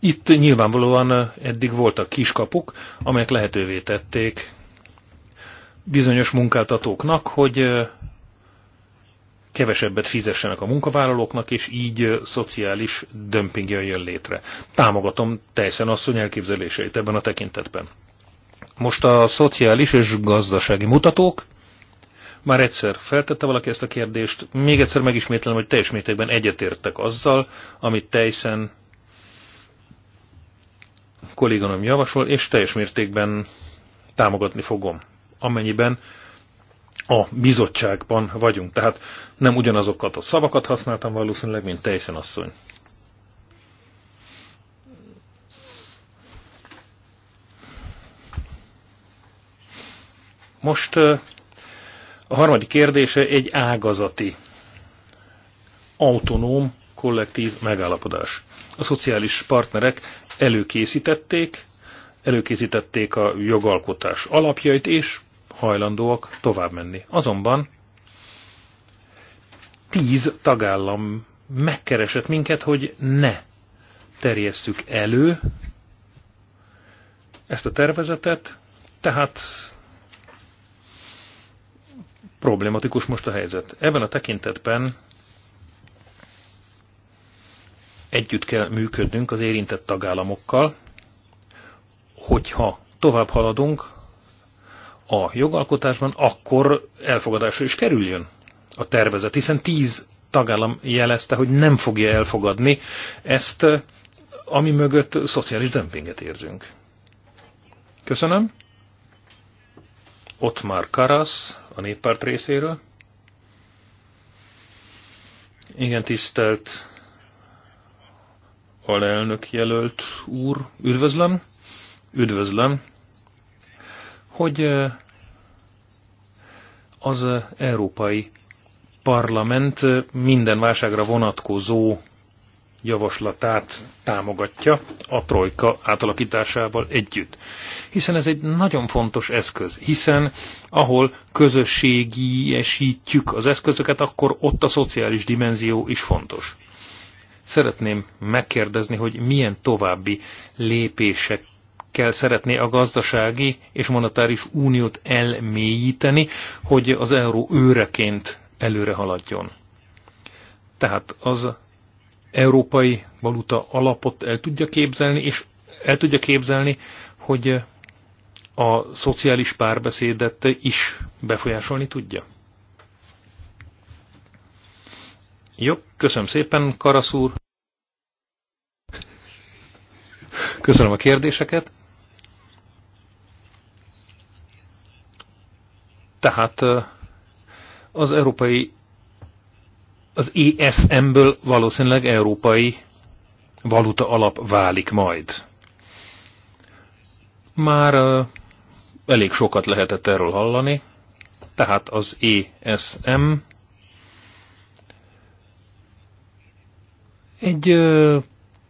Itt nyilvánvalóan eddig voltak kiskapuk, amelyek lehetővé tették bizonyos munkáltatóknak, hogy kevesebbet fizessenek a munkavállalóknak, és így szociális dömping jön létre. Támogatom teljesen asszony elképzeléseit ebben a tekintetben. Most a szociális és gazdasági mutatók már egyszer feltette valaki ezt a kérdést, még egyszer megismétlem, hogy teljes mértékben egyetértek azzal, amit Tejszen kolléganom javasol, és teljes mértékben támogatni fogom, amennyiben a bizottságban vagyunk. Tehát nem ugyanazokat a szavakat használtam valószínűleg, mint Tejszen asszony. Most a harmadik kérdése egy ágazati, autonóm, kollektív megállapodás. A szociális partnerek előkészítették, előkészítették a jogalkotás alapjait, és hajlandóak tovább menni. Azonban tíz tagállam megkeresett minket, hogy ne terjesszük elő ezt a tervezetet, tehát problematikus most a helyzet. Ebben a tekintetben együtt kell működnünk az érintett tagállamokkal, hogyha tovább haladunk a jogalkotásban, akkor elfogadásra is kerüljön a tervezet, hiszen tíz tagállam jelezte, hogy nem fogja elfogadni ezt, ami mögött szociális dömpinget érzünk. Köszönöm. Ottmar Karasz a néppárt részéről. Igen, tisztelt alelnök jelölt úr, üdvözlöm, üdvözlöm, hogy az Európai Parlament minden válságra vonatkozó javaslatát támogatja a trojka átalakításával együtt. Hiszen ez egy nagyon fontos eszköz, hiszen ahol közösségiesítjük az eszközöket, akkor ott a szociális dimenzió is fontos. Szeretném megkérdezni, hogy milyen további lépések kell szeretné a gazdasági és monetáris uniót elmélyíteni, hogy az euró őreként előre haladjon. Tehát az európai valuta alapot el tudja képzelni, és el tudja képzelni, hogy a szociális párbeszédet is befolyásolni tudja? Jó, köszönöm szépen, Karasz úr. Köszönöm a kérdéseket. Tehát az európai az ESM-ből valószínűleg európai valuta alap válik majd. Már elég sokat lehetett erről hallani, tehát az ESM egy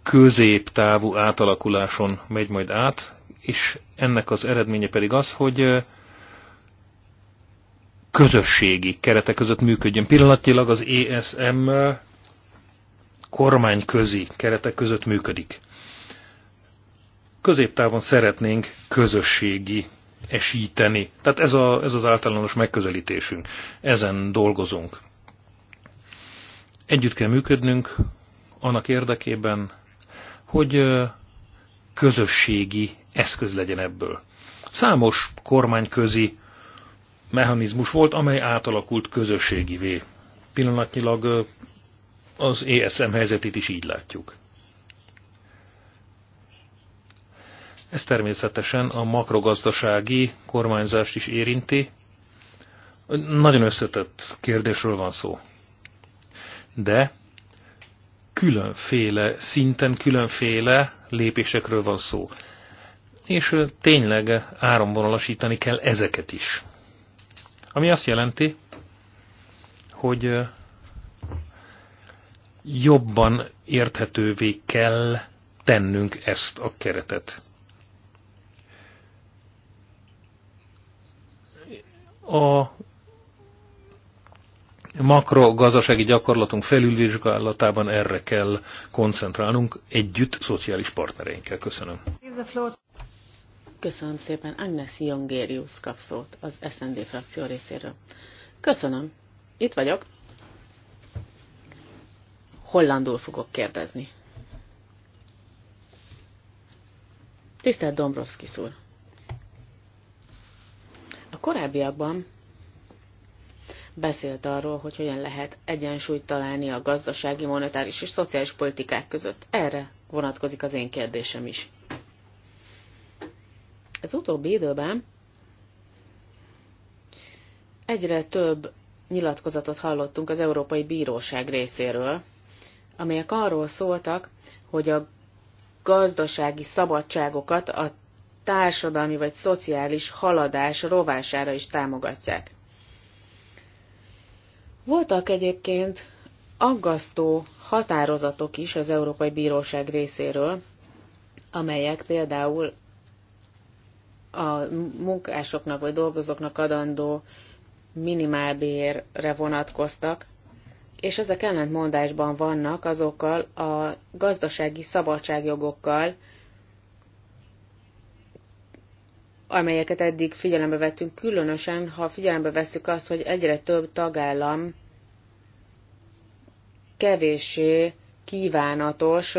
középtávú átalakuláson megy majd át, és ennek az eredménye pedig az, hogy közösségi keretek között működjön. Pillanatilag az ESM kormányközi keretek között működik. Középtávon szeretnénk közösségi esíteni. Tehát ez, a, ez az általános megközelítésünk. Ezen dolgozunk. Együtt kell működnünk annak érdekében, hogy közösségi eszköz legyen ebből. Számos kormányközi mechanizmus volt, amely átalakult közösségivé. Pillanatnyilag az ESM helyzetét is így látjuk. Ez természetesen a makrogazdasági kormányzást is érinti. Nagyon összetett kérdésről van szó. De különféle szinten, különféle lépésekről van szó. És tényleg áramvonalasítani kell ezeket is. Ami azt jelenti, hogy jobban érthetővé kell tennünk ezt a keretet. A makrogazdasági gyakorlatunk felülvizsgálatában erre kell koncentrálnunk együtt szociális partnereinkkel. Köszönöm.
Köszönöm szépen. Agnes Jongérius kap szót az SND frakció részéről. Köszönöm. Itt vagyok. Hollandul fogok kérdezni. Tisztelt Dombrovski úr! A korábbiakban beszélt arról, hogy hogyan lehet egyensúlyt találni a gazdasági, monetáris és szociális politikák között. Erre vonatkozik az én kérdésem is. Az utóbbi időben egyre több nyilatkozatot hallottunk az Európai Bíróság részéről, amelyek arról szóltak, hogy a gazdasági szabadságokat a társadalmi vagy szociális haladás rovására is támogatják. Voltak egyébként aggasztó határozatok is az Európai Bíróság részéről, amelyek például a munkásoknak vagy dolgozóknak adandó minimálbérre vonatkoztak, és ezek ellentmondásban vannak azokkal a gazdasági szabadságjogokkal, amelyeket eddig figyelembe vettünk, különösen, ha figyelembe vesszük azt, hogy egyre több tagállam kevéssé kívánatos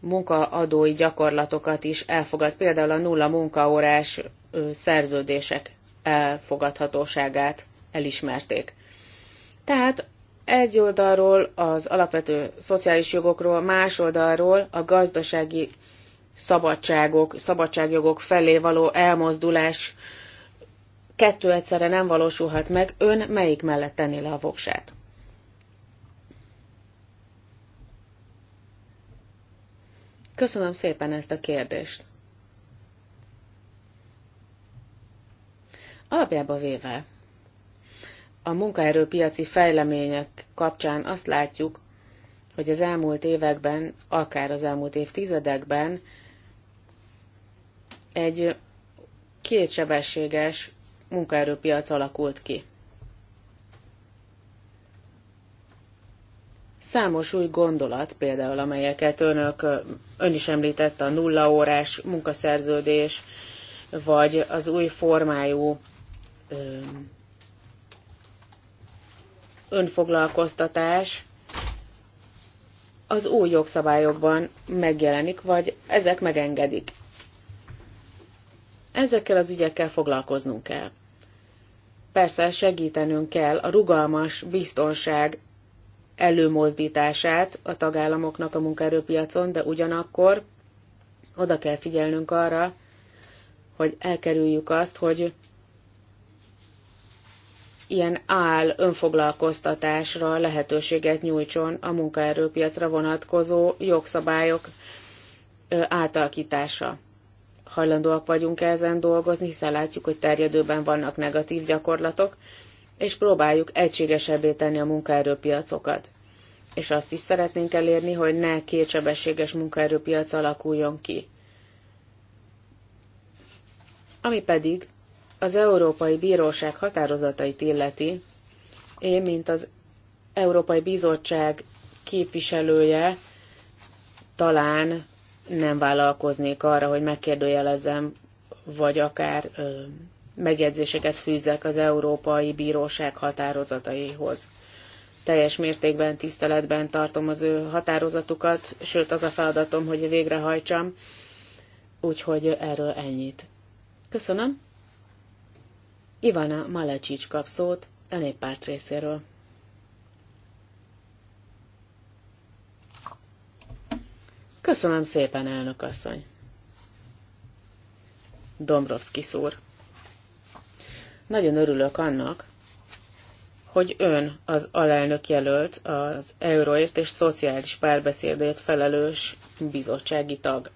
munkaadói gyakorlatokat is elfogad, például a nulla munkaórás szerződések elfogadhatóságát elismerték. Tehát egy oldalról az alapvető szociális jogokról, más oldalról a gazdasági szabadságok, szabadságjogok felé való elmozdulás kettő egyszerre nem valósulhat meg, ön melyik mellett tenni le a voksát? Köszönöm szépen ezt a kérdést. Alapjába véve, a munkaerőpiaci fejlemények kapcsán azt látjuk, hogy az elmúlt években, akár az elmúlt évtizedekben egy kétsebességes munkaerőpiac alakult ki. Számos új gondolat, például amelyeket önök, ön is említett, a nullaórás munkaszerződés, vagy az új formájú önfoglalkoztatás az új jogszabályokban megjelenik, vagy ezek megengedik. Ezekkel az ügyekkel foglalkoznunk kell. Persze segítenünk kell a rugalmas biztonság előmozdítását a tagállamoknak a munkaerőpiacon, de ugyanakkor oda kell figyelnünk arra, hogy elkerüljük azt, hogy ilyen áll önfoglalkoztatásra lehetőséget nyújtson a munkaerőpiacra vonatkozó jogszabályok átalakítása. Hajlandóak vagyunk ezen dolgozni, hiszen látjuk, hogy terjedőben vannak negatív gyakorlatok, és próbáljuk egységesebbé tenni a munkaerőpiacokat. És azt is szeretnénk elérni, hogy ne kétsebességes munkaerőpiac alakuljon ki. Ami pedig az Európai Bíróság határozatait illeti, én, mint az Európai Bizottság képviselője, talán nem vállalkoznék arra, hogy megkérdőjelezem, vagy akár ö, megjegyzéseket fűzek az Európai Bíróság határozataihoz. Teljes mértékben tiszteletben tartom az ő határozatukat, sőt az a feladatom, hogy végrehajtsam, úgyhogy erről ennyit. Köszönöm. Ivana Malecsics kap szót a néppárt részéről. Köszönöm szépen, elnök asszony. Dombrovski szúr. Nagyon örülök annak, hogy ön az alelnök jelölt az euróért és szociális párbeszédért felelős bizottsági tag.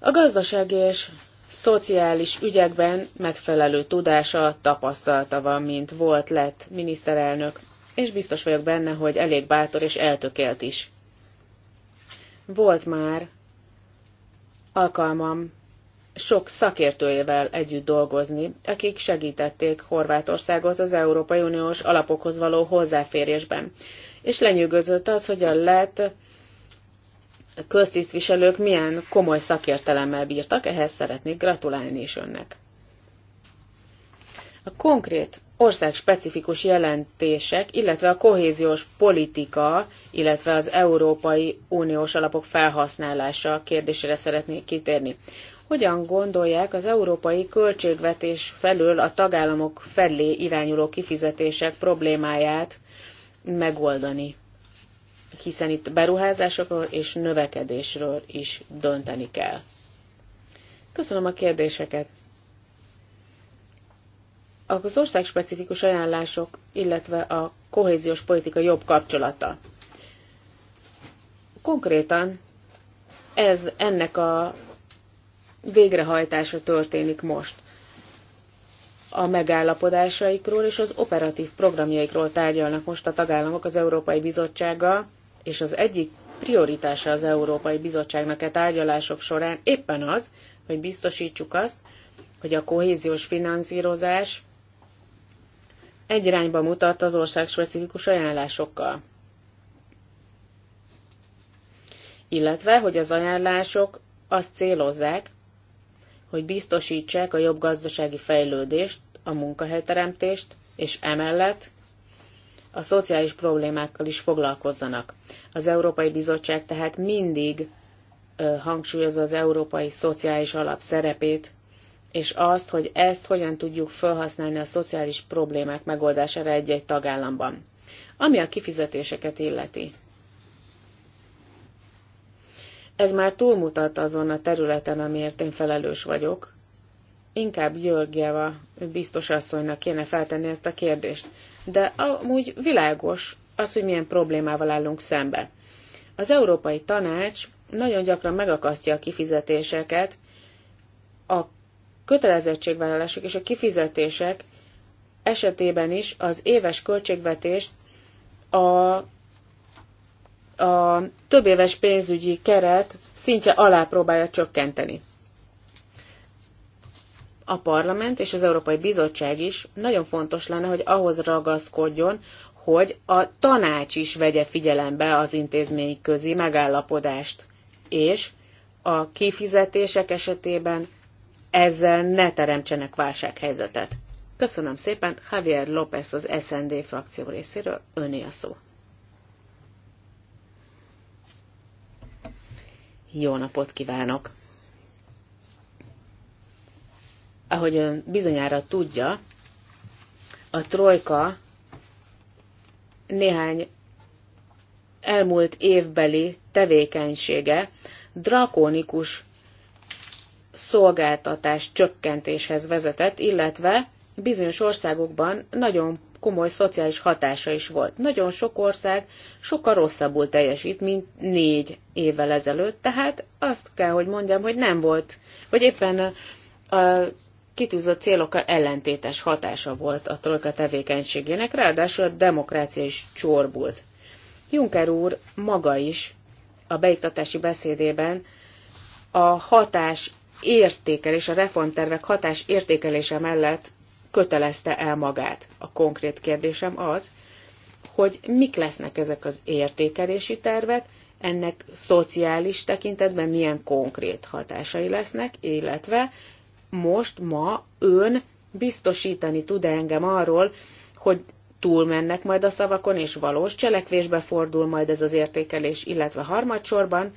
A gazdasági és szociális ügyekben megfelelő tudása, tapasztalata van, mint volt, lett miniszterelnök, és biztos vagyok benne, hogy elég bátor és eltökélt is. Volt már alkalmam sok szakértőjével együtt dolgozni, akik segítették Horvátországot az Európai Uniós alapokhoz való hozzáférésben. És lenyűgözött az, hogy a lett köztisztviselők milyen komoly szakértelemmel bírtak, ehhez szeretnék gratulálni is önnek. A konkrét ország specifikus jelentések, illetve a kohéziós politika, illetve az Európai Uniós alapok felhasználása kérdésére szeretnék kitérni hogyan gondolják az európai költségvetés felől a tagállamok felé irányuló kifizetések problémáját megoldani? Hiszen itt beruházásokról és növekedésről is dönteni kell. Köszönöm a kérdéseket. Az országspecifikus ajánlások, illetve a kohéziós politika jobb kapcsolata. Konkrétan ez ennek a végrehajtása történik most. A megállapodásaikról és az operatív programjaikról tárgyalnak most a tagállamok az Európai Bizottsággal, és az egyik prioritása az Európai Bizottságnak e tárgyalások során éppen az, hogy biztosítsuk azt, hogy a kohéziós finanszírozás egy irányba mutat az ország specifikus ajánlásokkal. Illetve, hogy az ajánlások azt célozzák, hogy biztosítsák a jobb gazdasági fejlődést, a munkahelyteremtést, és emellett a szociális problémákkal is foglalkozzanak. Az Európai Bizottság tehát mindig hangsúlyozza az Európai Szociális Alap szerepét, és azt, hogy ezt hogyan tudjuk felhasználni a szociális problémák megoldására egy-egy tagállamban. Ami a kifizetéseket illeti. Ez már túlmutat azon a területen, amiért én felelős vagyok. Inkább Györgyeva biztos asszonynak kéne feltenni ezt a kérdést. De amúgy világos az, hogy milyen problémával állunk szembe. Az Európai Tanács nagyon gyakran megakasztja a kifizetéseket, a kötelezettségvállalások és a kifizetések esetében is az éves költségvetést a a több éves pénzügyi keret szintje alá próbálja csökkenteni. A parlament és az Európai Bizottság is nagyon fontos lenne, hogy ahhoz ragaszkodjon, hogy a tanács is vegye figyelembe az intézmény közi megállapodást, és a kifizetések esetében ezzel ne teremtsenek válsághelyzetet. Köszönöm szépen, Javier López az SND frakció részéről, öné a szó. Jó napot kívánok! Ahogy ön bizonyára tudja, a trojka néhány elmúlt évbeli tevékenysége drakonikus szolgáltatás csökkentéshez vezetett, illetve bizonyos országokban nagyon komoly szociális hatása is volt. Nagyon sok ország sokkal rosszabbul teljesít, mint négy évvel ezelőtt, tehát azt kell, hogy mondjam, hogy nem volt, vagy éppen a kitűzött célok ellentétes hatása volt a trojka tevékenységének, ráadásul a demokrácia is csorbult. Juncker úr maga is a beiktatási beszédében a hatás értékelés, a reformtervek hatás értékelése mellett kötelezte el magát. A konkrét kérdésem az, hogy mik lesznek ezek az értékelési tervek, ennek szociális tekintetben milyen konkrét hatásai lesznek, illetve most ma ön biztosítani tud engem arról, hogy túlmennek majd a szavakon, és valós cselekvésbe fordul majd ez az értékelés, illetve harmadsorban,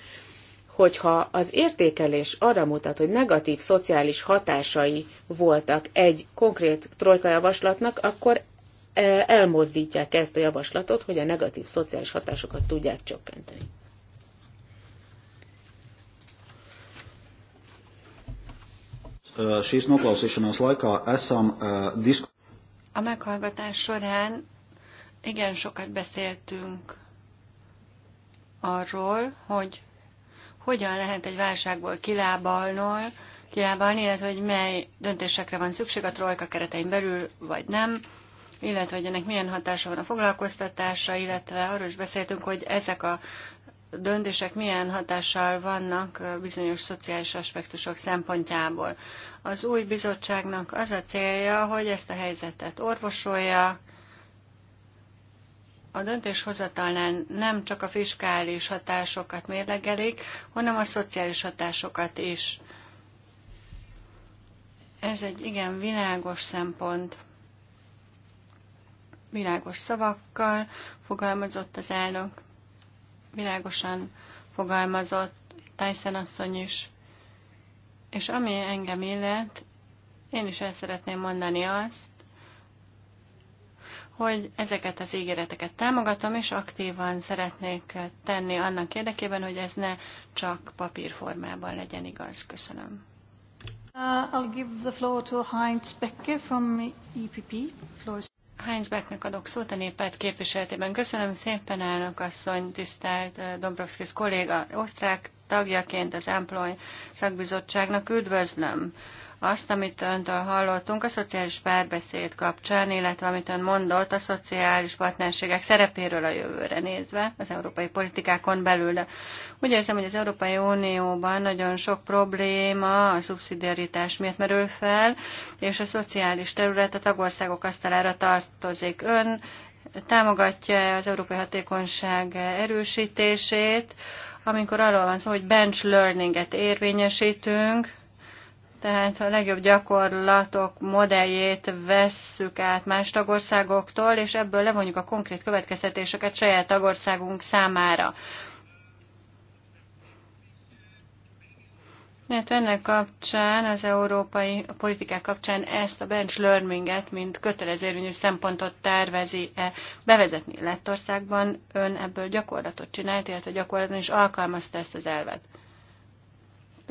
hogyha az értékelés arra mutat, hogy negatív szociális hatásai voltak egy konkrét trojka javaslatnak, akkor e, elmozdítják ezt a javaslatot, hogy a negatív szociális hatásokat tudják csökkenteni.
Uh,
uh,
a meghallgatás során igen sokat beszéltünk arról, hogy hogyan lehet egy válságból kilábalnol, kilábalni, illetve hogy mely döntésekre van szükség a trojka keretein belül, vagy nem, illetve hogy ennek milyen hatása van a foglalkoztatásra, illetve arról is beszéltünk, hogy ezek a döntések milyen hatással vannak bizonyos szociális aspektusok szempontjából. Az új bizottságnak az a célja, hogy ezt a helyzetet orvosolja, a döntéshozatalnál nem csak a fiskális hatásokat mérlegelik, hanem a szociális hatásokat is. Ez egy igen világos szempont. Világos szavakkal fogalmazott az elnök, világosan fogalmazott Tyson asszony is. És ami engem illet, én is el szeretném mondani azt, hogy ezeket az ígéreteket támogatom, és aktívan szeretnék tenni annak érdekében, hogy ez ne csak papírformában legyen igaz. Köszönöm. Uh, I'll give the floor to Heinz Becker from EPP. Heinz Becknek adok szót a néppárt képviseletében. Köszönöm szépen, elnök asszony, tisztelt uh, Dombrovskis kolléga, osztrák tagjaként az Employ szakbizottságnak üdvözlöm azt, amit öntől hallottunk a szociális párbeszéd kapcsán, illetve amit ön mondott a szociális partnerségek szerepéről a jövőre nézve, az európai politikákon belül. De úgy érzem, hogy az Európai Unióban nagyon sok probléma a szubszidiaritás miatt merül fel, és a szociális terület a tagországok asztalára tartozik. Ön támogatja az európai hatékonyság erősítését, amikor arról van szó, hogy bench learninget érvényesítünk, tehát a legjobb gyakorlatok modelljét vesszük át más tagországoktól, és ebből levonjuk a konkrét következtetéseket saját tagországunk számára. Hát ennek kapcsán, az európai politikák kapcsán ezt a bench learninget, mint kötelezérvényű szempontot tervezi-e bevezetni Lettországban? Ön ebből gyakorlatot csinált, illetve gyakorlatban is alkalmazta ezt az elvet.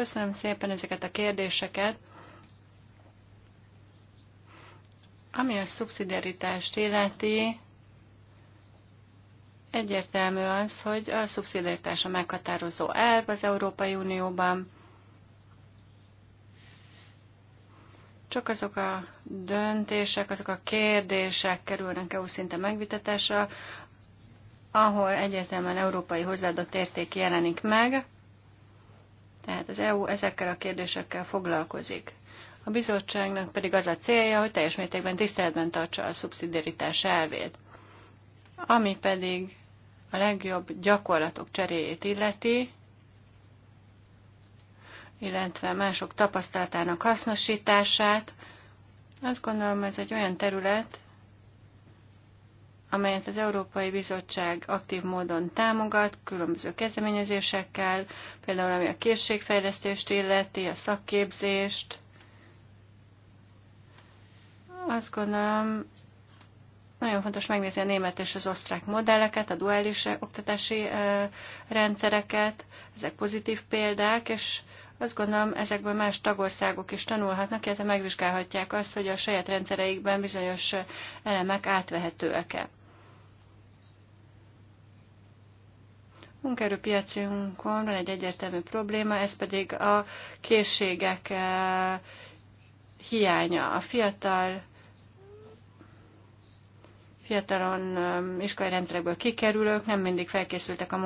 Köszönöm szépen ezeket a kérdéseket. Ami a szubszidiaritást illeti, egyértelmű az, hogy a szubszidiaritás a meghatározó elv az Európai Unióban. Csak azok a döntések, azok a kérdések kerülnek EU szinte megvitatásra, ahol egyértelműen európai hozzáadott érték jelenik meg, tehát az EU ezekkel a kérdésekkel foglalkozik. A bizottságnak pedig az a célja, hogy teljes mértékben tiszteletben tartsa a szubszidiaritás elvét. Ami pedig a legjobb gyakorlatok cseréjét illeti, illetve mások tapasztalatának hasznosítását, azt gondolom ez egy olyan terület, amelyet az Európai Bizottság aktív módon támogat, különböző kezdeményezésekkel, például ami a készségfejlesztést illeti, a szakképzést. Azt gondolom, nagyon fontos megnézni a német és az osztrák modelleket, a duális eh, oktatási eh, rendszereket, ezek pozitív példák, és azt gondolom, ezekből más tagországok is tanulhatnak, illetve megvizsgálhatják azt, hogy a saját rendszereikben bizonyos eh, elemek átvehetőek-e. munkaerőpiacunkon van egy egyértelmű probléma, ez pedig a készségek eh, hiánya. A fiatal fiatalon eh, iskolai rendszerekből kikerülők nem mindig felkészültek a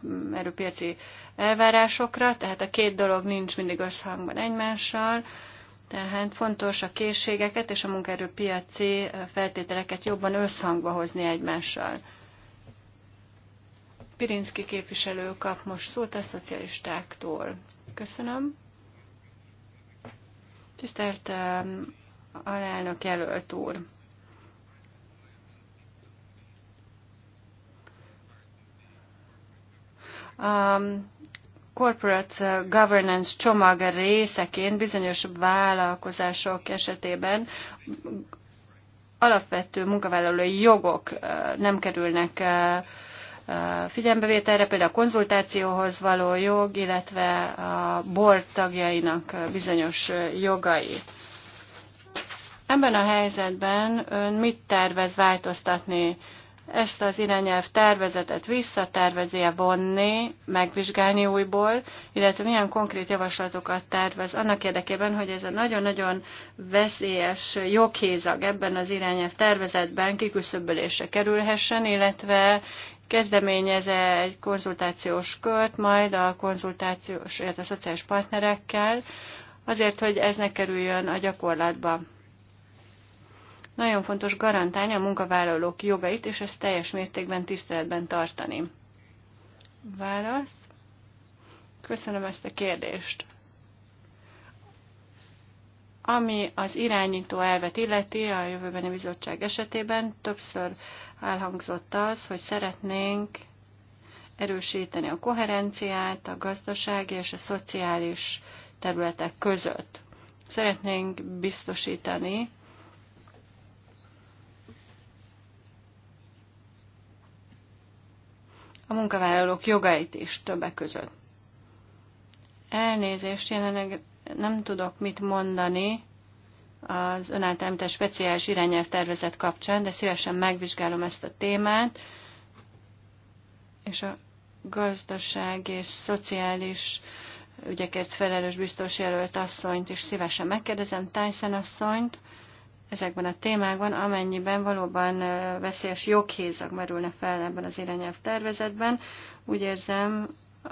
munkaerőpiaci elvárásokra, tehát a két dolog nincs mindig összhangban egymással, tehát fontos a készségeket és a munkaerőpiaci eh, feltételeket jobban összhangba hozni egymással. Pirinszki képviselő kap most szót a szocialistáktól. Köszönöm. Tisztelt um, alelnök jelölt úr! A corporate governance csomag részeként bizonyos vállalkozások esetében alapvető munkavállalói jogok uh, nem kerülnek uh, figyelembevételre, például a konzultációhoz való jog, illetve a board tagjainak bizonyos jogai. Ebben a helyzetben ön mit tervez változtatni? Ezt az irányelv tervezetet visszatervezi-e vonni, megvizsgálni újból, illetve milyen konkrét javaslatokat tervez annak érdekében, hogy ez a nagyon-nagyon veszélyes joghézag ebben az irányelv tervezetben kiküszöbölésre kerülhessen, illetve kezdeményez egy konzultációs kört, majd a konzultációs, illetve a szociális partnerekkel, azért, hogy ez ne kerüljön a gyakorlatba. Nagyon fontos garantálni a munkavállalók jogait, és ezt teljes mértékben tiszteletben tartani. Válasz? Köszönöm ezt a kérdést. Ami az irányító elvet illeti a jövőbeni bizottság esetében, többször elhangzott az, hogy szeretnénk erősíteni a koherenciát a gazdasági és a szociális területek között. Szeretnénk biztosítani, a munkavállalók jogait is többek között. Elnézést, jelenleg nem tudok mit mondani az ön említett speciális irányelv tervezet kapcsán, de szívesen megvizsgálom ezt a témát, és a gazdaság és szociális ügyekért felelős biztos jelölt asszonyt is szívesen megkérdezem, Tyson asszonyt, ezekben a témákban, amennyiben valóban veszélyes joghézak merülne fel ebben az irányelv tervezetben. Úgy érzem,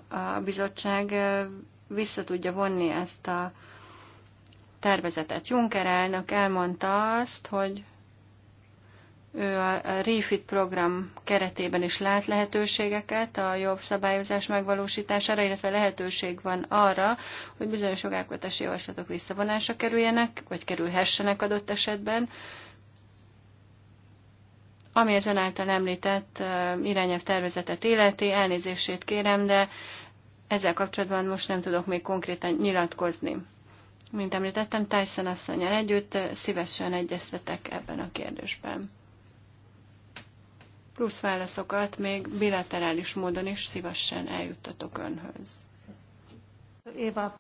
a bizottság vissza tudja vonni ezt a tervezetet. Juncker elnök elmondta azt, hogy ő a REFIT program keretében is lát lehetőségeket a jobb szabályozás megvalósítására, illetve lehetőség van arra, hogy bizonyos jogalkotási javaslatok visszavonásra kerüljenek, vagy kerülhessenek adott esetben, ami az ön által említett irányelv tervezetet illeti, elnézését kérem, de ezzel kapcsolatban most nem tudok még konkrétan nyilatkozni. Mint említettem, Tyson asszonyjal együtt eh, szívesen egyeztetek ebben a kérdésben. Plusz válaszokat még bilaterális módon is szívesen eljuttatok önhöz. Éva.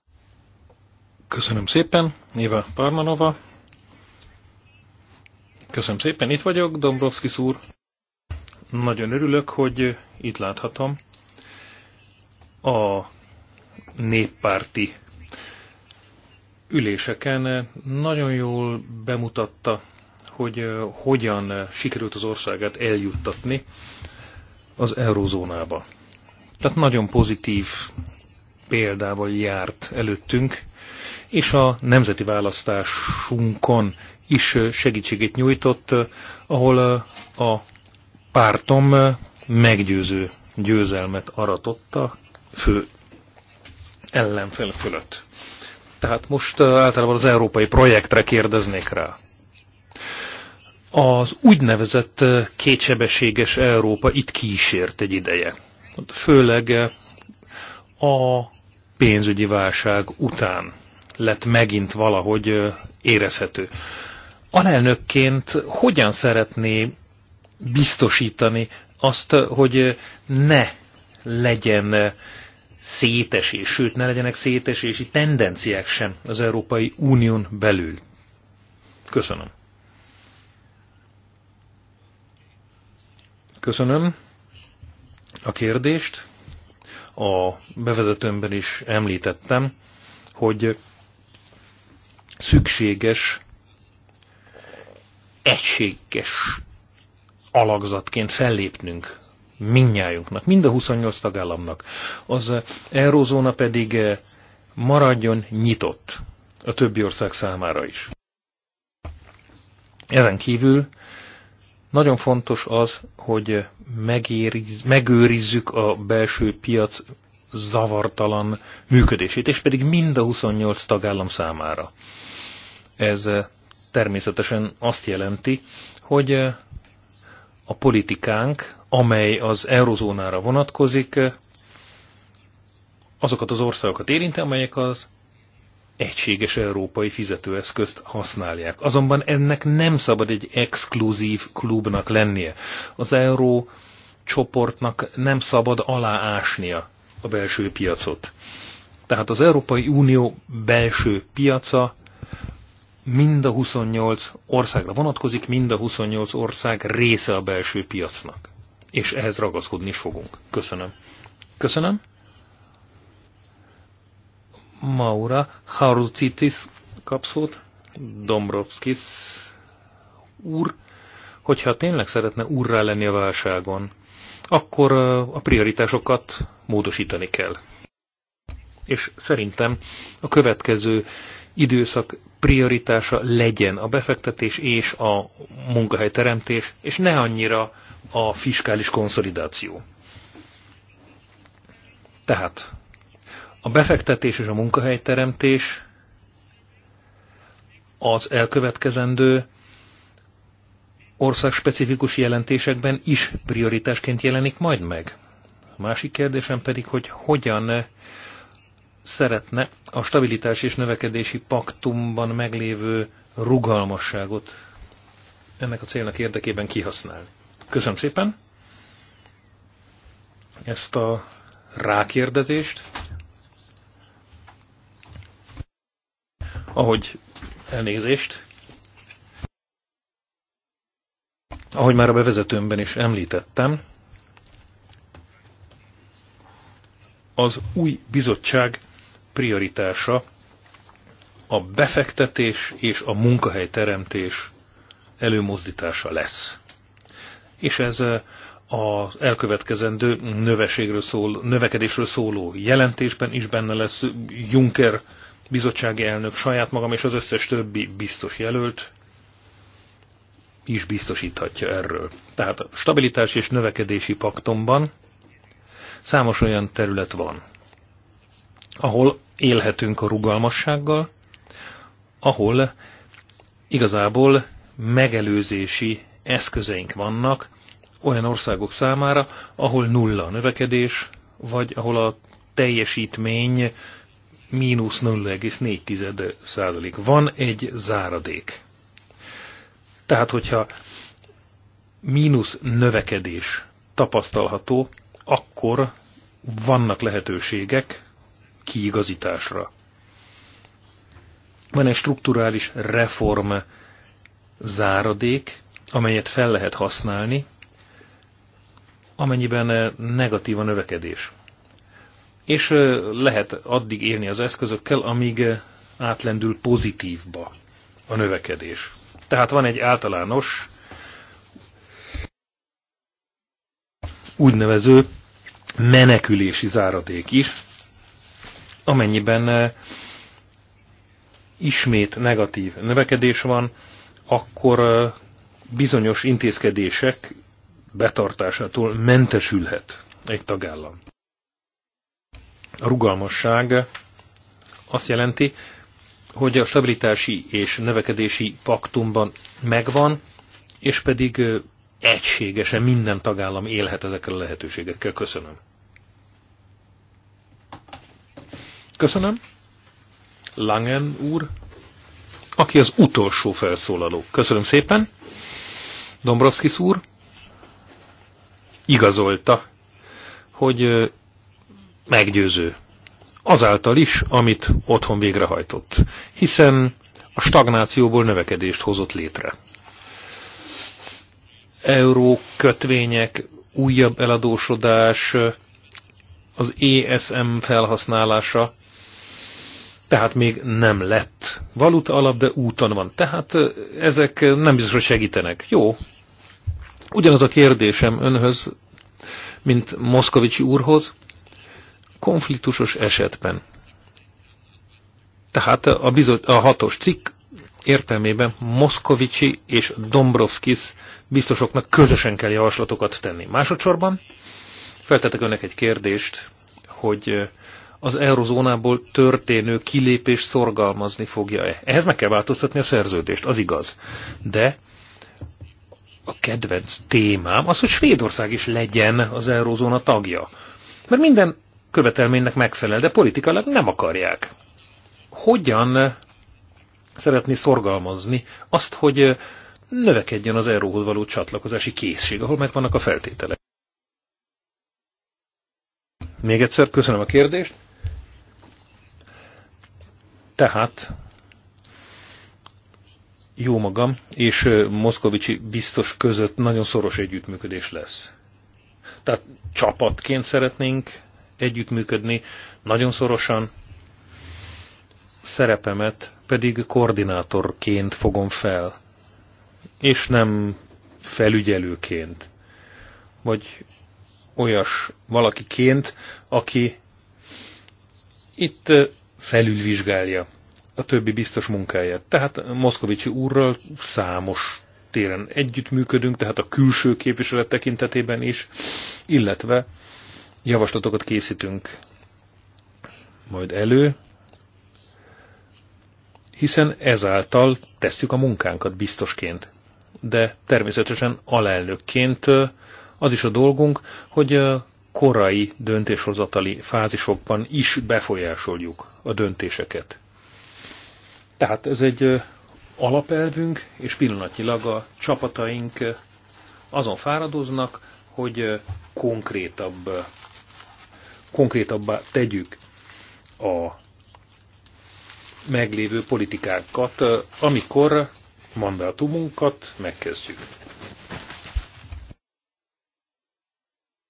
Köszönöm szépen, Éva Parmanova. Köszönöm szépen, itt vagyok, Dombrovszki úr. Nagyon örülök, hogy itt láthatom a néppárti üléseken nagyon jól bemutatta, hogy hogyan sikerült az országát eljuttatni az eurózónába. Tehát nagyon pozitív példával járt előttünk, és a nemzeti választásunkon is segítségét nyújtott, ahol a pártom meggyőző győzelmet aratotta fő ellenfél fölött. Tehát most uh, általában az európai projektre kérdeznék rá. Az úgynevezett uh, kétsebességes Európa itt kísért egy ideje. Főleg uh, a pénzügyi válság után lett megint valahogy érezhető. Alelnökként hogyan szeretné biztosítani azt, hogy ne legyen szétesés, sőt ne legyenek szétesési tendenciák sem az Európai Unión belül. Köszönöm. Köszönöm a kérdést. A bevezetőmben is említettem, hogy szükséges egységes alakzatként fellépnünk minnyájunknak, mind a 28 tagállamnak. Az eurózóna pedig eh, maradjon nyitott a többi ország számára is. Ezen kívül nagyon fontos az, hogy megériz, megőrizzük a belső piac zavartalan működését, és pedig mind a 28 tagállam számára. Ez eh, természetesen azt jelenti, hogy eh, a politikánk, amely az eurozónára vonatkozik, azokat az országokat érinti, amelyek az egységes európai fizetőeszközt használják. Azonban ennek nem szabad egy exkluzív klubnak lennie. Az euró csoportnak nem szabad aláásnia a belső piacot. Tehát az Európai Unió belső piaca mind a 28 országra vonatkozik, mind a 28 ország része a belső piacnak és ehhez ragaszkodni is fogunk. Köszönöm. Köszönöm. Maura Harucitis kapszót, Dombrovskis úr, hogyha tényleg szeretne úrrá lenni a válságon, akkor a prioritásokat módosítani kell. És szerintem a következő időszak prioritása legyen a befektetés és a munkahelyteremtés, és ne annyira a fiskális konszolidáció. Tehát a befektetés és a munkahelyteremtés az elkövetkezendő országspecifikus jelentésekben is prioritásként jelenik majd meg. A másik kérdésem pedig, hogy hogyan szeretne a stabilitás és növekedési paktumban meglévő rugalmasságot ennek a célnak érdekében kihasználni. Köszönöm szépen ezt a rákérdezést. Ahogy elnézést, ahogy már a bevezetőmben is említettem, az új bizottság prioritása a befektetés és a munkahelyteremtés előmozdítása lesz. És ez eh, az elkövetkezendő növeségről szól, növekedésről szóló jelentésben is benne lesz Juncker bizottsági elnök, saját magam és az összes többi biztos jelölt is biztosíthatja erről. Tehát a stabilitás és növekedési paktomban számos olyan terület van, ahol élhetünk a rugalmassággal, ahol igazából megelőzési eszközeink vannak olyan országok számára, ahol nulla a növekedés, vagy ahol a teljesítmény mínusz 0,4 százalék. Van egy záradék. Tehát, hogyha mínusz növekedés tapasztalható, akkor vannak lehetőségek kiigazításra. Van egy strukturális reform záradék, amelyet fel lehet használni, amennyiben negatív a növekedés. És lehet addig élni az eszközökkel, amíg átlendül pozitívba a növekedés. Tehát van egy általános úgynevező menekülési záradék is, amennyiben eh, ismét negatív növekedés van, akkor eh, bizonyos intézkedések betartásától mentesülhet egy tagállam. A rugalmasság azt jelenti, hogy a stabilitási és növekedési paktumban megvan, és pedig eh, egységesen minden tagállam élhet ezekkel a lehetőségekkel. Köszönöm. Köszönöm. Langen úr, aki az utolsó felszólaló. Köszönöm szépen. Dombrovskis úr igazolta, hogy meggyőző. Azáltal is, amit otthon végrehajtott. Hiszen a stagnációból növekedést hozott létre. Euró, kötvények, újabb eladósodás, az ESM felhasználása tehát még nem lett valuta alap, de úton van. Tehát ezek nem biztos, hogy segítenek. Jó. Ugyanaz a kérdésem önhöz, mint Moszkovicsi úrhoz, konfliktusos esetben. Tehát a, bizot, a hatos cikk értelmében Moszkovicsi és Dombrovskis biztosoknak közösen kell javaslatokat tenni. Másodszorban feltetek önnek egy kérdést, hogy az eurozónából történő kilépést szorgalmazni fogja-e. Ehhez meg kell változtatni a szerződést, az igaz. De a kedvenc témám az, hogy Svédország is legyen az eurozóna tagja. Mert minden követelménynek megfelel, de politikailag nem akarják. Hogyan szeretni szorgalmazni azt, hogy növekedjen az euróhoz való csatlakozási készség, ahol megvannak a feltételek? Még egyszer köszönöm a kérdést. Tehát jó magam és Moszkovicsi biztos között nagyon szoros együttműködés lesz. Tehát csapatként szeretnénk együttműködni, nagyon szorosan, szerepemet pedig koordinátorként fogom fel, és nem felügyelőként, vagy olyas valakiként, aki itt felülvizsgálja a többi biztos munkáját. Tehát Moszkovicsi úrral számos téren együttműködünk, tehát a külső képviselet tekintetében is, illetve javaslatokat készítünk majd elő, hiszen ezáltal tesszük a munkánkat biztosként. De természetesen alelnökként az is a dolgunk, hogy korai döntéshozatali fázisokban is befolyásoljuk a döntéseket. Tehát ez egy alapelvünk, és pillanatnyilag a csapataink azon fáradoznak, hogy konkrétabb, konkrétabbá tegyük a meglévő politikákat, amikor mandátumunkat megkezdjük.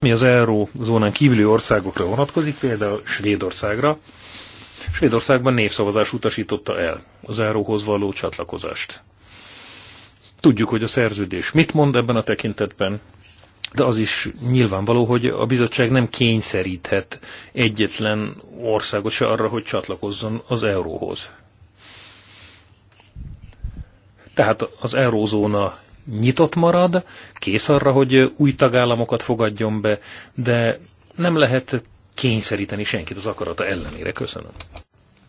mi az Euró zónán kívüli országokra vonatkozik, például Svédországra, Svédországban népszavazás utasította el az euróhoz való csatlakozást. Tudjuk, hogy a szerződés mit mond ebben a tekintetben, de az is nyilvánvaló, hogy a bizottság nem kényszeríthet egyetlen országot se arra, hogy csatlakozzon az euróhoz. Tehát az eurózóna nyitott marad, kész arra, hogy új tagállamokat fogadjon be,
de nem lehet kényszeríteni senkit az akarata ellenére. Köszönöm.